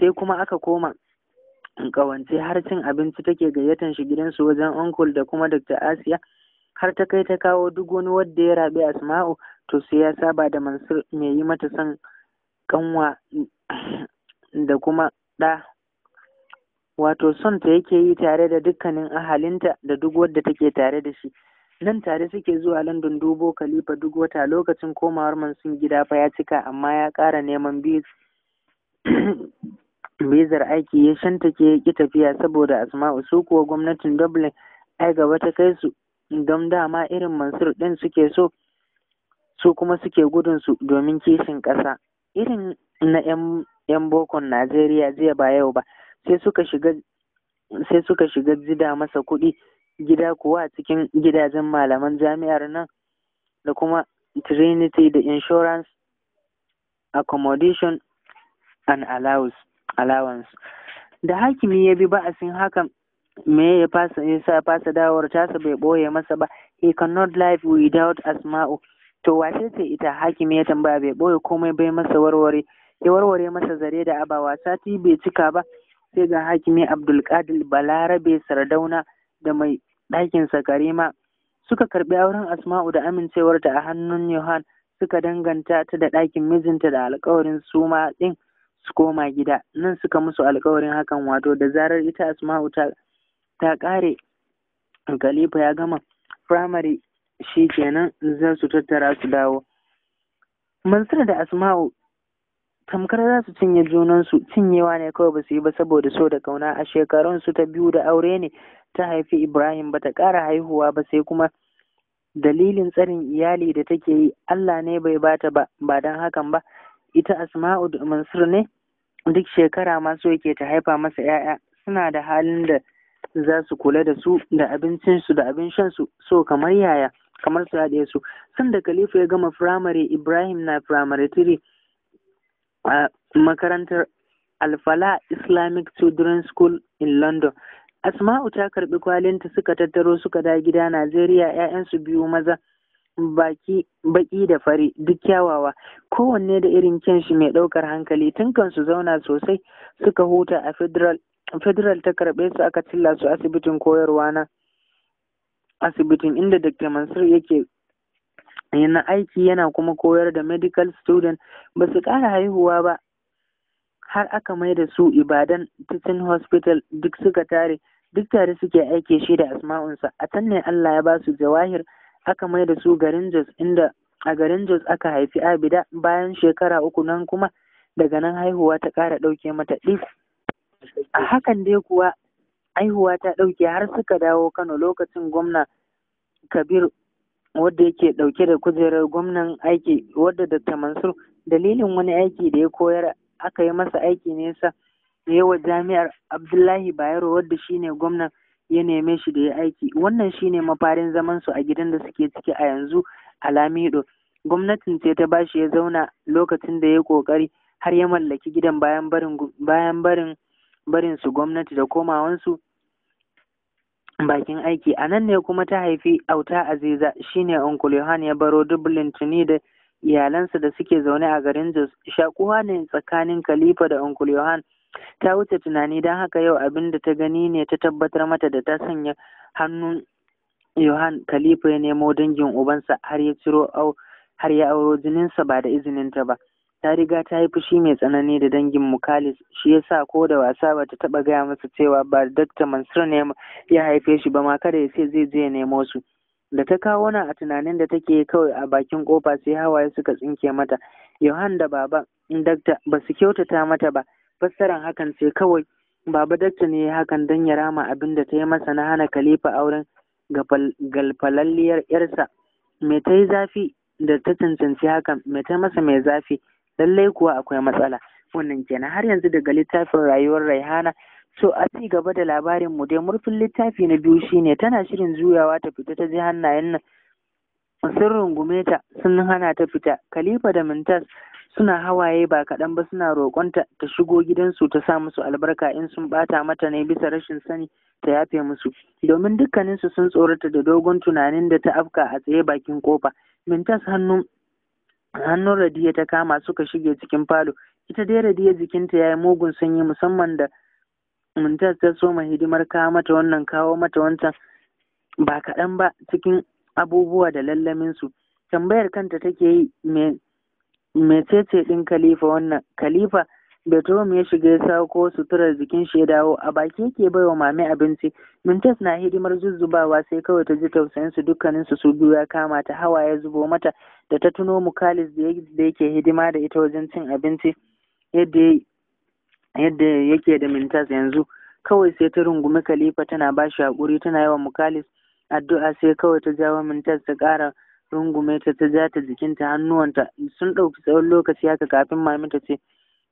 sai kuma aka koma kawance har cin abinci take gayyatan shi gidansu wajen uncle da kuma Dr. Asiya har ta kai ta kawo duk wani wanda ya rabe Asma'u to sai ya saba da Mansur mai yi mata son kanwa da kuma da. wato son ta yake yi tare da dukkanin ahalinta da duk wadda take tare da shi nan tare suke zuwa London dubo Khalifa duk wata lokacin komawar Mansun gida fa ya cika amma ya kara neman bizar aiki ya shanta ke ki tafiya saboda Asma'u su kuwa gwamnatin Dublin ai gaba ta kai su don dama irin Mansur ɗin suke so su kuma suke gudun su domin kishin ƙasa irin na 'yan bokon Najeriya zai ba yau ba sai suka shiga sai suka shiga zida masa kuɗi gida kuwa a cikin gidajen malaman jami'ar nan da kuma Trinity da Insurance Accommodation and allowance, allowance. Da hakimi ya bi ba'asin hakan me ya fasa ya sa fasa dawowar tasa bai boye masa ba he cannot live without asma'u to wace ce ita hakimi ya tambaya bai ɓoye komai bai masa warware ya warware masa zare da abawa sati bai cika ba sai ga hakimi abdulkadir balarabe sardauna da mai ɗakinsa karima suka karɓi auren asma'u da amincewarta a hannun yohan suka danganta ta da ɗakin mijinta da alkawarin suma ɗin su koma gida nan suka musu alkawarin hakan wato da zarar ita asma'u ta ta ƙare khalifa ya gama firamare shi kenan za su tattara su dawo mansur da asma'u tamkar za su cinye junansu cinyewa ne kawai ba su yi ba saboda so da kauna a shekarun su ta biyu da aure ne ta haifi ibrahim ba ta kara haihuwa ba sai kuma dalilin tsarin iyali da take yi allah ne bai bata ba ba don hakan ba ita asma'u da mansur ne duk shekara ma su yake ta haifa masa 'ya'ya suna da halin da za su kula da su da abincinsu da abin shansu so kamar yaya kamar su haɗe su sun da khalifa ya gama firamare ibrahim na firamare tiri a makarantar alfala islamic children school in london asma'u ta karbi kwalinta suka tattaro suka da gida najeriya 'ya'yansu biyu maza baki baki da fari duk kyawawa kowanne da irin kyan shi mai daukar hankali tun kan su zauna sosai suka huta a federal federal ta karbe su aka tilla su asibitin koyarwa na asibitin inda dr mansur yake na aiki yana kuma koyar da medical student ba su ƙara haihuwa ba har aka mai da su ibadan titin hospital duk suka tare duk tare suke aiki shi da asma'unsa a can ne allah ya ba su jawahir aka mai da su garin jos inda a garin jos aka haifi abida bayan shekara uku nan kuma daga nan haihuwa ta ƙara ɗauke mata ɗif a hakan dai kuwa haihuwa ta ɗauke har suka dawo kano lokacin gwamna kabir wadda yake dauke da kujerar gwamnan aiki wadda Dr. Mansur dalilin wani aiki da ya koyar aka yi masa aiki ne sa da wa jami'ar Abdullahi Bayero wadda shine gwamnan ya neme shi da ya aiki wannan shine mafarin zaman su a gidan da suke ciki a yanzu a Lamido gwamnatin ce ta bashi ya zauna lokacin da ya kokari har ya mallaki gidan bayan barin barin su gwamnati da komawansu bakin aiki a nan ne kuma ta haifi auta aziza shine uncle yohan ya baro dublin tuni da iyalansa da suke zaune a garin jos shakuwa ne tsakanin khalifa da uncle yohan ta wuce tunani don haka yau abin da ta gani ne ta tabbatar mata da ta sanya hannun yohan khalifa ya nemo dangin ubansa har ya ciro har ya auro jininsa ba da izininta ba ta riga ta yi fushi mai tsanani da dangin Mukalis shi yasa ko da wasa ba ta taba gaya masa cewa ba dakta Mansur ne ya haife shi ba ma kada ya ce zai je ya nemo su da ta kawo na a tunanin da take kawai a bakin kofa sai hawaye suka tsinke mata Yohan da baba dakta ba su kyautata mata ba fassaran hakan sai kawai baba dakta ne ya hakan don ya rama abin da ta yi masa na hana kalifa auren galfalalliyar yarsa mai ta yi zafi da ta cancanci hakan me ta masa mai zafi lallai kuwa akwai matsala wannan kenan har yanzu daga littafin rayuwar raihana so a ci gaba da labarin mu dai murfin littafi na biyu shine tana shirin juyawa ta fita ta ji hannayen nan sun rungume ta sun hana ta fita kalifa da mintas suna hawaye ba kaɗan ba suna roƙonta ta shigo gidansu ta sa musu albarka in sun bata mata ne bisa rashin sani ta yafe musu domin dukkaninsu sun tsorata da dogon tunanin da ta afka a tsaye bakin kofa mintas hannu hannun radiya ta kama suka shige cikin falo ita dai radiya jikinta ya yi mugun sanyi musamman da mintas ta soma hidimar kawo mata wannan kawo mata wancan ba kaɗan ba cikin abubuwa da lallamin su tambayar kanta take yi me mecece ɗin khalifa wannan khalifa da ya shiga ya sa sako suturar jikin shi ya dawo a baki yake bai wa mami abinci. Mintas na hidimar zuzzubawa sai kawai ta ji tausayin su dukkanin su su biyu ya kama ta hawa ya zubo mata da ta tuno mukalis da yake hidima da ita wajen cin abinci yadda yadda yake da mintas yanzu kawai sai ta rungumi Khalifa tana ba shi hakuri tana yawan mukalis addu'a sai kawai ta jawo mintas ta kara rungume ta ta ja ta jikinta hannuwanta sun ɗauki tsawon lokaci haka kafin mami ta ce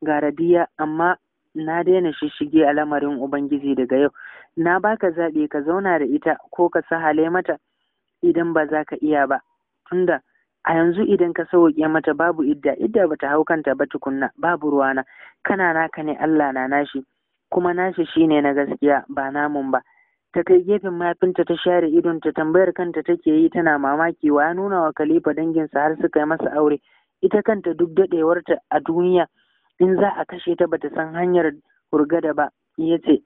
ga Rabiya amma na daina shishige a lamarin Ubangiji daga yau. Na baka zaɓi ka zauna da ita ko ka sahale mata idan ba za ka iya ba. Tunda a yanzu idan ka sauke mata babu idda, idda bata hau kanta ba tukunna, babu ruwana. Kana naka ne Allah na nashi, kuma nashi shine na gaskiya ba namun ba. Ta kai gefen mafinta ta share idon ta tambayar kanta take yi tana mamaki wa nuna wa Khalifa danginsa har suka yi masa aure. Ita kanta duk daɗewarta a duniya. in za a kashe ta bata san hanyar hurgada ba ya ce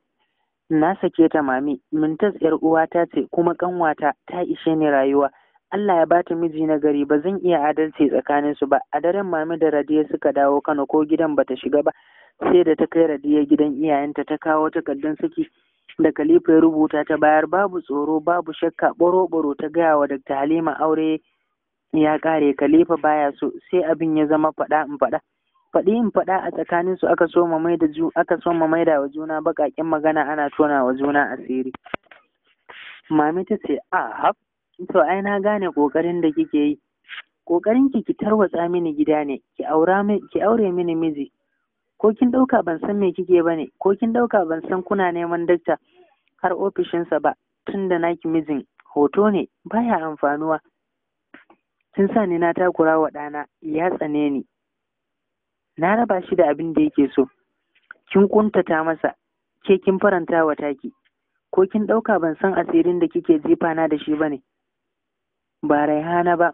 na sake ta mami mintas yar uwata ce kuma kanwata ta ishe ni rayuwa Allah ya ba ta miji na gari ba zan iya adalci tsakanin su ba a daren mami da radiya suka dawo Kano ko gidan bata shiga ba sai da ta kai radiya gidan iyayenta ta kawo takardun saki da kalifa ya rubuta ta bayar babu tsoro babu shakka boro-boro ta gaya wa Dr. Halima aure ya kare kalifa baya so sai abin ya zama faɗa in faɗa faɗi in faɗa a tsakaninsu su aka so ma maida aka so ma da wa juna baƙaƙen magana ana tona wa juna asiri mami ta ce a haf to ai na gane ƙoƙarin da kike yi ƙoƙarin ki ki tarwatsa mini gida ne ki aura ki aure mini miji ko kin ɗauka ban san me kike bane ko kin ɗauka ban san kuna neman dakta har ofishinsa ba tunda naki mijin hoto ne baya amfanuwa kin sa ni na takura wa ɗana ya tsane ni na raba shi da abin da yake so kin kuntata masa ke kin faranta wa taki ko kin ɗauka ban san asirin da kike jifa na da shi ba ne ba raihana ba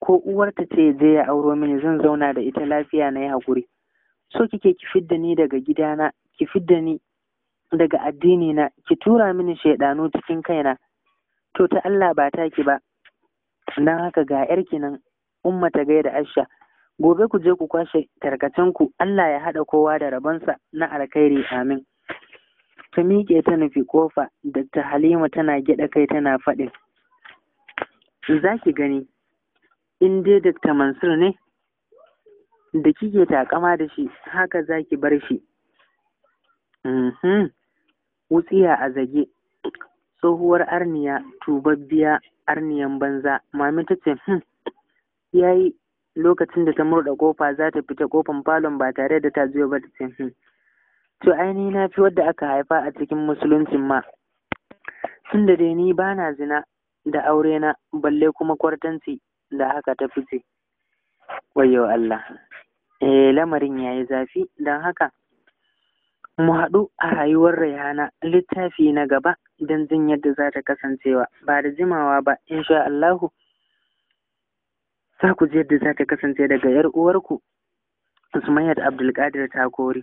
ko uwarta ce je ya auro mini zan zauna da ita lafiya na yi hakuri so kike ki fidda ni daga gidana ki fidda ni daga addini na ki tura mini shaidanu cikin kaina to ta Allah ba taki ba dan haka ga yarki nan umma ta gaida Asha gobe ku je ku kwashe tarkacenku Allah ya haɗa kowa da rabonsa na alkhairi amin ta miƙe ta nufi ƙofa ta Halima tana gyaɗa kai tana faɗin za ki gani in dai Dr. Mansur ne da kike takama da shi haka za ki bar shi wutsiya a zage tsohuwar arniya tubabbiya arniyan banza mami ta ce hmm, yayi lokacin da ta murɗa kofa za ta fita kofan falon ba tare da ta zuwa ba ta ce to na fi wadda aka haifa a cikin musuluncin ma tun da dai ni ba na zina da aure na balle kuma kwartanci da haka ta fice wayo Allah eh lamarin yayi zafi don haka mu haɗu a rayuwar rayana littafi na gaba don jin yadda za ta kasancewa ba da jimawa ba insha Allahu za ku je yadda za ta kasance daga 'yar uwarku Sumayyat Abdulkadir Takori.